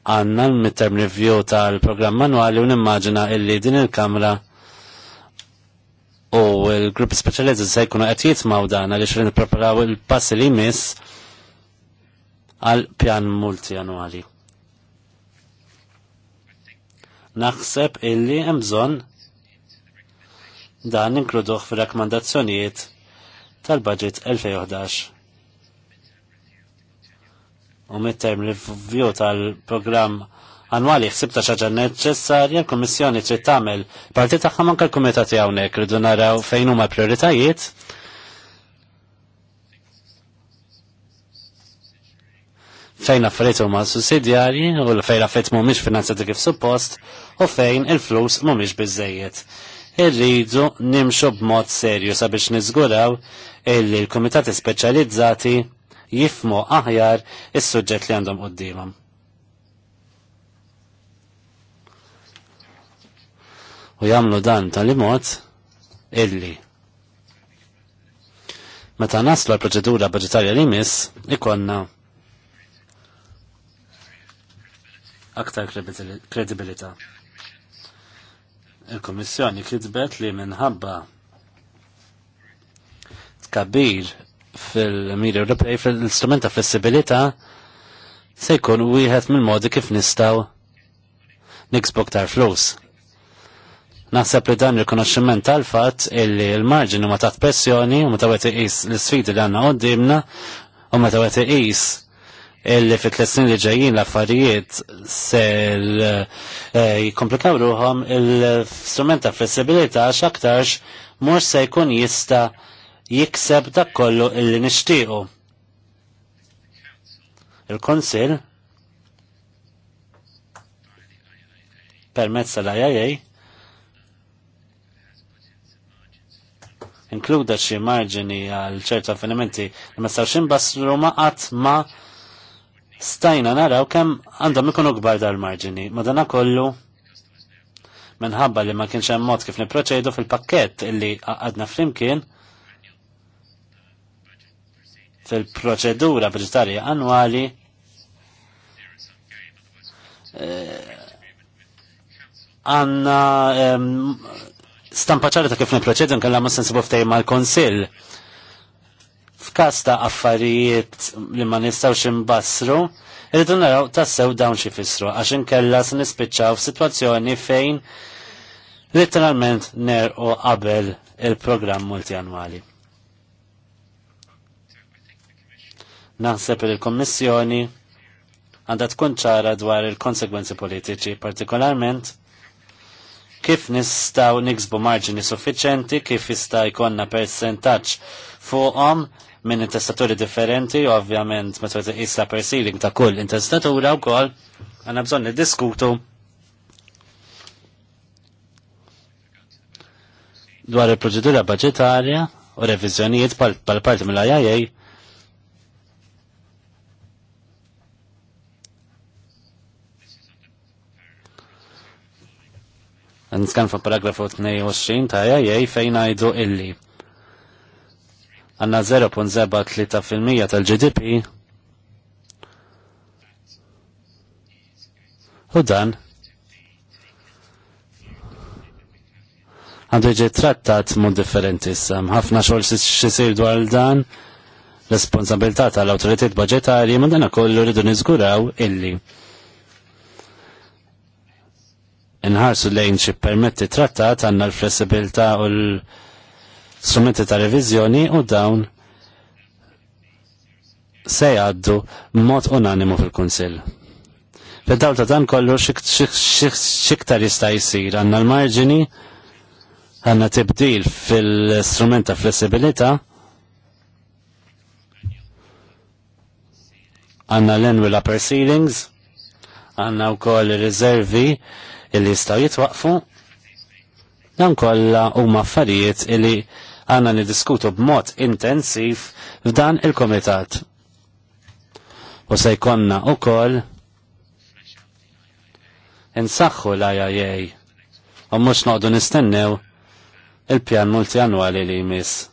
Għanna l-midterm review tal-programm manwali u nimmaġina illi din il-Kamra u l-grupp speċjalizzati se jkunu qed jitmaw dan għaliex nippreparaw il-passi li jmiss għal pjan multianwali. Naħseb illi hemm bżonn dan inkluduh fir-rakkomandazzjonijiet tal-budget 2011. U mitterm review tal-programm annwali ta' xaġa neċessarja l kummissjoni trid tagħmel parti tagħha manka l-Kumitat hawnhekk ridu naraw fejn huma prioritajiet fejn affarijiet huma sussidjarji u fejn affarijiet mhumiex finanzjati kif suppost u fejn il-flus mhumiex biżejjed. Irridu nimxu b'mod serju sabiex niżguraw illi l-kumitati speċjalizzati jifmu aħjar is-suġġett li għandhom qudiemhom. U jagħmlu dan tal-imod illi meta naslu l proċedura budgetarja li miss ikonna aktar kredibilità. il komissjoni kitbet li minħabba tkabbir fil-Miri Ewropej fil instrument ta' flessibilità se jkun wieħed mill-modi kif nistgħu niksbok tar flus. Naħseb li dan il-konoxximent tal-fatt illi l-marġin huma taħt pressjoni u meta wet iqis l-isfidi li għandna qudiemna u meta wet iqis illi fit tlessin li ġejjin l-affarijiet se eh, jikomplikaw ruħom il-strument ta' għax x'aktarx mor se jkun jista' jikseb dak kollu illi nixtiequ. Il-Konsil permezz tal-IIA inkluda xi marġini għal ċertu avvenimenti li ma stawx inbassru ma qatt ma' stajna naraw kemm għandhom ikunu kbar dar marġini Madana kollu minħabba li ma kienx hemm mod kif niproċedu fil-pakkett illi għadna flimkien fil-proċedura budgetarja annwali eh, għanna ehm, stampa ċara ta' kif niproċedu nkella ma sensibu ftejma mal-konsil f'każ ta' affarijiet li ma nistgħux imbassru, irridu naraw tassew dawn xi fissru għax inkella se nispiċċaw f'sitwazzjoni fejn letteralment u qabel il-programm multianwali. Naħseb il kommissjoni għandha tkun ċara dwar il-konsegwenzi politiċi, partikolarment kif nistaw niksbu marġini suffiċenti, kif jista' jkollna percentaġġ fuqhom minn intestaturi differenti, ovvjament meta tqis per perceiving ta' kull intestatura wkoll għandna bżonn niddiskutu dwar il-proċedura budgetarja u reviżjonijiet pal-parti mill-IIA Nskan fa' paragrafu 22 ta' jajaj fejn għajdu illi għanna 0.73% tal-GDP u dan għandu iġi trattat mod differenti sam. ħafna xogħol xisir dwar dan responsabilità tal autoritet budġetarji ma dana kollu rridu niżguraw illi inħarsu lejn xi permetti trattat għandna l-flessibilità u l- strumenti ta' revizjoni u dawn se jgħaddu mod unanimu fil-Kunsill. Fid-dawl ta' dan kollu xiktar jista' jsir għandna l-marġini għandna tibdil fil-strument ta' flessibilità għandna l-enwil upper ceilings għandna wkoll riservi li jistgħu jitwaqfu dan kollha huma affarijiet li għanna nidiskutu b'mod intensiv f'dan il-komitat. U se jkonna u koll insaxħu l-IIA u mux noqdu nistennew il-pjan multianwali li jmiss.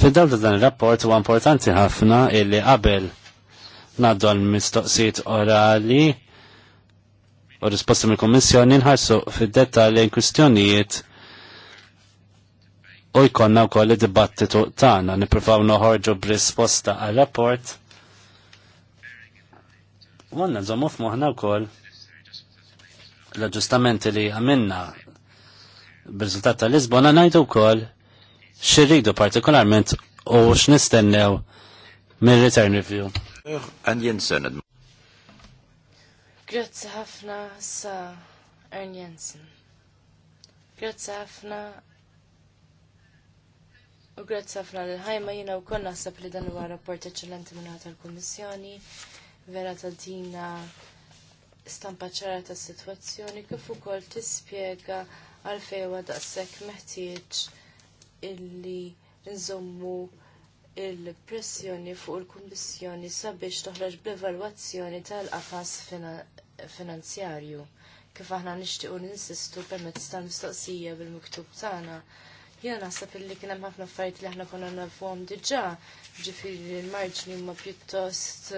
Fidaw da dan il-rapport huwa importanti ħafna illi qabel naddu għal mistoqsijiet orali u risposta mill kommissjoni nħarsu fid-dettalji kwistjonijiet u jkonna wkoll id-dibattitu tagħna nippruvaw noħorġu b'risposta għal rapport u għandna nżommu u wkoll l-aġġustamenti li għamilna b'riżultat tal-Lisbona ngħidu wkoll xirridu partikolarment u x'nistennew mill-return review. Għan jensen Grazzi ħafna sa Ern Jensen. Grazzi ħafna u grazzi ħafna l-ħajma jina u konna naħseb li dan huwa rapport eċċellenti minn tal-Kummissjoni vera ta' dina stampa ċara tas-sitwazzjoni kif ukoll tispjega għalfej huwa daqshekk meħtieġ illi nżommu il-pressjoni fuq il-Kummissjoni sabiex toħroġ bl-evalwazzjoni tal-qafas finanzjarju. Kif aħna nixtiequ ninsistu permezz ta' mistoqsija bil-miktub tagħna. Jiena naħseb illi kien hemm ħafna affarijiet li aħna konna nafuhom diġà, ġifieri l-marġni huma pjuttost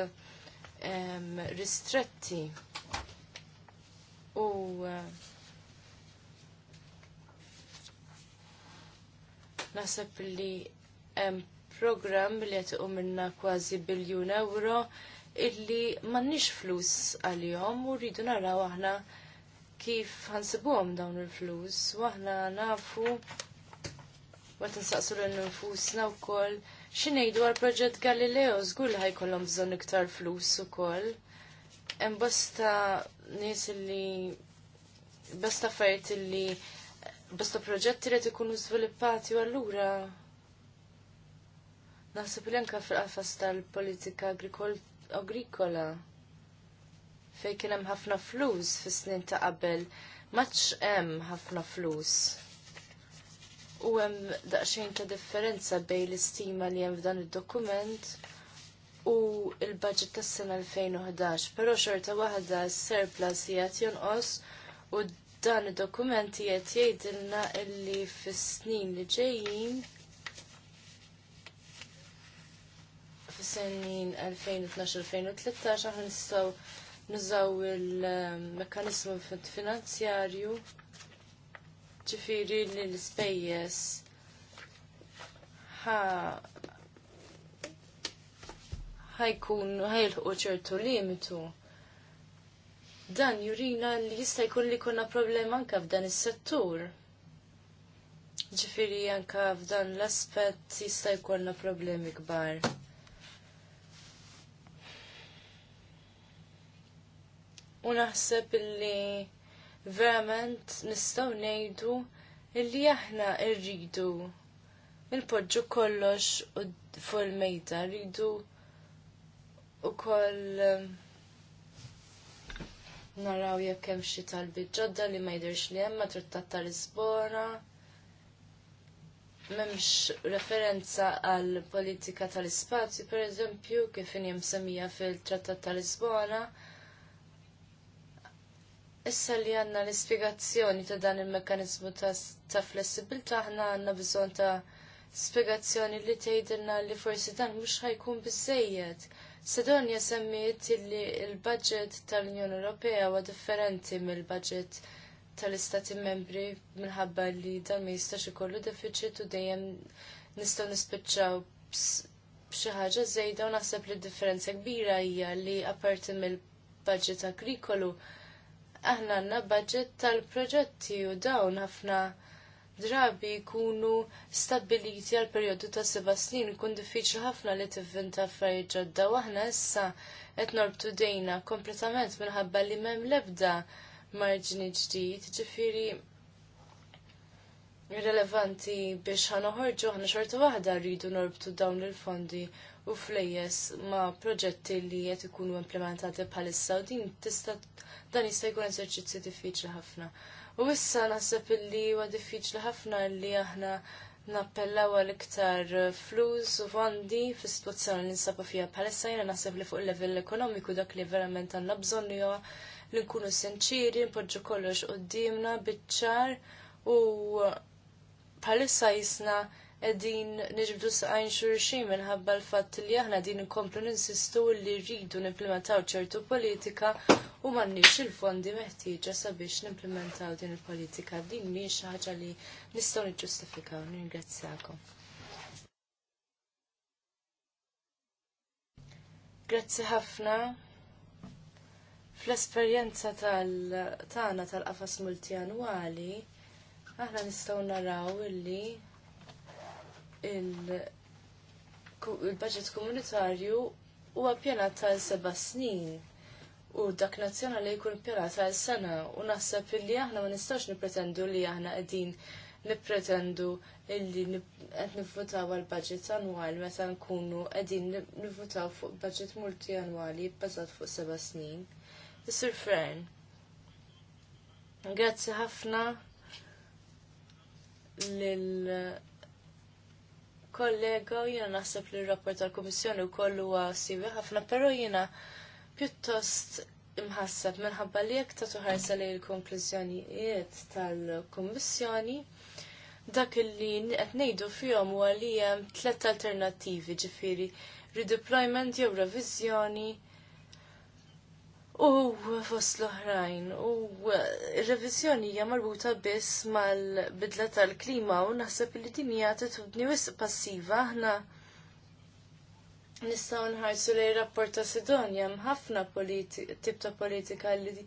ristretti. U eh, naħseb li hemm programm li qed minna kważi biljun euro illi m'għandniex flus għalihom u rridu naraw aħna kif ħansibuhom dawn il-flus u aħna nafu għat nsaqsu l nfusna wkoll xinejdu għal proġett Galileo zgull li ħajkollhom bżonn iktar flus ukoll. Hemm bosta nis illi basta fajt illi basta proġetti li ikunu sviluppati u allura naħseb li anke fil-qafas tal-politika agrikola fejn kien hemm ħafna flus fis-snin ta' qabel maċ hemm ħafna flus. U hemm daqsxejn ta' differenza bejn l-istima li hemm f'dan id-dokument u l-budget tas-sena 2011, però xorta waħda s-surplus jgħat jonqos u dan id-dokument jgħat jgħidilna illi fis-snin li ġejjin għas-senin 2012-2013 aħna nistgħu nużaw il-mekkanizmu finanzjarju ċifiri li l-spejjes ħajkun ħajlħu ċertu limitu. Dan jurina li jista' jkun li konna problema anka f'dan is-settur. Ġifiri anka f'dan l-aspett jista' jkollna problemi kbar. u naħseb illi verament nistgħu ngħidu illi aħna rridu il-podġu kollox u il-mejda rridu koll um, naraw jekk hemm xi talbi ġodda li ma jidhirx li hemm ma trattat ta' Lisbona. M'hemmx referenza għal politika tal-ispazju, pereżempju, kif inhi msemmija fil-Trattat ta' Lisbona. Issa li għanna l spiegazzjoni ta' dan il-mekanizmu ta' flessibilta ħna għanna bżon ta' spiegazzjoni li tgħidilna li forsi dan mhux ħajkun biżejjed. Sedonja semmiet li l-budget tal-Unjoni Ewropea huwa differenti mill-budget tal-Istati Membri minħabba li dan ma jistax ikollu deficit u dejjem nistgħu nispiċċaw b'xi ħaġa żejda u naħseb li differenza kbira hija li apparti mill-budget agrikolu aħna għandna budget tal-proġetti u dawn ħafna drabi jkunu stabiliti għal perjodu ta' seba' snin ikun diffiċli ħafna li tivvinta affarijiet ġodda u aħna issa qed norbtu dejna kompletament minħabba li m'hemm l-ebda marġini ġdid, ġifieri relevanti biex ħanoħorġu aħna xorta waħda rridu norbtu dawn il-fondi u flejjes ma proġetti li qed ikunu implementati bħalissa u din tista' dan jista' jkun eżerċizzju diffiċli ħafna. U issa naħseb li huwa diffiċli ħafna li aħna nappellaw għal iktar flus u fondi fis situazzjoni li nsabu fija bħalissa jiena naħseb li fuq il-level ekonomiku dak li verament għandna bżonn huwa li nkunu sinċiri, npoġġu kollox quddiemna biċ-ċar u bħalissa jisna edin nġibdu saqajn xurxin minħabba l-fatt li aħna din nkomplu ninsistu li rridu nimplementaw ċertu politika u m'għandniex il-fondi meħtieġa sabiex nimplementaw din il-politika. Din mi ħaġa li nistgħu niġġustifikaw. Ningrazzjakom. Grazzi ħafna. Fl-esperjenza tagħna tal-qafas multianwali, aħna nistgħu naraw illi il-budget komunitarju huwa għapjena tal seba snin u dak nazzjonali jkun pjena tal sena u naħseb illi aħna ma nistax nipretendu li aħna qegħdin nippretendu illi qed nivvutaw għal budget annwali meta nkunu qegħdin nivvutaw fuq budget multi annwali bbażat fuq seba' snin. Isir Fern. Grazzi ħafna lil kollega u jena naħseb li r-rapport tal-Komissjoni u kollu għasivi ħafna, pero jena pjuttost imħassab minħabba li jek ta' tuħarsa li l-konklużjonijiet tal-Komissjoni dak li qed ngħidu fihom huwa li hemm tliet alternattivi ġifieri redeployment jew revizjoni. U fost l-oħrajn, u revizjoni hija marbuta biss mal-bidla tal-klima u naħseb li din hija titudni wisq passiva aħna nistgħu nħarsu lej rapport ta' Sidonja hemm ħafna tip ta' politika li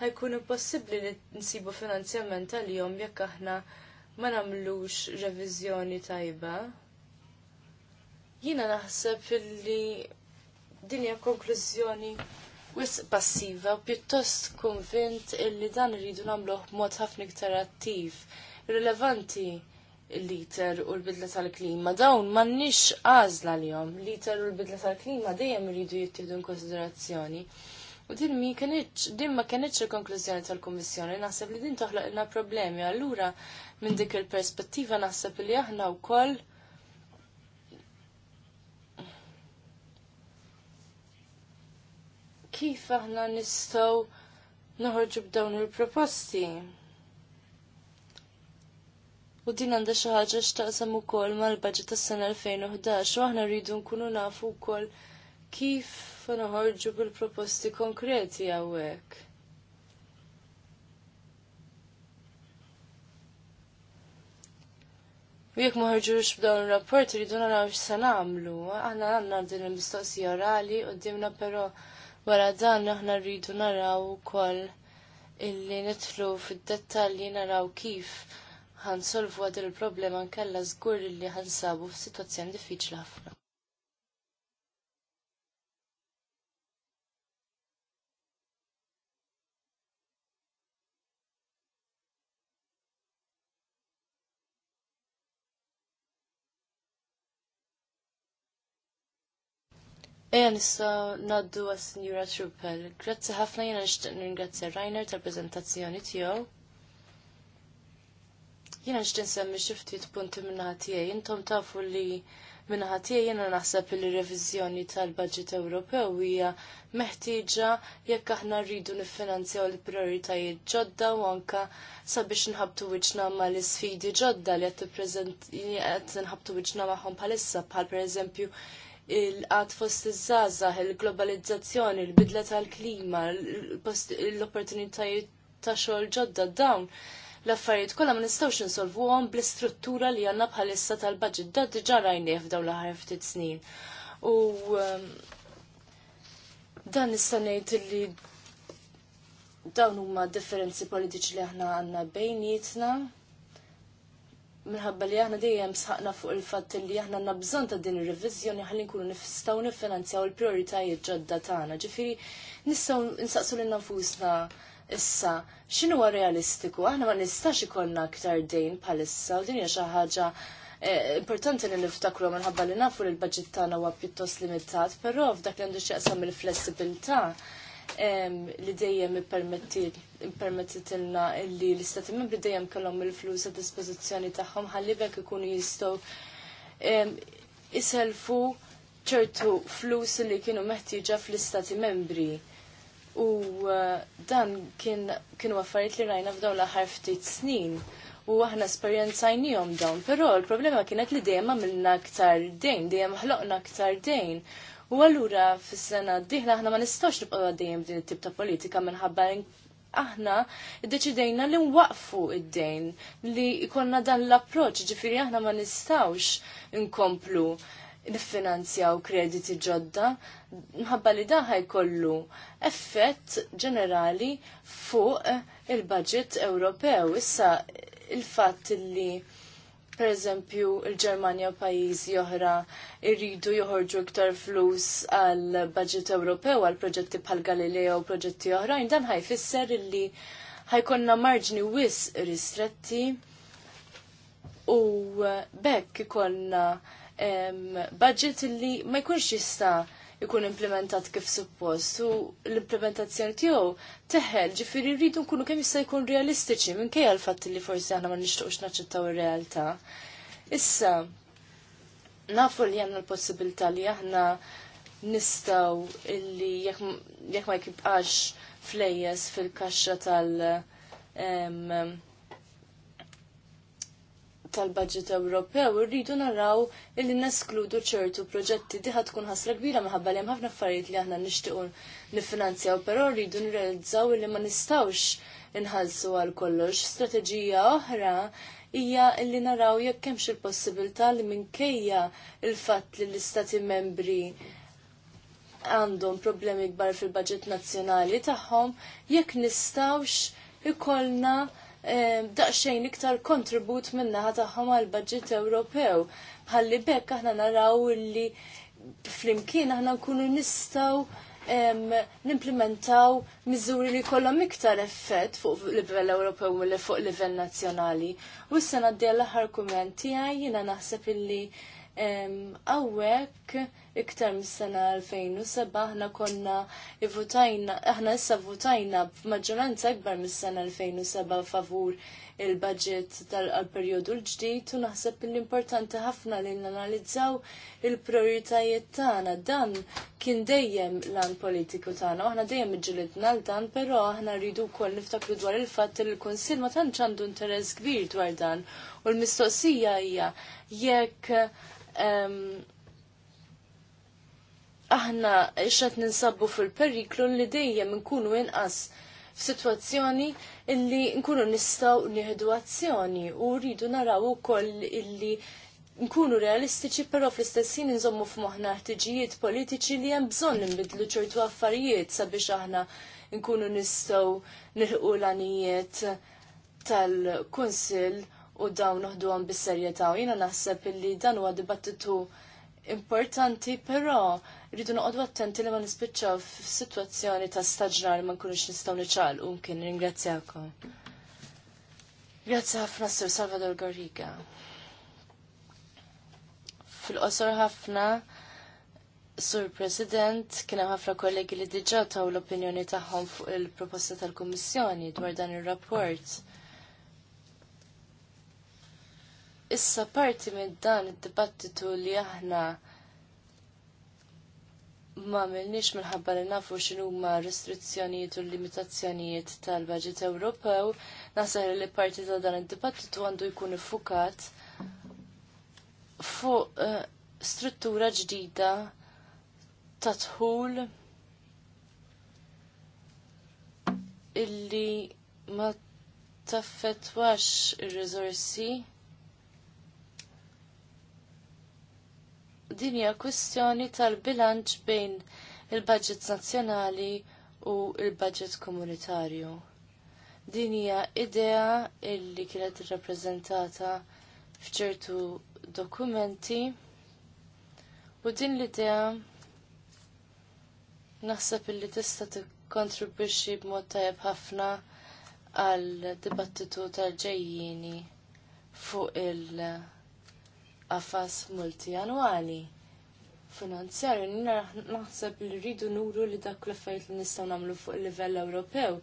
ħajkun impossibbli li nsibu finanzjament għalihom jekk aħna ma nagħmlux reviżjoni tajba. Jiena naħseb li din hija konklużjoni wis passiva u pjuttost konvint illi dan rridu nagħmluh b'mod ħafna iktar attiv. Rilevanti l-liter u l-bidla tal-klima. Dawn m'għandniex għażla jom. L-liter u l-bidla tal-klima dejjem iridu jittieħdu konsiderazzjoni. U din mi kienieċ, din ma kienieċ il-konklużjoni tal-Kummissjoni, naħseb li din toħloq ilna problemi. Allura minn dik il-perspettiva naħseb li aħna wkoll kif aħna nistgħu noħorġu b'dawn il-proposti. U din għandha xi ħaġa x'taqsam ukoll mal-baġġet tas-sena 2011 u aħna rridu nkunu nafu wkoll kif noħorġu bil-proposti konkreti hawnhekk. U jekk ma b'dawn b'dawn rapport rridu naraw x'se nagħmlu. Aħna għandna din il-mistoqsija orali qudiemna però Wara dan aħna rridu naraw ukoll illi nidħlu fid-dettalji naraw kif ħansolvu għad il-problema nkella żgur illi ħansabu f'sitwazzjoni diffiċli ħafna. Eja nissa naddu għas-Sinjura Truppel. Grazzi ħafna jena nishtiq ringrazzja Rainer tal-prezentazzjoni tiegħu. Jena nishtiq nsemmi xi ftit punti minna tiegħi. Intom tafu li minna tiegħi jena naħseb li revizjoni tal-budget Ewropew hija meħtieġa jekk aħna rridu niffinanzjaw l-prioritajiet ġodda u anka sabiex nħabtu wiċna ma l-sfidi ġodda li qed nħabtu wiċċna magħhom bħalissa bħal pereżempju il-qat fost iż-żazah, il-globalizzazzjoni, il-bidla tal-klima, l-opportunitajiet ta' xogħol ġodda dawn. L-affarijiet kollha ma nistgħux insolvuhom bl-istruttura li għandna bħalissa tal baġit da diġà rajnieh f'dawn l-aħħar ftit snin. U um, dan nista' ngħid li dawn huma differenzi politiċi li aħna għandna bejnietna minħabba li aħna dejjem sħaqna fuq il-fatt li aħna għandna bżonn ta' din ir-reviżjoni ħalli nkunu nifistgħu niffinanzjaw il-prijoritajiet ġodda tagħna. Ġifieri nistgħu nsaqsu lil nfusna issa x'inhu huwa realistiku? Aħna ma nistax ikollna aktar dejn bħalissa u din hija xi ħaġa eh, importanti li niftakru minħabba li nafu li l-budget tagħna huwa pjuttost limitat, però f'dak li għandu x'jaqsam il-flessibilità li dejjem permettitilna li l-istati membri dejjem kellhom il-flus a dispożizzjoni tagħhom ħalli ikunu jistgħu iselfu ċertu flus li kienu meħtieġa fl-istati membri. U eh, dan kien kienu affarijiet li rajna f'dawn l-aħħar ftit snin u aħna esperjenzajnijom dawn, però l-problema kienet li dejjem għamilna aktar dejn, dejjem ħloqna aktar dejn. U allura fis-sena d-dieħla aħna ma nistax nibqaw għaddejjem din it-tip ta' politika minħabba aħna deċidejna li nwaqfu id-dejn li ikonna dan l-approċ ġifiri aħna ma nistawx nkomplu nifinanzjaw krediti ġodda mħabba li daħaj kollu effett ġenerali fuq il-budget Ewropew. Issa il-fatt li per eżempju il-Ġermanja pajjiżi oħra irridu joħorġu iktar flus għal budget Ewropew għal proġetti bħal Galileo u proġetti oħrajn dan ħajfisser illi ħajkonna marġni wis ristretti u bekk ikollna budget illi ma jkunx jista' ikun implementat kif suppost u l-implementazzjoni tiegħu teħel ġifieri rridu nkunu kemm jista' jkun realistiċi minkejja l-fatt li forsi aħna ma nixtiequx naċċettaw ir-realtà. Issa nafu li għandna l-possibilità li aħna nistaw illi jekk ma jkibqax flejjes fil-kaxxa tal- um, tal-budget Ewropew rridu naraw illi neskludu ċertu proġetti diħa tkun ħasra kbira minħabba li hemm ħafna affarijiet li aħna nixtiequ niffinanzjaw, però rridu nirrealizzaw illi ma nistgħux inħallsu għal kollox. Strateġija oħra hija illi naraw jekk hemmx il-possibilità li minkejja il-fatt li l-istati membri għandhom problemi kbar fil-budget nazzjonali tagħhom jekk nistawx ikollna Eh, daqsxejn iktar kontribut minnaħa tagħhom għal budget Ewropew. Għalli bekk aħna naraw li flimkien aħna nkunu nistaw nimplementaw miżuri li kollhom iktar effett fuq livell Ewropew u fuq livell nazzjonali. U s-sena d-dija l-aħħar kumment tiegħi naħseb illi Għawek, iktar mis-sena 2007, aħna konna votajna, aħna issa votajna f'maġġoranza ikbar mis-sena 2007 favur il-budget tal-periodu l-ġdid u naħseb l-importanti ħafna li nanalizzaw il-prioritajiet tagħna. Dan kien dejjem lan politiku tagħna, aħna dejjem iġġilidna l dan, però aħna rridu wkoll niftakru dwar il-fatt li l-Kunsill ma tantx għandu interess kbir dwar dan. U l-mistoqsija hija jekk aħna xat ninsabu fil-periklu li dejjem nkunu inqas f'sitwazzjoni illi nkunu nistgħu nieħdu azzjoni u rridu naraw ukoll illi nkunu realistiċi però fl-istess nżommu f f'moħħna ħtiġijiet politiċi li hemm bżonn nbidlu ċertu affarijiet sabiex aħna nkunu nistgħu nilħqu l-anijiet tal-Kunsill u dawn uħdu għan bis-serjetà. Jina naħseb illi dan huwa dibattitu importanti, però rridu noqogħdu attenti li ma nispiċċaw f'sitwazzjoni ta' staġnar ma nkunux nistgħu niċċaqlqu mkien ringrazzjakom. Grazzi ħafna Sir Salvador Garriga. Fil-qosor ħafna Sur President, kien hemm ħafna kollegi li diġà taw l-opinjoni tagħhom fuq il-proposta tal-Kummissjoni dwar dan ir-rapport. Issa parti minn dan id-dibattitu li aħna ma għamilniex minħabba li nafu x'inhuma restrizzjonijiet u limitazzjonijiet tal-Baġit Ewropew, nasaħ li parti ta' dan id-dibattitu għandu jkun fukat fuq uh, struttura ġdida ta' tħul illi ma taffetwax ir-riżorsi din hija kwistjoni tal-bilanċ bejn il-budget nazzjonali u il-budget komunitarju. Din hija idea illi kienet irrappreżentata f'ċertu dokumenti u din l-idea naħseb illi tista' tikkontribwixxi b'mod tajjeb ħafna għal dibattitu tal-ġejjini fuq il- qafas multijanwali finanzjarju naħseb li rridu nuru li dak l affajt li nistgħu nagħmlu fuq il-livell Ewropew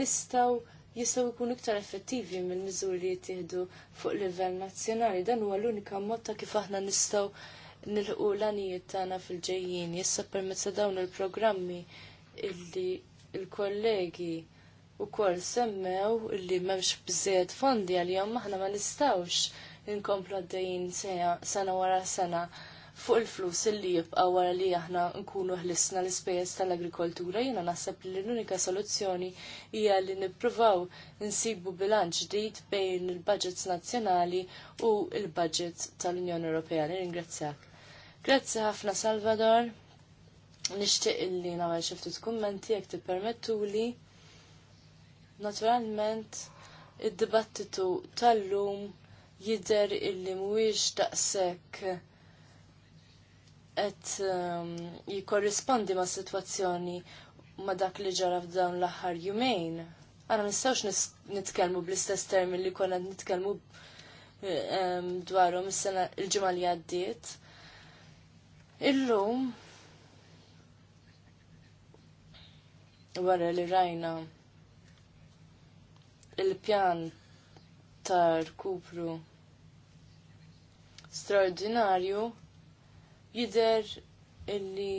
nistgħu jistgħu jkunu iktar effettivi minn miżuri li jittieħdu fuq livell nazzjonali. Dan huwa l-unika mod ta' kif aħna nistgħu nilħu l-għanijiet tagħna fil-ġejjin. Jissa permezz dawn il-programmi illi il-kollegi u kol semmew illi memx bżed fondi għal-jom maħna ma nistawx inkomplu għaddejjin sena wara sena fuq il-flus li jibqa' wara li aħna nkunu ħlisna l-ispejjeż tal-agrikoltura jiena naħseb li l-unika soluzzjoni hija li nippruvaw insibu bilanċ ġdid bejn il-budgets nazzjonali u il-budget tal-Unjoni Ewropea. Ringrazzjak. Grazzi ħafna Salvador. Nixtieq illi nagħmel xi ftit kummenti jekk tippermettuli. Naturalment, id-dibattitu tal-lum jidher illi mhuwiex daqshekk qed um, jikkorrispondi ma' sitwazzjoni ma' dak li ġara f'dawn l-aħħar jumejn. Għana nistgħux nitkellmu bl-istess termin li konna nitkellmu um, dwarhom is-sena il ġimgħa li għaddiet. Illum wara li rajna il-pjan ta' rkupru straordinarju jider illi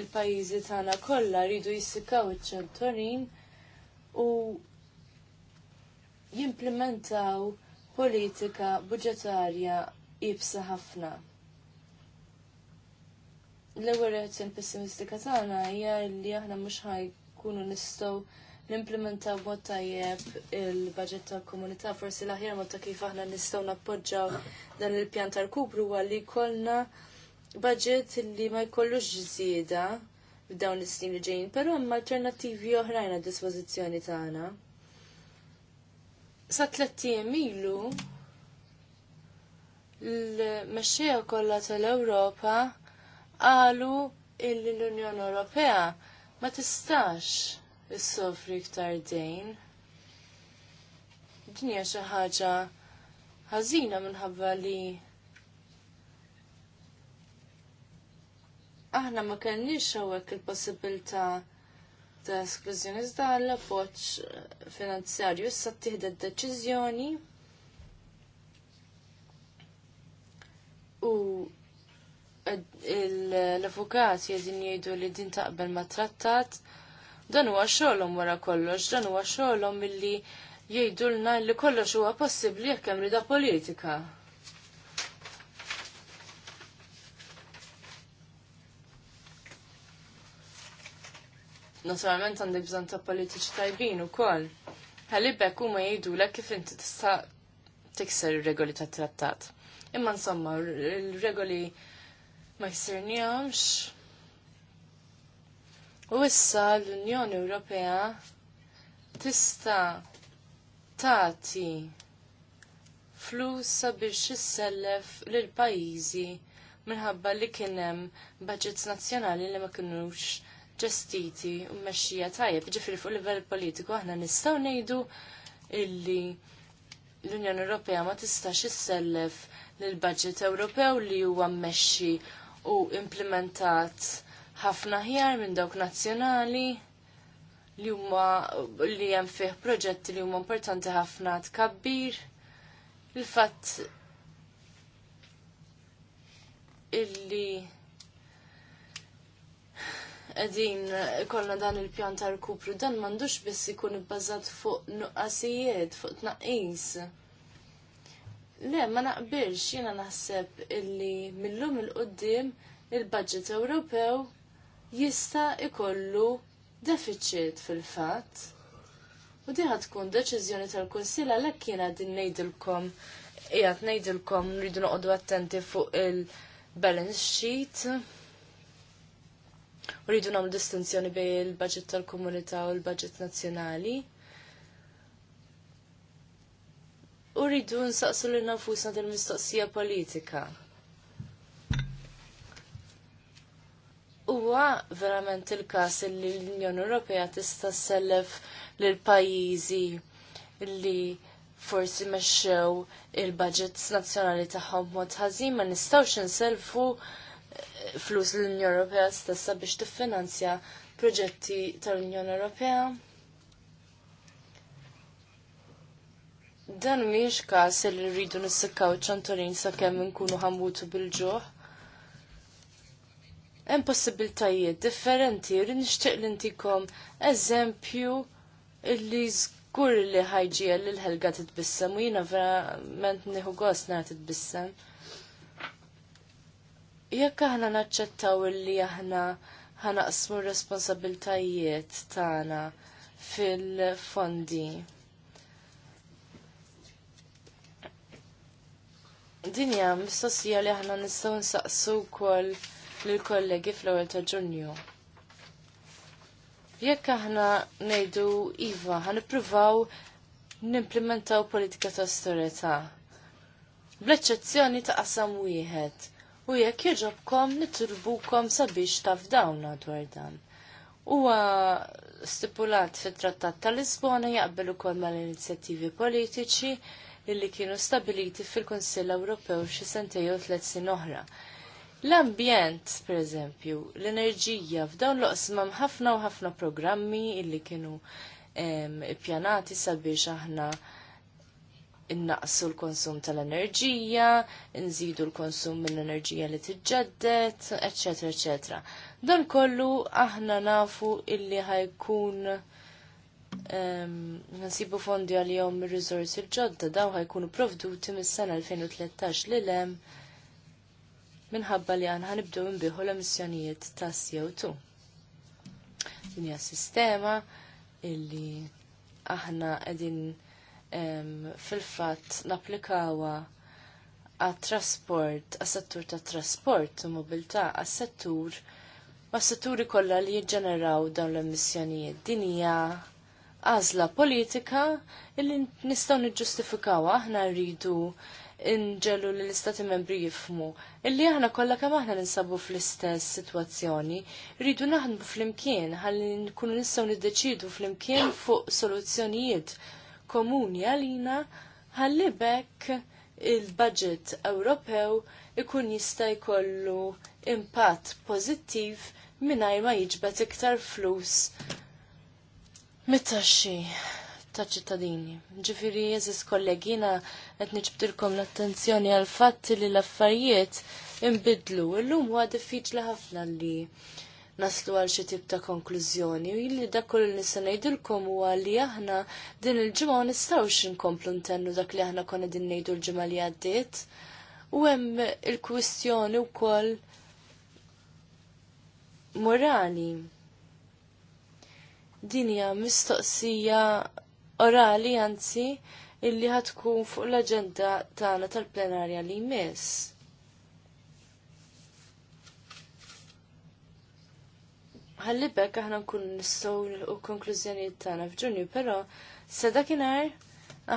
il-pajizi tagħna kollha rridu jissikaw iċ-ċentorin u jimplementaw politika budġetarja jibsa ħafna. L-ewwel reazzjoni pessimistika tagħna hija li aħna mhux ħajkunu nistgħu nimplementaw mod tajjeb il-budget tal-komunità, forsi l-aħjar mod ta' kif aħna nistgħu nappoġġaw dan il-pjan tal-kubru huwa li jkollna budget li ma jkollux żieda f'dawn is-snin li ġejjin, però hemm alternattivi oħrajn għad dispożizzjoni tagħna. Sa tliet iem ilu l mexxija kollha tal-Ewropa qalu illi l-Unjoni Ewropea ma tistax Is-sofri iktar dejn. Din hija xi ħaġa ħażina minħabba li aħna ma kellniex hawnhekk il-possibilità ta' esklużjoni iżda għall appoġġ finanzjarju issa tieħdet deċiżjoni u l-avukati jedin jgħidu li din taqbel ma' trattat Dan huwa xogħolhom wara kollox, dan huwa xogħolhom milli jgħidulna li kollox huwa possibbli jekk hemm rida politika. Naturalment għandi bżonn ta' politiċi tajbin ukoll. Ħalibek huma jgħidulek kif inti tista' tikser ir-regoli tat-trattat. Imma insomma, il-regoli ma jsirnihomx, U issa l-Unjoni Ewropea tista' tagħti flus sabiex issellef lil pajjiżi minħabba li kien hemm budgets nazzjonali li ma kinux ġestiti u mmexxija tajjeb. Ġifieri fuq livell politiku aħna nistgħu ngħidu illi l-Unjoni Ewropea ma tistax issellef lil budget Ewropew li huwa mmexxi u implementat ħafna ħjar minn dawk nazzjonali li huma li hemm fih proġetti li huma importanti ħafna tkabbir. Il-fatt illi qegħdin kollha dan il-pjan ta' rkupru dan m'għandux biss ikun ibbażat fuq nuqqasijiet, fuq tnaqqis. Le, ma naqbilx, jiena naħseb illi millum il-qoddim il-budget Ewropew jista' ikollu deficit fil-fatt. U diħa tkun deċiżjoni tal konsila għalhekk jiena din nejdilkom, qiegħed ngħidilkom nridu noqogħdu attenti fuq il-balance sheet. U rridu nagħmlu distinzjoni bejn il-budget tal-komunità u l-budget nazzjonali. U rridu nsaqsu lil nafusna din mistoqsija politika. huwa verament il-każ li l-Unjoni Ewropea tista' sellef lil pajjiżi li forsi mexxew il-budgets nazzjonali tagħhom mod ħażin ma nistgħux inselfu eh, flus l-Unjoni Ewropea stessa biex tiffinanzja proġetti tal-Unjoni Ewropea. Dan mhijiex każ li rridu nissikkaw ċantorin sakemm inkunu ħambutu bil-ġuħ hemm possibiltajiet differenti li nixtieq li ntikom eżempju illi żgur li ħajġija lil ħelga titbissem u jiena verament nieħu gost nara titbissem. Jekk aħna naċċettaw illi aħna ħanaqsmu r-responsabiltajiet tagħna fil-fondi. Dinja, mistoqsija li aħna nistgħu nsaqsu wkoll lill-kollegi fl-ewwel ta' Ġunju. Jekk aħna ngħidu iva, ħanippruvaw nimplementaw politika ta' storjetà. Bl-eċċezzjoni ta' qasam wieħed u jekk jogħġobkom nitturbukom sabiex taf dwar dan. Huwa stipulat fit-Trattat ta' Lisbona jaqbel ukoll mal-inizjattivi politiċi illi kienu stabiliti fil-Kunsill Ewropew xi sentejn u tliet sin oħra. L-ambjent, per eżempju, l-enerġija, f'dawn l-oqsma ħafna u ħafna programmi illi kienu pjanati sabiex aħna innaqsu l-konsum tal-enerġija, nżidu l-konsum mill-enerġija li tiġġeddet, eccetera, eccetera. Dan kollu aħna nafu illi ħajkun nasibu fondi għal-jom il-rizorsi l-ġodda daw ħajkunu provduti mis-sena 2013 l-lem minħabba li għan ħanibdu nbiħu l-emissjonijiet ta' CO2. Din hija sistema illi aħna qegħdin fil-fatt napplikawha għat-trasport, għas-settur ta' trasport u mobilità għas-settur ma' setturi kollha li jiġġeneraw dawn l-emissjonijiet. Din hija għażla politika illi nistgħu niġġustifikaw aħna rridu inġellu li l-istati membri jifmu. Illi aħna kollha kemm aħna ninsabu fl-istess sitwazzjoni, rridu naħdmu fl-imkien ħalli nkunu nistgħu niddeċidu fl-imkien fuq soluzzjonijiet komuni għalina ħalli bekk il-budget Ewropew ikun jista' jkollu impatt pożittiv mingħajr ma jiġbed iktar flus mit-taxxi ta' ċittadini. Ġifiri, jeżis kollegina, qed niġbtilkom l-attenzjoni għal fatt li l-affarijiet imbidlu. Illum huwa diffiċli ħafna li naslu għal xi tip ta' konklużjoni. Illi jilli dak kollu li se ngħidilkom huwa li aħna din il-ġimgħa nistgħux inkomplu ntennu dak li aħna konna din ngħidu l-ġimgħa li għaddiet. U hemm il-kwistjoni wkoll morali dinja mistoqsija orali anzi illi ħatkun fuq l-agenda tagħna tal-plenarja li jmiss. Ħallibek aħna nkun nistgħu u konklużjonijiet tagħna f'Ġunju, però sa dakinhar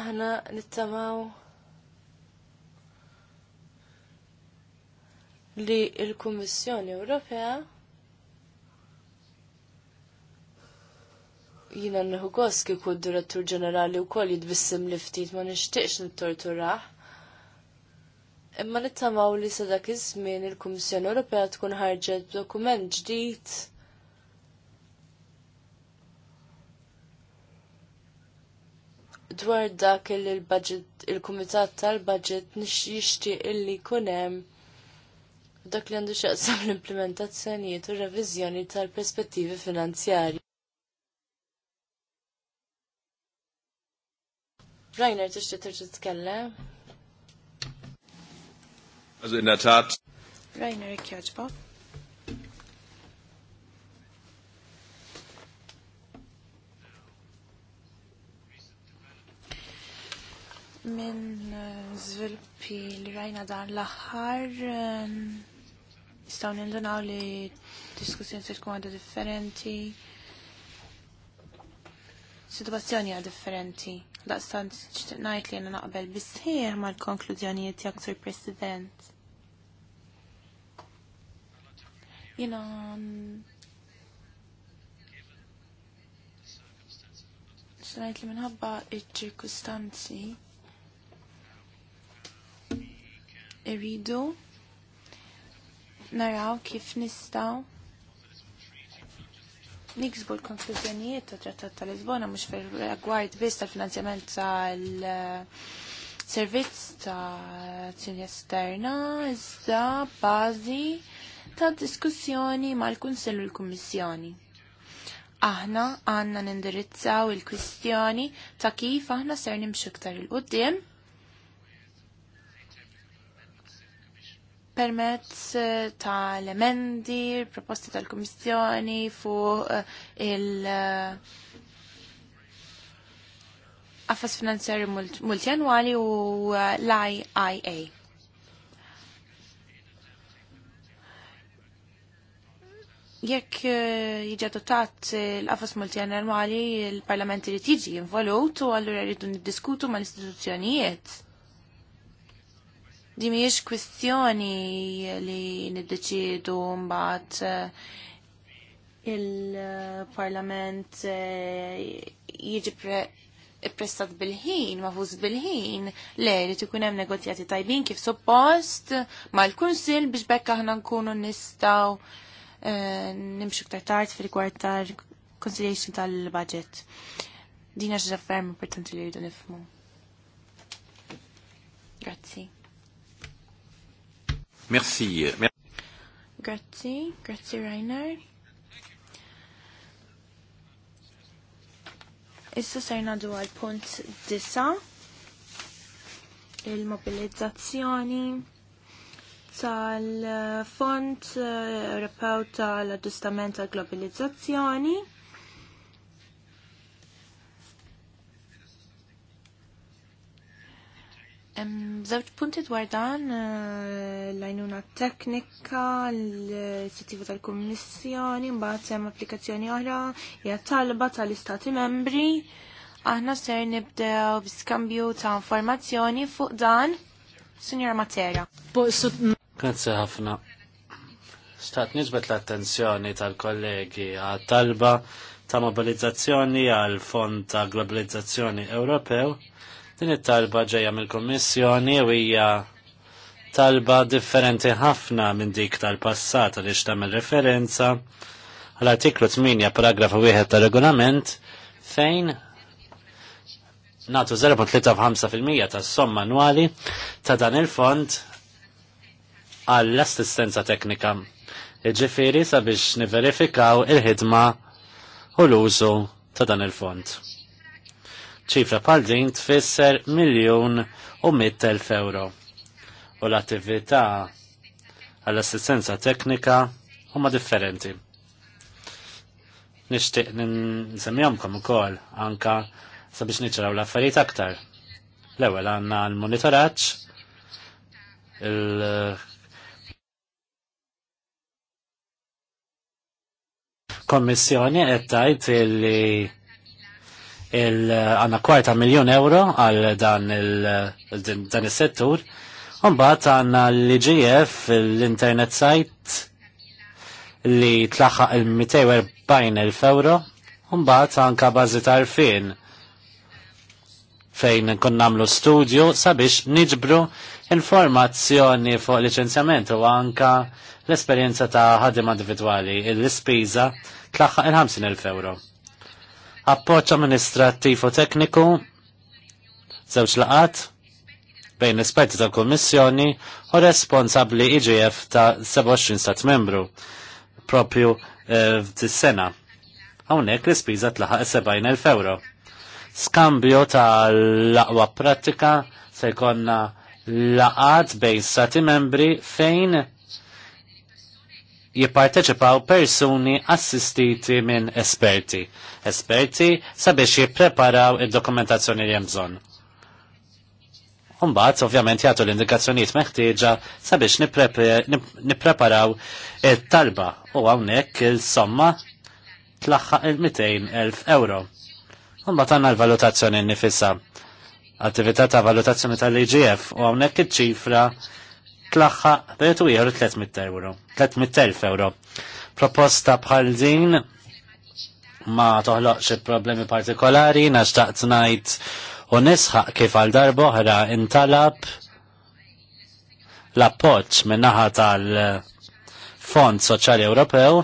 aħna nittamaw li l-Kummissjoni Ewropea jina nħu gost ki d-direttur ġenerali u koll jitbissim li ftit ma nishtiqx nittorturaħ. Imma nittamaw li sa dak iż-żmien il-Kummissjoni Ewropea tkun ħarġet dokument ġdid dwar dak il budget il-Kumitat tal-Budget jixtieq illi jkun hemm dak li għandu xaqsam l-implementazzjonijiet u reviżjoni tal-perspettivi finanzjarji. Rainer, tixti terġa tkellem? Also in der Tat. Rainer, ikkjaġba. Min eh, zviluppi li rajna dan l-aħħar eh, nistaw nindunaw li diskussjoni se tkun għadha differenti. Situazzjoni għad differenti daqstan ċtiqnajt li jena naqbel bisħir ma l-konklużjonijiet jak sur president. Jena ċtiqnajt li minħabba iċ-ċirkustanzi naraw kif nistaw niksbu l-konklużjonijiet ta' Trattat ta' Lisbona mhux fil rigward biss tal-finanzjament tal-servizz ta' azzjoni esterna, iżda bażi ta' diskussjoni mal-Kunsell u l-Kummissjoni. Aħna għandna nindirizzaw il-kwistjoni ta' kif aħna ser nimxu iktar il-qudiem permezz eh, ta' l-emendi, proposti tal-Komissjoni fuq eh, il- eh, affas finanzjari multjanwali u l-IIA. Jekk jiġi adottat l affas multjanwali, il-Parlament irid jiġi involut u allura rridu niddiskutu mal-istituzzjonijiet Di miex kwistjoni li niddeċidu mbagħad eh, il-Parlament eh, jiġi prestat bil-ħin, mafuż bil-ħin, le li tkun hemm negozjati tajbin kif suppost mal-Kunsil biex bekk aħna nkunu nistgħu eh, nimxu ktar tard fil-rigward tal-conciliation tal-budget. Dina xi ferm importanti li rridu nifhmu. Grazzi. Merci. Grazzi, grazie Rainer. Issa serna du għal punt disa il-mobilizzazzjoni tal-Fond Europew tal-Aġġustament tal-Globalizzazzjoni. Zawġ punti dwar dan eh, l-għajnuna teknika, l-istattiva tal-Kommissjoni, mbagħad hemm applikazzjoni oħra hija talba tal-Istati membri. Aħna ser nibdew b'iskambju ta' informazzjoni fuq dan. Sinjora Matera. Grazzi ħafna. Stat nisbet l-attenzjoni tal-kollegi għat talba ta' mobilizzazzjoni għal fond ta' globalizzazzjoni Ewropew Din it-talba ġejja mill-Kummissjoni u hija talba differenti ħafna minn dik tal-passat li tagħmel referenza għall artiklu 8 paragrafu 1 tar-regolament fejn natu 0.35% tas somma annwali ta' dan il-fond għall-assistenza teknika. Iġifiri sabiex niverifikaw il-ħidma u l-użu ta' dan il-fond ċifra pal din tfisser miljon u mittelf euro. U l-attività għall-assistenza teknika huma differenti. Nishtiq nsemjomkom ukoll anka sabiex niċċaraw l-affarijiet aktar. L-ewwel għandna l-monitoraġġ il-Kommissjoni qed tgħid li għanna kwarta miljon euro għal dan il-settur. Umbat għanna l-IGF, l-internet site li tlaħħaq il-240.000 euro. Umbat għanka bazi tarfin fejn kun namlu studju sabiex niġbru informazzjoni fuq licenzjament u anka l-esperienza ta' ħadim individuali. Il-spiża tlaħħaq il-50.000 euro appoċ amministrattiv u tekniku, żewġ laqat bejn l esperti ta' kommissjoni u responsabli IGF ta' 27 stat membru propju eh, f'tis-sena. Hawnhekk l-ispiża tlaħaq 70,000 euro. Skambju tal-laqwa pratika se jkollna laqat bejn stati membri fejn jipparteċipaw persuni assistiti minn esperti. Esperti sabiex jippreparaw id-dokumentazzjoni li jemżon. Umbat, ovvjament, jgħatu l-indikazzjoniet meħtieġa sabiex nippreparaw il-talba u għawnek il-somma tlaħħa il-200.000 euro. Umbat għanna l-valutazzjoni nifissa. Attività ta' valutazzjoni tal-IGF u għawnek il-ċifra il ċifra tlaħħa 300 euro. 300 euro. Proposta bħal din ma toħloqx problemi partikolari, naxtaqt najt u nisħaq kif għal darboħra intalab l-appoċ minnaħa tal-Fond Soċjali Ewropew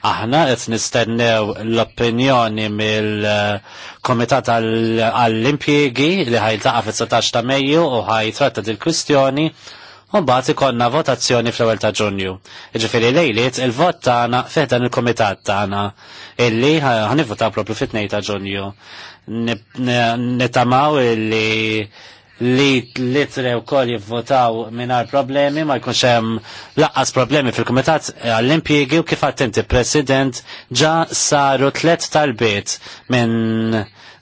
Aħna qed nistennew l-opinjoni mill-Komitat għall-Impjiegi li ħajltaqa' fit-16 ta' Mejju u ħajtratta dil-kwistjoni u Mbagħad ikollna votazzjoni fl-ewwel ta' Ġunju. Iġifieri lejliet il-vot tagħna fih dan il-kumitat tagħna illi ħanivvotaw proprju fit-2 ta' Ġunju. Nitamaw illi li litre u kol jivvotaw minar problemi, ma jkunx hemm laqqas problemi fil-Kumitat għall-impjiegi u kif attenti President ġa saru tlet talbiet minn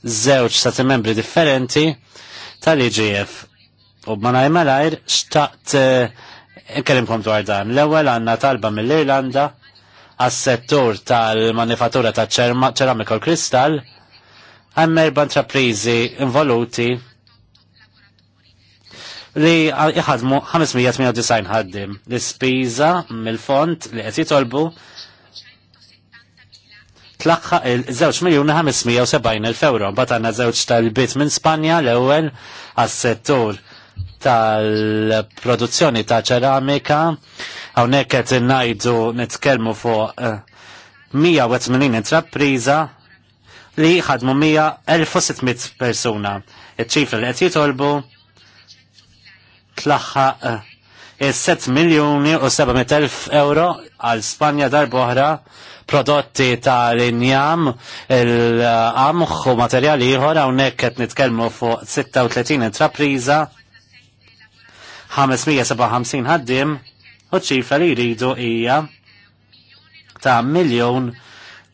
żewġ stati membri differenti tal-IGF. U b'mana jmalajr xtaqt eh, nkellimkom dwar dan. L-ewwel għandna talba mill-Irlanda għas-settur tal-manifattura ta' ċeramika u kristall, għamm erba' involuti li jħadmu 598 ħaddim. L-spiża mill-font li qed jitolbu tlaqħa il 2 miljoni 570 il euro. Bat għandna żewġ tal-bit minn Spanja l-ewwel għas-settur tal-produzzjoni ta' ċeramika. Hawnhekk qed ngħidu nitkellmu fuq 180 eh, intrappriża li ħadmu 1600 persuna. Iċ-ċifra li qed jitolbu Tlaħħa eh, il-7 miljoni u 700.000 euro għal Spanja darboħra prodotti ta' l-injam, il-qamħ u materjali ieħor hawnhekk qed nitkellmu fuq 36 intrapriża 557 ħaddiem u ċifra li jridu hija ta' miljon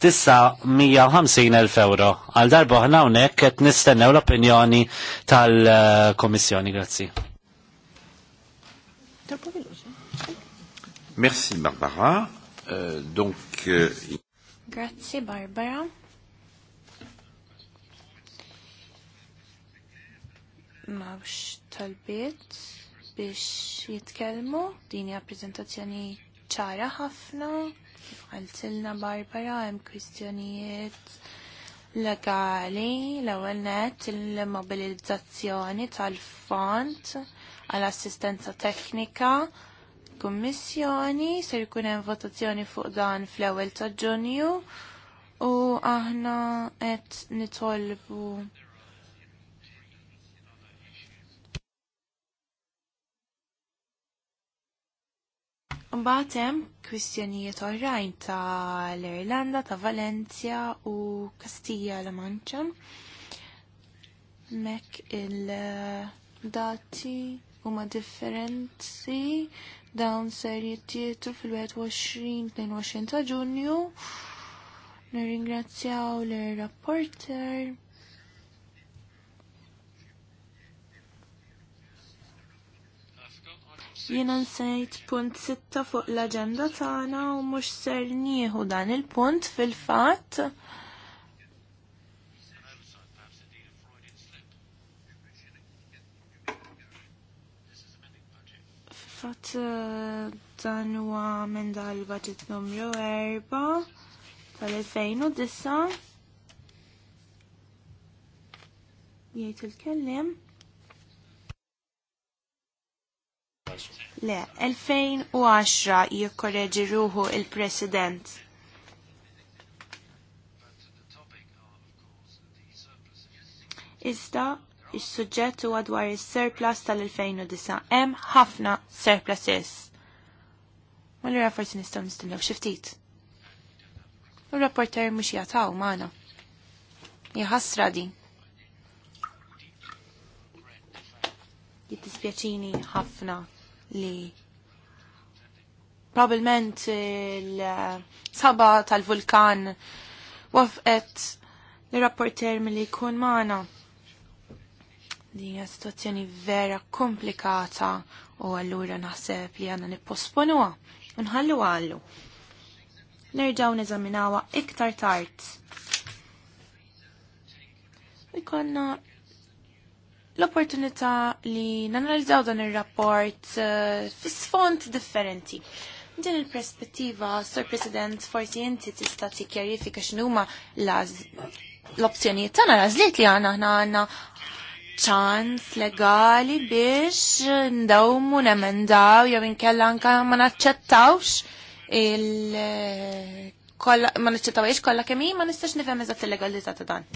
950.000 euro. Għal darba ħna hawnhekk qed nistennew l-opinjoni tal-Komissjoni. Grazzi. Merci Barbara. Euh, donc, euh... Grazie Barbara. Mawx talbiet biex jitkellmu din hija preżentazzjoni ċara ħafna kif għaltilna Barbara hemm kwistjonijiet legali l-ewwel net il-mobilizzazzjoni tal-fond għall-assistenza teknika kummissjoni, ser jkun hemm votazzjoni fuq dan fl-ewwel ta' Ġunju u aħna qed nitolbu Mbagħad hemm kwistjonijiet oħrajn tal-Irlanda, ta' Valencia u Kastija la Manċa. Mek il-dati huma differenzi dawn ser jittietu fil-21-22 ta' ġunju. Nirringrazzjaw l-rapporter. Jiena nsejt punt 6 fuq l-agenda tagħna u mhux ser nieħu dan il-punt fil-fatt. fatt eh, dan huwa minn dal-budget numru 4 tal-2009 jgħid il-kellim. Le, 2010 jikkoreġi ruħu il-President. Ista, is-suġġett huwa dwar is-surplus tal-2009. Hemm ħafna surpluses. Allura forsi nistgħu nistennew xi ftit. U rapporter mhux jataw magħna. Jħassra din. Jittispjaċini ħafna li probablement il-saba tal-vulkan wafqet li rapporter mill-li jkun magħna. Din hija situazzjoni vera komplikata u allura naħseb li għandna nipposponuha u nħallu għallu. Nerġaw neżaminawha iktar tard. U jkollna l-opportunità li nanalizzaw dan il-rapport uh, eh, fi differenti. Din il-perspettiva, Sir President, forsi inti tista' tikkjarifika x'numa l-opzjonijiet tagħna l-għażliet li għandna aħna għandna ċans legali biex ndawmu nemendaw jew inkella anka ma naċċettawx il ma naċċettawx kollha kemm ma nistax nifhem eżatt il-legalità ta' dan.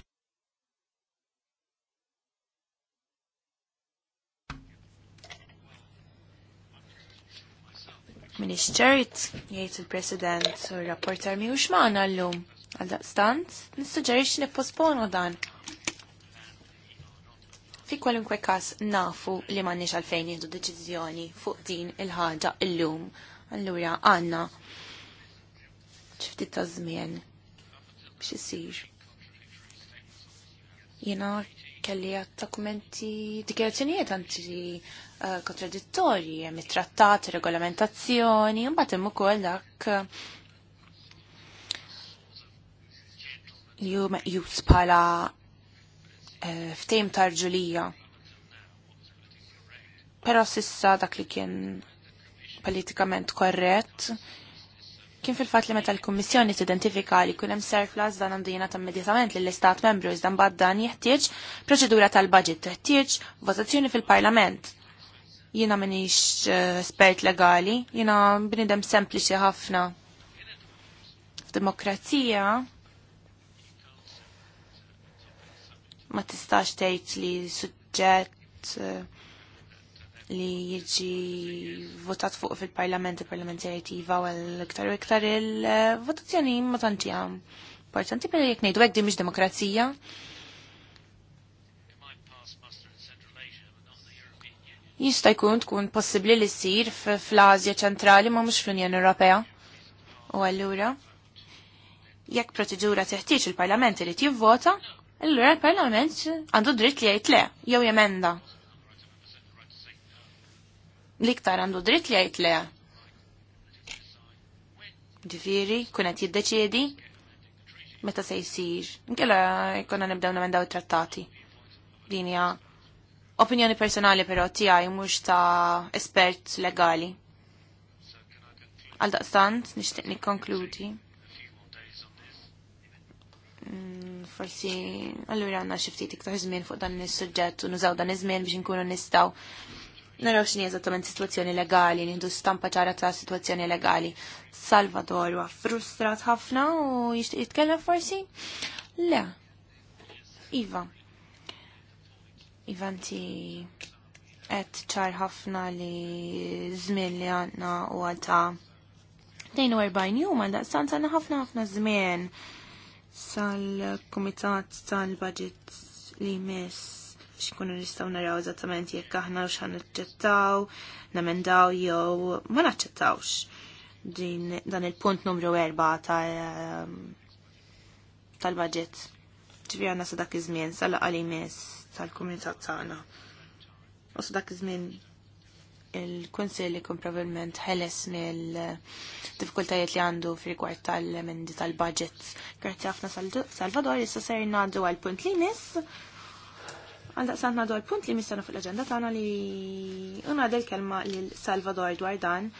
Minister, jgħid il-President u r-rapporter miħux maħna l-lum. Għal-daqstant, nistuġerix nipposponu dan fi kwalunkwe kas nafu li m'għandniex għalfejn jieħdu deċiżjoni fuq din il-ħaġa illum. Allura għandna ċftit tazmien, żmien biex isir. Jiena kelli għat dokumenti dikjerazzjonijiet għanti eh, kontradittorji, hemm it-trattat, regolamentazzjoni, mbagħad hemm ukoll dak eh, li huma bħala Eh, ftejm tarġulija. Pero sissa dak li kien politikament korrett kien fil-fat li meta l-Kummissjoni tidentifika li kunem hemm surplus dan għandu jingħata immedjatament lill-Istat Membru iżda mbagħad dan jeħtieġ proċedura tal-budget teħtieġ votazzjoni fil-Parlament. Jiena m'iniex eh, espert legali, jiena bnidem sempliċi ħafna. F'demokrazija ma tistax tgħid li suġġett eh, li jiġi votat fuq fil-parlament il-parlament iva u l-iktar u iktar il-votazzjoni ma tanti għam. Importanti per jek nejdu għek dimiġ demokrazija. Jista' jkun tkun possibbli li ssir fl azja ċentrali ma mux fl-Unjoni Ewropea. U allura jekk proċedura teħtieġ il-Parlament irid jivvota, Allura l-Parlament għandu dritt li jgħid le, jew jemenda. L-iktar għandu dritt li jgħid le. Ġifieri, kun qed jiddeċiedi meta se jsir. Nkella jkollna nibdew namendaw it-trattati. Din hija opinjoni personali però tiegħi mhux ta' espert legali. Għaldaqstant daqstant nixtieq nikkonkludi Mm, forsi allura għandna xi ftit iktar żmien fuq dan is-suġġett u nużaw dan iż-żmien biex inkunu nistgħu naraw x'inhi eżattament sitwazzjoni legali, nieħdu stampa ċara ta' sitwazzjoni legali. Salvador huwa frustrat ħafna u jixtieq jitkellem forsi? Le. Iva. Iva inti qed ċar ħafna li żmien li għandna u għata 42 jum għal stanza ħafna ħafna żmien sal-Komitat tal-Budget li jmiss x'ikunu ikunu nistgħu naraw eżattament jekk aħna u xan naċċettaw, namendaw jew ma naċċettawx din dan il-punt numru 4 ehm, tal-budget. Ġivi għanna sa dak iż-żmien sal għalimis li jmiss tal-kumitat tagħna. U sadak dak il-Kunsill ikun probabbilment ħeles mill-diffikultajiet li għandu f'rigward tal mendi tal-budget. Grazzi ħafna Salvador, issa ser ngħaddu għal punt li nis. miss. Għaldaqsan ngħaddu għal punt li fuq l aġenda tagħna li ngħaddu l-kelma lil Salvador dwar dan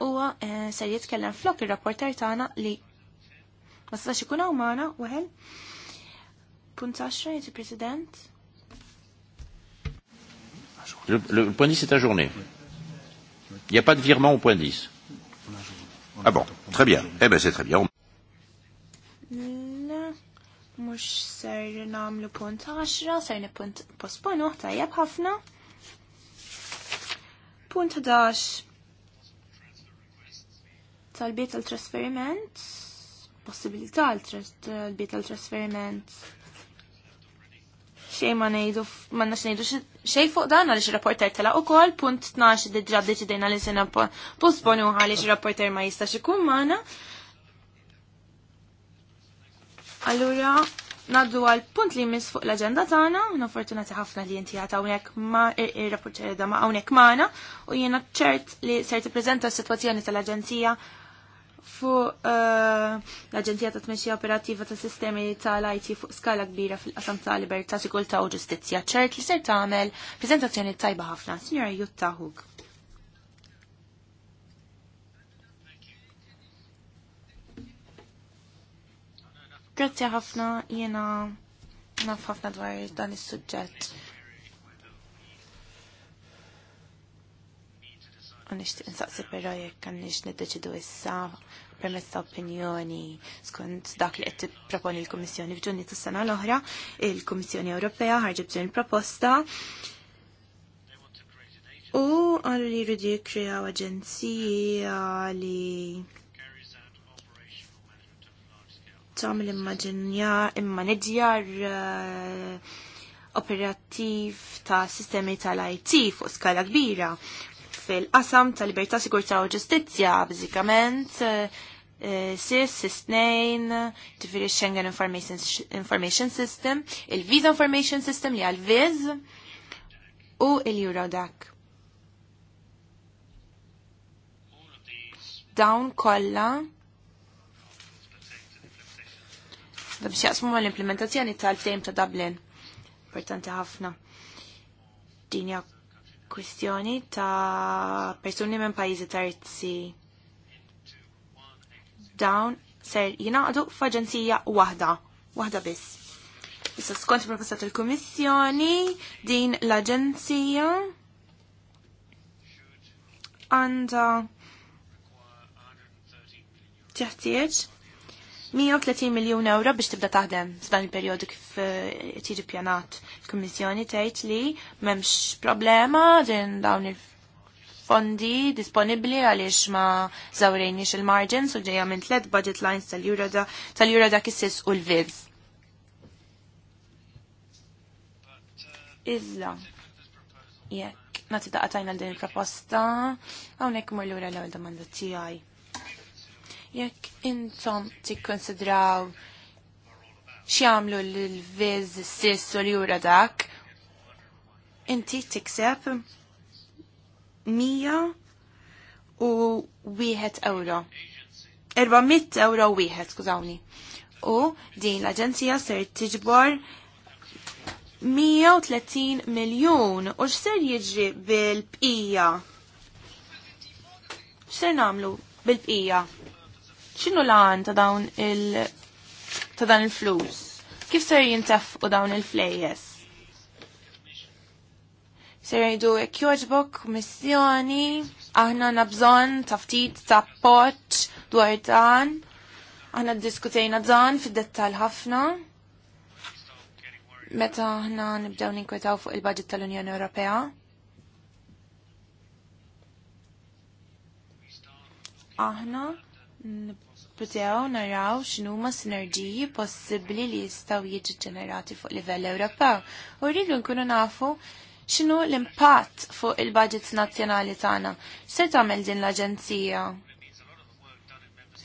huwa eh, ser jitkellem flok il rapporter tagħna li ma setax ikun hawn magħna weħel. Punt 10 jiġi President. Le, le point 10, c'est ta journée. Il n'y a pas de virement au point 10. Ah bon, très bien. Eh bien, c'est très bien. Mux ser namlu punt 10, ser ne punt posponu, tajjeb ħafna. Punt 11. Talbiet tal-trasferiment. Possibilità tal-biet tal-trasferiment. tal trasferiment possibilità tal biet tal trasferiment tal xej ma nejdu, ma nax nejdu xej fuq dan għalix il-rapporter tela u kol, punt 12 li d deċidejna li sena postponu għalix il-rapporter ma jistax ikun maħna. Allura, naddu għal punt li mis fuq l-agenda tana, unfortunati ħafna li jinti għata unek ma il-rapporter da ma maħna, u jena ċert li serti prezenta s-situazzjoni tal-agenzija fuq eh, l-Aġenzija ta' Tmexxija Operattiva ta' Sistemi tal-IT fuq skala kbira fil-qasam ta' Libertà, Sigurtà u Ġustizzja. ċert li ser tagħmel preżentazzjoni tajba ħafna. Signora Jutta Hug. Grazzi ħafna jiena naf ħafna dwar dan is-suġġett Nishtiq nsaqsi rajek jekk għandix niddeċidu issa permezz ta' opinjoni skont dak li qed tipproponi l-Kummissjoni f'Ġunni tas-sena l-oħra, il-Kummissjoni Ewropea ħarġet bżonn proposta u għallu li jridu jikkrew aġenzija li tagħmel immaġinja immaneġjar eh, operattiv ta' sistemi tal-IT fuq skala kbira fil-qasam tal-libertà, sigurtà u ġustizzja, bżikament, eh, eh, SIS, SIS-2, tifiri Schengen Information System, il-Visa Information System li għal-Viz u il-Eurodac. Dawn kolla da biex jaqsmu l-implementazzjoni tal-tejm ta' Dublin. Importanti ħafna. Dinja kwistjoni ta' persuni minn pajjiżi terzi dawn ser jingħaqdu f'aġenzija waħda, waħda biss. Issa skont proposta tal-Kummissjoni din l-Aġenzija għandha teħtieġ 130 miljon euro biex tibda taħdem f'dan il-perjodu kif eh, tiġi pjanat il-Kummissjoni tgħid li m'hemmx problema din dawn il-fondi disponibbli għaliex ma żawrejniex il-margins u ġejja minn tliet budget lines tal-Euroda tal-Euroda kissis u l viv Iżla, jekk, nati tajna din il-proposta, għawnek mur l l-għal domanda tijaj. Jekk intom tikkonsidraw xiamlu l-viż sis u l-jura dak, inti tikseb mija u wieħed euro. 400 euro wieħed, skużawni. U din l-Aġenzija ser tiġbor 130 miljon u x'ser jiġri bil-bqija? X'ser namlu bil-bqija? X'inhu lan ta' dawn il- ta' dan il-flus? Kif ser jintaf u dawn il flejes Ser jidu jekk missjoni, aħna nabżon ta' ftit ta' poċ dwar dan, aħna diskutejna dan fid-dettal ħafna. Meta aħna nibdew ninkwetaw fuq il-budget tal-Unjoni Ewropea. Aħna nipputew naraw x'inhuma sinerġiji possibbli li jistgħu jiġu ġenerati fuq livell Ewropew u rridu nkunu nafu x'inhu l-impatt fuq il-budgets nazzjonali tagħna. Se tagħmel din l-aġenzija?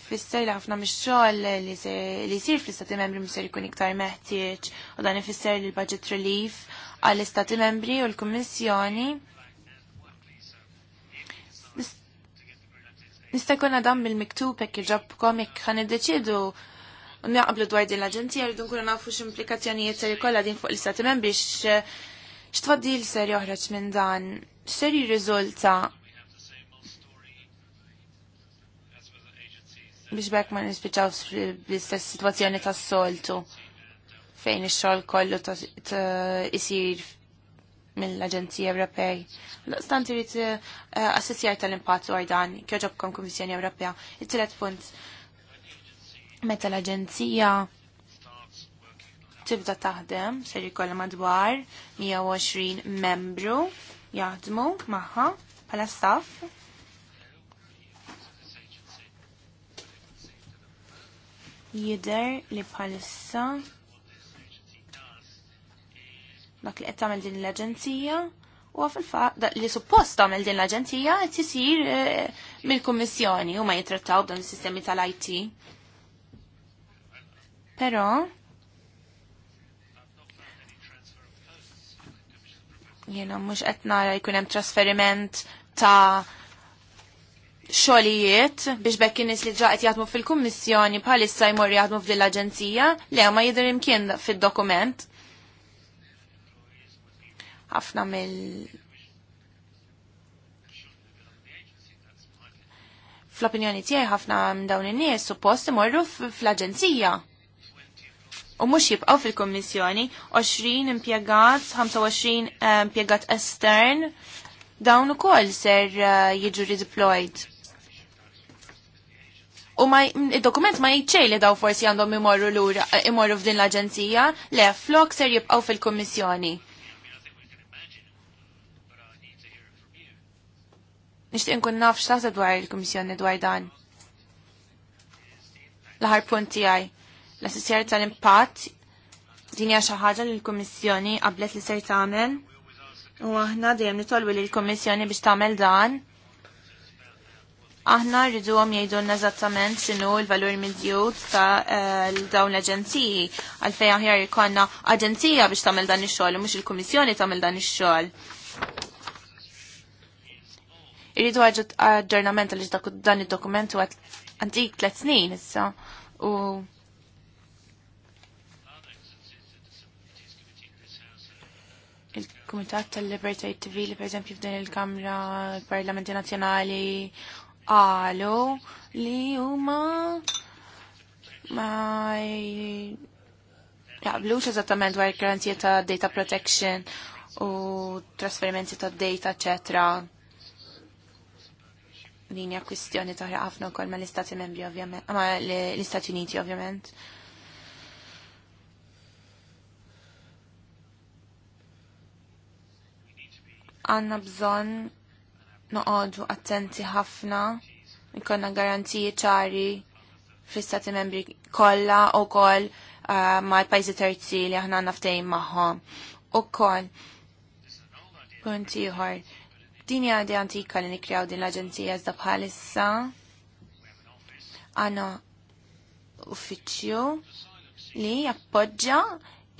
Fisser li ħafna mix-xogħol li jsir fl-istati membri mhux ikun iktar meħtieġ u dan ifisser li l-budget relief għall-istati membri u l-Kummissjoni Nista' jkun għadam mill-miktub hekk iġobkom komik ħan iddeċidu naqblu dwar din l-aġenzija rridu nkunu nafu x'implikazzjonijiet ser jkollha din fuq l-istati membri l ser joħroġ minn dan, x'ser jirriżulta biex bekk ma nispiċaw bl-istess situazzjoni tas-soltu fejn ix-xogħol kollu isir mill aġenzija Ewropej. L-stant irrit eh, assessjar tal-impatt dwar dan kon Kummissjoni Ewropea. It-tielet punt meta l-Aġenzija tibda taħdem ser jkollha madwar 120 membru jaħdmu magħha bħala staff. Jider li bħalissa dak li qed tagħmel din l-aġenzija u fil-fatt li suppost tagħmel din l-aġenzija qed isir eh, mill-kummissjoni u ma jitrattaw dan is-sistemi tal-IT. Però jiena mhux qed nara jkun hemm trasferiment ta' xolijiet biex bekk nies li ġaqet jaħdmu fil-kummissjoni bħalissa jmur jaħdmu f'din l-aġenzija, le ma jidher imkien fid-dokument ħafna mill fl-opinjoni tiegħi ħafna minn dawn in-nies suppost imorru fl-aġenzija. U mhux jibqgħu fil-Kummissjoni 20 impjegat, 25 eh, impjegat estern, dawn ukoll ser eh, jiġu redeployed. U ma id dokument ma jitxej li daw forsi għandhom imorru l-ura, imorru f'din l-aġenzija, le flok ser jibqgħu fil kummissjoni Nixtieq nkun naf x'taħseb dwar il-Kummissjoni dwar dan. L-aħħar punt tiegħi l-assessjar tal-impatt din hija xi ħaġa li l-Kummissjoni qablet li ser tagħmel. U aħna dejjem nitolbu lill kummissjoni biex tagħmel dan. Aħna rriduhom jgħidulna eżattament x'inhu l-valur miżjud ta' eh, dawn l-aġenziji għalfejn aħjar ikollna aġenzija biex tagħmel dan ix-xogħol u mhux il-Kummissjoni tagħmel dan ix-xogħol. Irridu aġġornament li dan id-dokumentu antik tlet snin issa u il-Kumitat tal TV li per eżempju, f'din il-Kamra Parlamenti Nazzjonali għalu li huma ma jaqblux eżattament dwar il-garanzija ta' data protection u trasferimenti ta' data, eccetera din hija kwistjoni toħra ħafna wkoll mal-Istati Membri ovvjament, ma l-Istati Uniti ovvjament. Għanna bżon noqogħdu attenti ħafna, ikonna garantiji ċari fl-Istati Membri kollha u kol uh, mal-pajjiżi terzi li aħna naftejn magħhom. Ukoll punt ieħor Din għadi antika li nikrjaw din l-Aġenzija iżda bħalissa għanna uffiċju li jappoġġa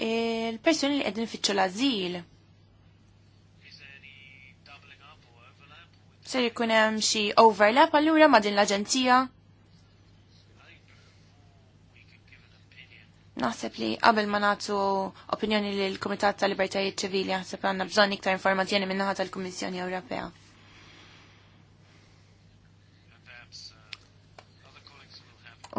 il-persuni li għedin uffiċju l-azil. Ser ikun hemm xi overlap allura ma' din l-Aġenzija? Naħseb li qabel ma nagħtu opinjoni li l-Kumitat tal Libertajiet Ċivili naħseb għandna bżonn iktar informazzjoni min-naħa tal-Kummissjoni Ewropea.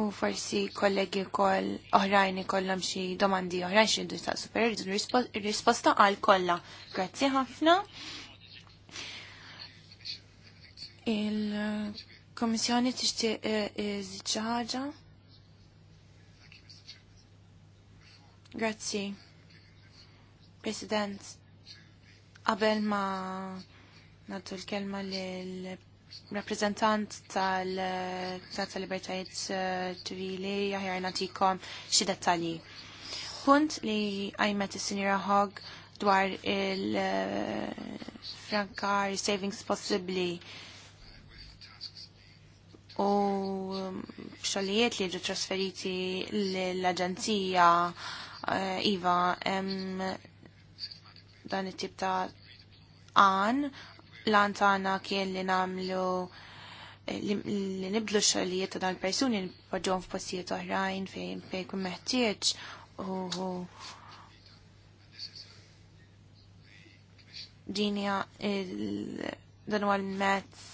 U forsi kollegi wkoll oħrajn ikollhom xi domandi oħrajn xi jiddu jistaqsu per risposta għal kollha. Grazzi ħafna. Il-Kummissjoni tixtieq eh, iżid xi ħaġa. Grazzi. President, qabel ma naddu l-kelma lil rappresentant tal-libertajiet eh, ċivili jaħjar natikom xi dettalji. Punt li għajmet is-sinjura Hogg dwar il-frankar eh, savings possibly u mm, xogħlijiet li ġu trasferiti l-Aġenzija Eh, iva, dan it-tip ta' għan, lan għana kien li namlu eh, li nibdlu xogħlijiet ta' dan persuni npoġġhom f'postijiet oħrajn fejn fej kum meħtieġ u dinja dan huwa l-mezz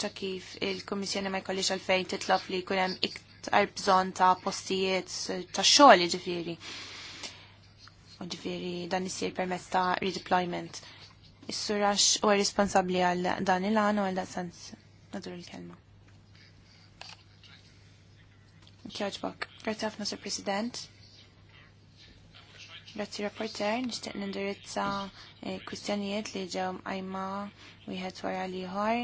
ta' kif il-Kummissjoni ma jkollix għalfejn titlob li jkun hemm għal bżonn ta' postijiet ta' xogħol ġifieri. U ġifieri dan isir permezz ta' redeployment. Is-surax huwa responsabbli għal dan il-għan u għal dan sens. Nadur il-kelma. Kjaġbak. Grazie ħafna, Sir President. Grazzi rapporter, nishtiq nindirizza eh, kwistjonijiet li ġew għajma wieħed wara liħor.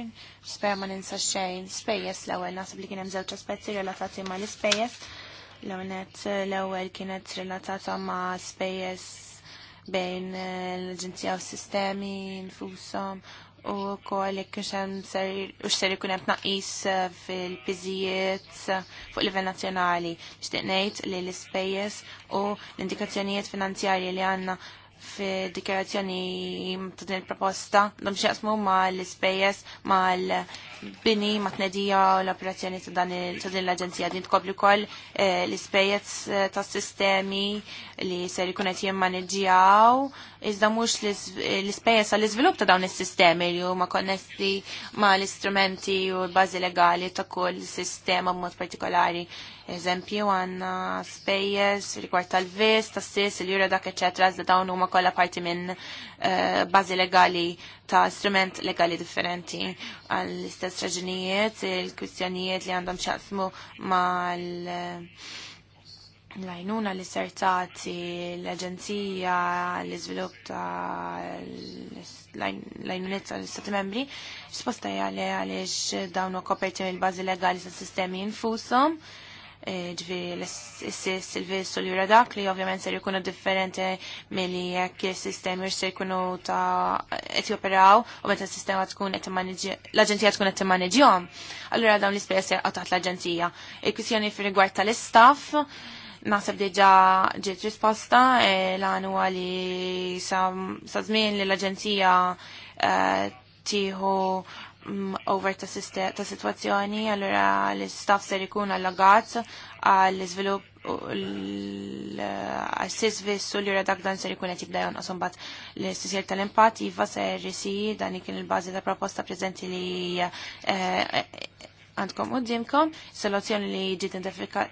Spera ma ninsa xejn. Spejjeż l-ewwel naħseb li kien hemm żewġ aspetti relatati ma l-ispejjeż. L-ewnet l-ewwel kienet relatata ma spejjeż bejn eh, l-Aġenzija u s-sistemi nfushom u kol kxem ser, u xser ikun hemm tnaqqis eh, fil-piżijiet eh, fuq livell nazzjonali. Xtieq ngħid li l-ispejjeż u l-indikazzjonijiet finanzjarji li għandna fid-dikjarazzjoni ta' din il-proposta dom xjaqsmu ma' l-ispejjeż mal bini ma' tnedija u l-operazzjoni ta' din l-aġenzija din tkopli wkoll eh, l-ispejjeż ta' sistemi li ser jkun qed jimmaneġġjaw iżda mhux l-ispejjeż għall-iżvilupp ta' dawn is-sistemi li huma konnessi ma' l-istrumenti u l-bażi legali ta' kull sistema b'mod partikolari. Eżempju għandna spejjeż rigward tal-vis, tas-sis, il-jura dak eċetera, iżda dawn huma kollha parti minn eh, bażi legali ta' strument legali differenti għall-istess raġunijiet, il-kwistjonijiet li għandhom xaqsmu mal l-għajnuna li sertati l-Aġenzija l iżvilupp ta' l-għajnunizza l-Stati membri, risposta jgħale għalix dawn koperti mill-bazi legali ta' sistemi infusom, e, ġvi l-sis il-vis u l-juradak li ovvjament ser jkunu differenti mill-li jekk sistemi ser jkunu ta' et joperaw u meta sistema tkun l-Aġenzija tkun et Allura dawn l-ispejja se għatat l-Aġenzija. Il-kwistjoni fir rigward tal-istaff, Nasab diġa ġiet risposta e, l-għanu għali sa' żmien li l-Aġenzija e, tieħu mm, over ta' situazzjoni, allora l-staff ser ikun allagat għall izvilup l-assisvis u li dak dan ser ikun jtibda dajon għasom bat l istisjer tal-impat jiva ser risi dan ikin il-bazi ta' proposta prezenti li e, għandkom dimkom, soluzzjoni li ġiet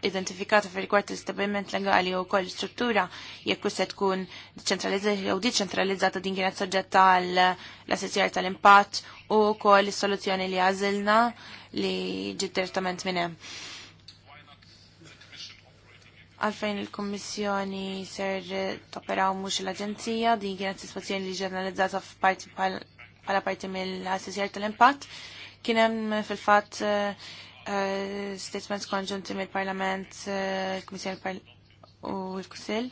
identifikata fil rigward l-istabilment legali u koll struttura jekk se tkun decentralizzata jew diċentralizzata din kienet soġġetta l-assessjar tal-impatt u koll soluzzjoni li għazilna li ġiet direttament minn hemm. Għalfejn il-Kommissjoni ser toperaw mux l-Aġenzija, din kienet situazzjoni li ġurnalizzata f'parti bħala parti mill-assessjar tal-impatt Kien hemm fil-fatt eh, eh, statements konġunti mill-Parlament, eh, il u l-Kusil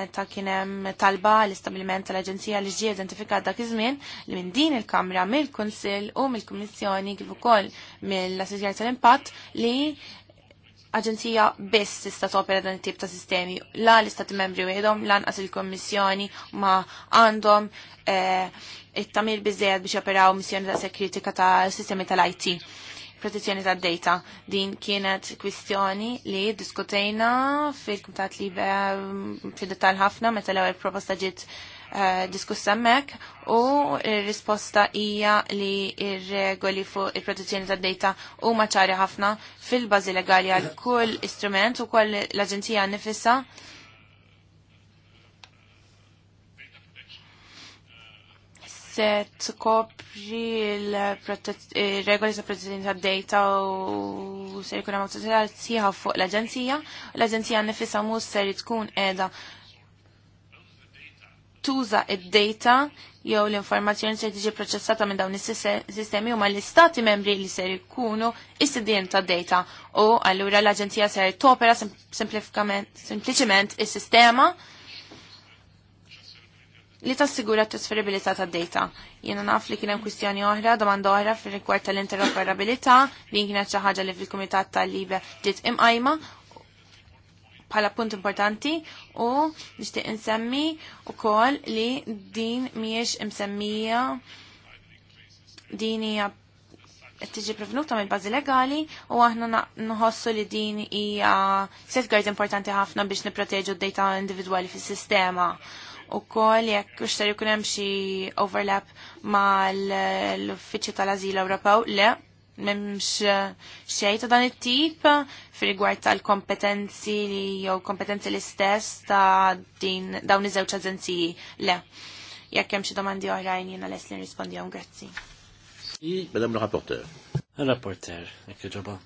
meta kien hemm talba l-istabilment tal-Aġenzija li ġie identifikat dak iż-żmien li minn din il-Kamra mill-Kunsill u mill-Kummissjoni kif ukoll mill-Assessjar tal-Impatt li aġenzija biss tista' topera dan it-tip ta' sistemi. La l-istati membri wieħedhom lanqas il-Kommissjoni ma għandhom eh, it-tamir biżejjed biex operaw missjoni ta' sekritika ta' sistemi tal-IT protezzjoni ta' data. Din kienet kwistjoni li diskutejna fil kumtat li mm, fil-detal ħafna meta l-ewwel proposta ġiet Eh, diskussa mek u risposta hija li ir-regoli fuq il-protezzjoni tad data u maċari ħafna fil-bażi legali għal kull istrument u kull l-Aġenzija nifissa. Se tkopri il-regoli ta' protezzjoni tad data u se jkun hemm sieħa fuq l-Aġenzija. L-Aġenzija nifissa mhux ser tkun qiegħda tuża id-data jew l-informazzjoni se tiġi proċessata minn dawn is-sistemi huma l-istati membri li ser ikunu is-sidien ta' data u allura l-Aġenzija ser topera sempliċiment is-sistema li tassigura t-trasferibilità ta' data. Jiena naf li kien hemm kwistjoni oħra, domanda oħra fir rigward tal-interoperabilità li kienet xi ħaġa li fil-Kumitat tal-Libe ġiet imqajma bħala punt importanti u nixtieq insemmi kol li din mhijiex msemmija din hija tiġi prevenuta mill-bażi legali u aħna nħossu li din hija safeguard importanti ħafna biex nipproteġu d-data individwali fis-sistema u kol jekk ixtar jkun hemm xi overlap mal l-Uffiċċju tal-Ażil Ewropew, le, memx eh, xej ta' dan it-tip eh, fil-rigward tal-kompetenzi li jew kompetenzi l-istess ta' din dawn iż-żewġ aġenziji. Le, jekk hemm xi domandi oħrajn jiena les li nrispondihom grazzi. Madame le rapporteur. Rapporteur, jekk ġoba.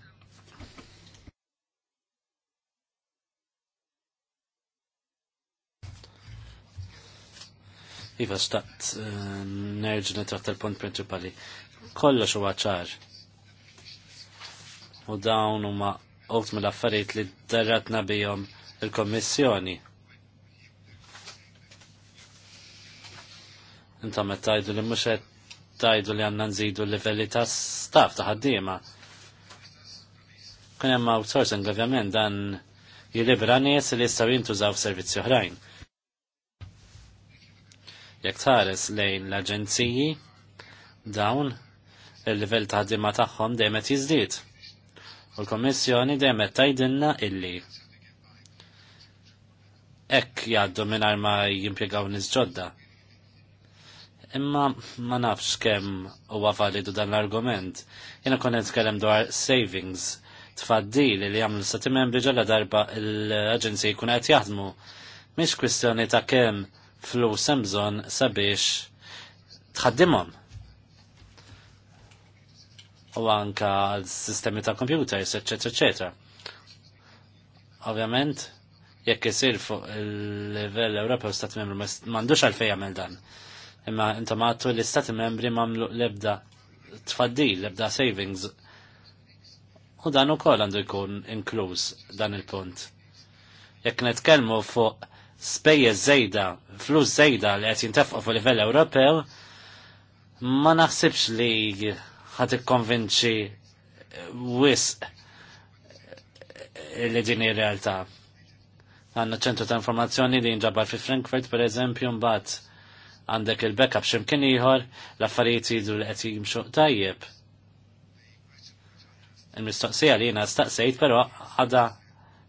Iva, staqt, eh, nerġu netraħt tal punt principali. Kollox huwa ċar u dawn huma qot mill-affarijiet li darratna bihom il-Kommissjoni. Inta meta tajdu li mhux qed tajdu li għandna nżidu livelli ta' staff ta' ħaddiema. Kien hemm outsourcing ovvjament dan jilibra nies li jistgħu jintużaw f'servizzi oħrajn. Jekk tħares lejn l-aġenziji dawn il-livell ta' ħaddiema tagħhom dejjem qed jiżdied U l-Kommissjoni dejjem qed tgħidilna illi hekk jgħaddu mingħajr ma jimpjegaw nies ġodda. Imma ma nafx kemm huwa validu dan l-argument. Jiena kont nitkellem dwar savings tfaddil li jagħmlu stati membri ġalla darba l-aġenziji jkun qed jaħdmu. Mhix kwistjoni ta' kemm flus hemm bżonn sabiex tħaddimhom u anka sistemi ta' computers, etc. etc. Ovvjament, jekk isir fuq il-level Ewropew Stati Membri m'għandux għalfej jagħmel dan. Imma intom għattu li Stati Membri mamlu l-ebda tfaddil, l-ebda savings. U dan ukoll għandu jkun inkluż dan il-punt. Jekk netkelmu fuq spejjeż żejda, flus żejda li qed jintefqu fuq livell Ewropew, ma naħsibx li ħat ikkonvinċi wisq li din ir-realtà. Għanna ċentru ta' informazzjoni li nġabar fi Frankfurt, per eżempju, mbagħad għandek il-backup x'imkien ieħor, l-affarijiet jidru li qed jimxu tajjeb. Il-mistoqsija li jiena staqsejt però għadha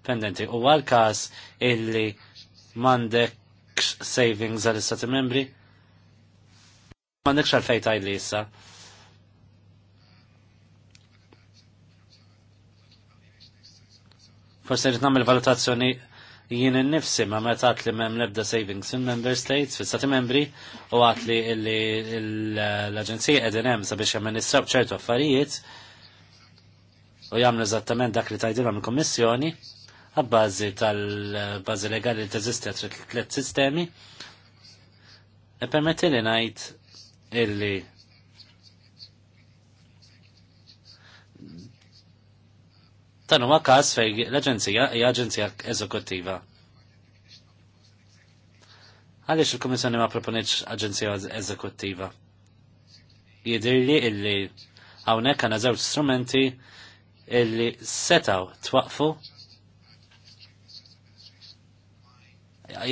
pendenti. U għal-każ illi m'għandekx savings għall istati membri, m'għandekx għal-fejtaj li issa. Forse rrit namel valutazzjoni jien innifsi ma meta taħt li mem lebda savings in member states, fil stati membri, u għat li l-agenzija edin hemm sabiex istrab ċertu affarijiet u jagħmlu eżattament dak li tajdilha mill-Kummissjoni għabbazi tal-bażi legali li teżisti għat tliet sistemi. E permetti li ngħid illi Dan huwa każ fejn l-Aġenzija hija aġenzija eżekuttiva. Għaliex il-Kummissjoni ma proponitx aġenzija eżekuttiva? Jidirli illi hawnhekk għandna żewġ strumenti illi setaw twaqfu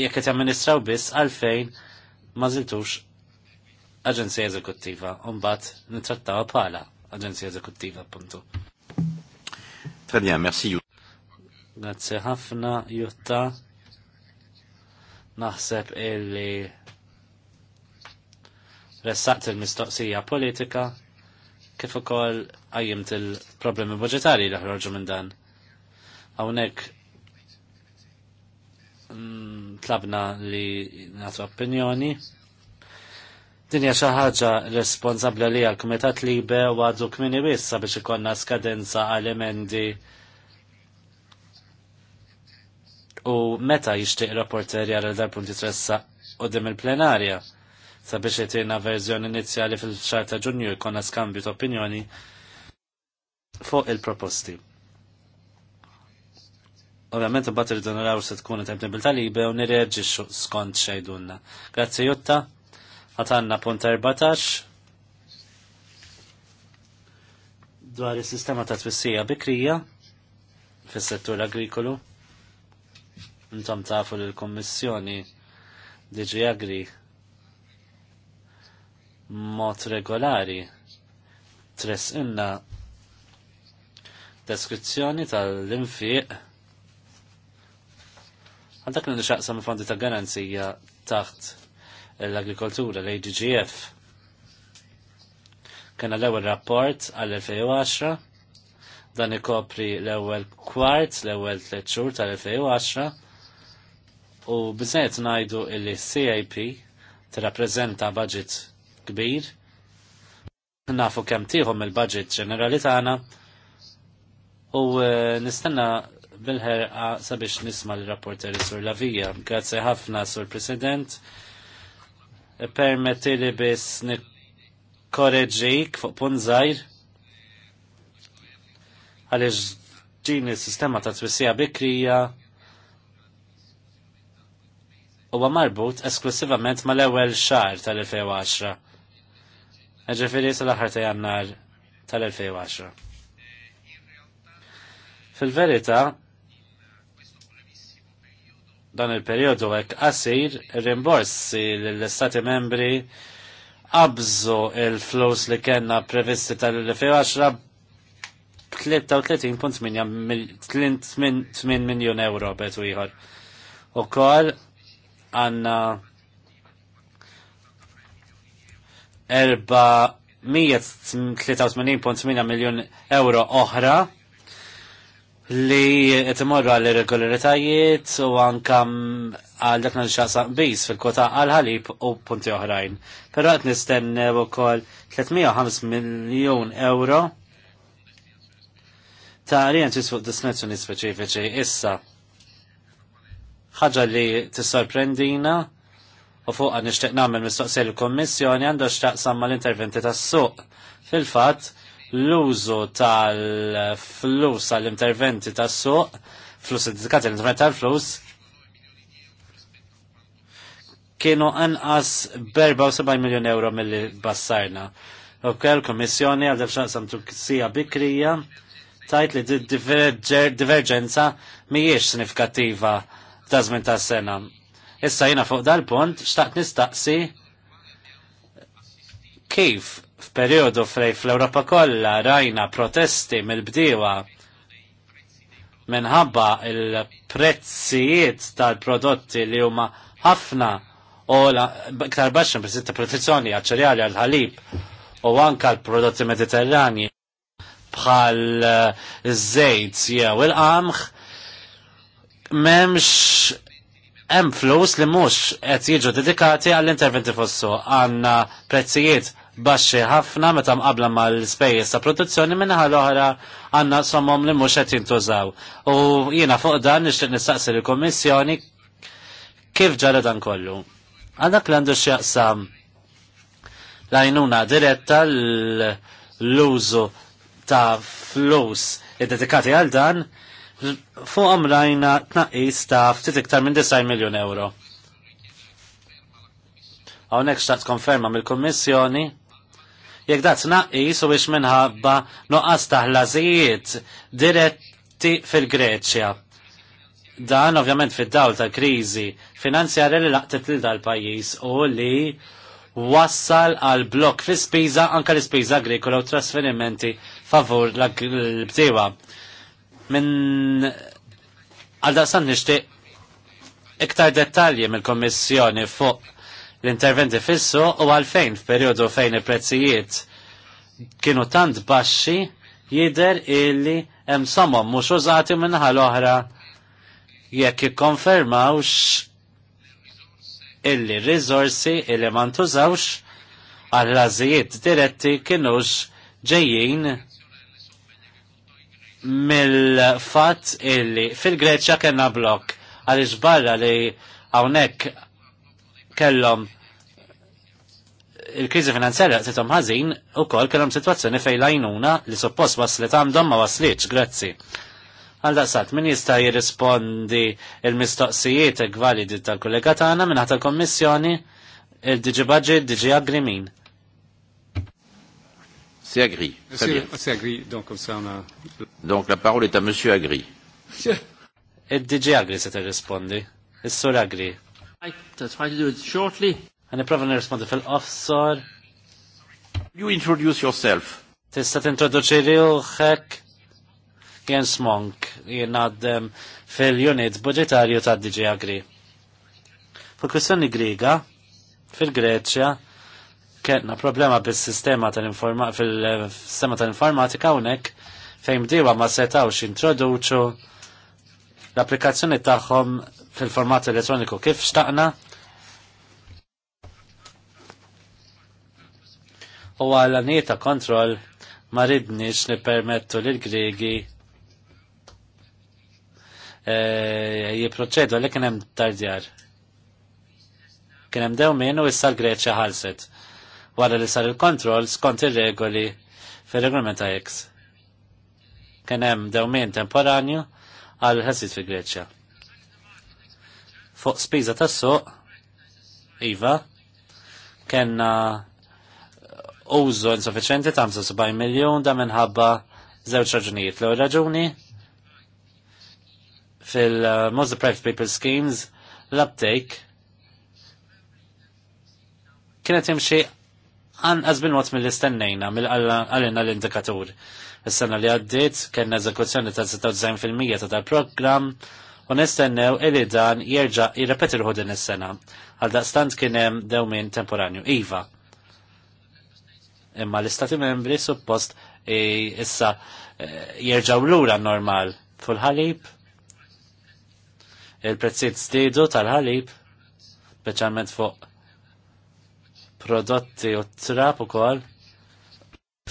jekk qed jamministraw biss għalfejn ma żiltux aġenzija eżekuttiva u mbagħad nittrattaw bħala aġenzija eżekuttiva appuntu. Très bien, merci. Grazie ħafna, Jutta. Naħseb illi ressaqt il-mistoqsija politika kif ukoll għajjimt il-problemi budgetari li ħroġu minn dan. Hawnhekk mm, tlabna li nagħtu opinjoni Dinja xi ħaġa responsabbli li għal-Kumitat Libe u għadu kmini wissa biex ikonna skadenza għal emendi u meta jixtieq rapporter jara l-dar punti tressa qudiem il-plenarja sabiex jtina verżjoni inizjali fil-xar ta' Ġunju jkollna skambju ta' opinjoni fuq il-proposti. Ovvjament imbagħad irridu naraw se tkun tempni bil-talibe libe u nirreġixxu skont xejdunna. Grazzi Jutta. Għatanna punt 14 dwar is-sistema ta' twissija bikrija fis-settur agrikolu. Intom tafu l kommissjoni Diġi Agri mod regolari tres inna deskrizzjoni tal-infiq għal dak li xaqsam fondi ta' garanzija taħt l-agrikoltura, l-ADGF. Kena l-ewel rapport għall-2010, dan ikopri l-ewel kwart, l-ewel tliet leċur tal-2010, u bizzejt najdu illi CAP tirrappreżenta budget kbir, nafu kemm tiħum il-budget ġenerali tagħna, u eh, nistenna bil-ħerqa sabiex nisma l-rapporteri sur Lavija. Grazie ħafna sur President permetti li bis nikkoreġik fuq punżajr għalix din il-sistema ta' twissija bikrija huwa marbut esklusivament mal-ewwel xahar tal-2010. Ġifieri sal-aħħar ta' Jannar tal-2010. Fil-verità, dan il-periodu hekk għasir rimborsi lill-Istati membri għabżu il-flus li kellna previsti tal-2010 33.8 miljon euro bet u iħor. U kol għanna 483.8 miljon euro oħra li qed imorru għal irregolaritajiet u anke għal dak nixaqsaq bis fil kota għal ħalib u punti oħrajn. Però qed nistennew ukoll 305 miljun euro ta' rienċis fuq dismezzjoni speċifiċi issa. ħaġa li tissorprendina u fuq għan nishtiq namel mistoqsir il-Kommissjoni għandu xtaqsam ma l-interventi tas suq Fil-fat, l-użu tal-flus għall-interventi tas-suq, flus dedikati għall-interventi tal-flus, kienu anqas b'74 miljon euro mill-li bassarna. U kell komissjoni għal defxan samtuksija bikrija tajt li diverġenza mhijiex sinifikattiva ta' żmien ta' sena. Issa jina fuq dal-punt xtaqt nistaqsi kif F'periodu fej fl-Ewropa kollha rajna protesti mill-bdiewa minħabba il-prezzijiet tal-prodotti li huma ħafna u iktar baxxin prezzijiet ta' protezzjoni għal-ċerjali ħalib u anka l-prodotti mediterrani bħal żejt eh, jew il-qamħ memx hemm flus li mhux qed jiġu dedikati għall-interventi fossu għandna prezzijiet baxxi ħafna meta mqabla mal-spejjeż ta' produzzjoni minn l-oħra għandna sommhom li mhux qed jintużaw. U jiena fuq dan nixtieq nistaqsi l-Kummissjoni kif ġara dan kollu. Għandak l-għandu x'jaqsam lajnuna diretta l-użu ta' flus id-dedikati għal dan fuq rajna tnaqqis ta' ftit iktar minn 9 miljun euro għonek xtaqt konferma mill-Kommissjoni jekk dat naqis u biex minħabba noqqas taħlażijiet diretti fil-Greċja. Dan ovvjament fid-dawl tal-kriżi finanzjarja li laqtet lil dal-pajjiż u li wassal għal blok fi spiża anka l-ispiża agrikola u trasferimenti favur l-bdiewa. Min għal daqsan nixtieq iktar dettalji mill-Kommissjoni fuq l-interventi fissu u għalfejn f'periodu fejn il-prezzijiet kienu tant baxxi jider illi hemm somom mhux użati minnaħa l-oħra jekk ikkonfermawx illi riżorsi illi ma ntużawx għal razijiet diretti kienux ġejjin mill-fatt illi fil-Greċja kellna blok għaliex barra li hawnhekk kellhom il-kriżi finanzjarja t ħażin ukoll kellhom sitwazzjoni fejn lajnuna li suppost waslet għandhom ma waslitx, grazzi. Għal daqsat, min jista' jirrispondi il-mistoqsijiet e gvalidi tal-kollega tagħna minn tal-Kommissjoni il-Digi Budget, Digi Agri min? C'est Agri. C'est Agri, donc comme ça on a... Donc la parole est à Monsieur Agri. Il-Digi Agri se te rispondi. Il-Sur Agri. That's try to do it shortly. And probably respond to nirrispondi fil-qofsor. You introduce yourself. Tista t-introduċi riħek Jens Monk, jien għaddem fil-unit budgetarju ta' DJ Agri. Fil-kwistjoni griga, fil-Greċja, kena problema bil-sistema tal-sistema tal-informatika unek fejm diwa ma setawx introduċu l-applikazzjoni tagħhom fil-format elettroniku kif xtaqna. U għal ta' kontrol ma ridniex li permettu l Gregi eh, jiproċedu li kienem tardjar. Kienem dew minnu u issa l-Greċja ħalset. Wara li sar il-kontroll skont ir-regoli fir-regolament X. Kienem dew minn temporanju għal ħessit fil Greċja fuq spiża tas-suq, iva, kena użu insuffiċenti ta' 75 miljon da minħabba żewġ raġunijiet. L-ewwel raġuni fil-Most private People Schemes l-uptake kienet jimxi anqas bil-mod mill-istennejna mill-għalina l-indikatur. Is-sena li għaddiet kien eżekuzzjoni ta' 96% ta' tal programm u nistennew illi dan jerġa' jirrepeti ruħu din is-sena. Għal daqstant kien hemm dewmin temporanju iva. Imma l-Istati membri suppost e, issa e, jerġaw lura normal fil-ħalib il-prezzit stidu tal-ħalib speċjalment fuq prodotti u trap ukoll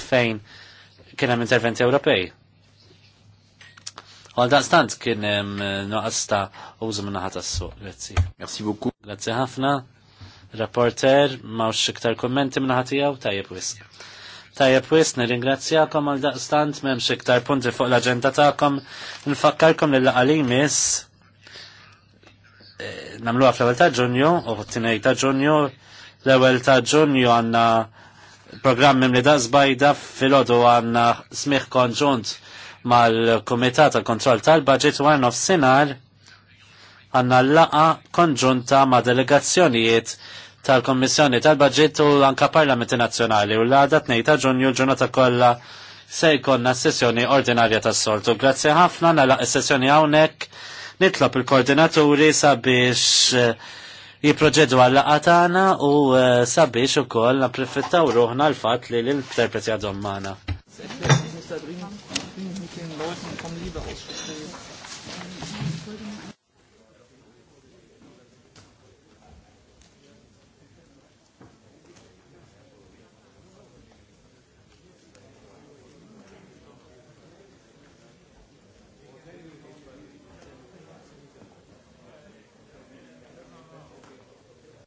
fejn kien hemm interventi Ewropej. Għal daqstant kien nuqqas ta' użu minna ħata s-suq. Grazzi. beaucoup. Grazie ħafna. Rapporter, mawx iktar kommenti minna għaw, tajjeb pwis. Tajjeb wis, nir-ingrazzjakom għal daqstant, mem iktar punti fuq l-agenda ta'kom, nfakkarkom l-laqalimis eh, namluha fl-ewwel ta' Ġunju u t-tinej ta' Ġunju, l-ewwel ta' Ġunju għandna programm mimli da' zbajda, fil-ħodu għandna smiħ konġunt mal-Komitat ta' Kontroll tal-Budget u għan sinar għanna laqa konġunta ma' delegazzjonijiet tal-Kommissjoni tal-Budget u anka Parlamenti Nazzjonali u l-għada 2 ta' ġunju l-ġunata kollha se jkollna sessjoni ordinarja tas-soltu. Grazzi ħafna nagħlaq is-sessjoni hawnhekk nitlob il-koordinaturi sabiex eh, jiproġedu għall-laqatana u eh, sabiex u koll naprifittaw ruħna l-fat li l-interpreti għadhom maħna.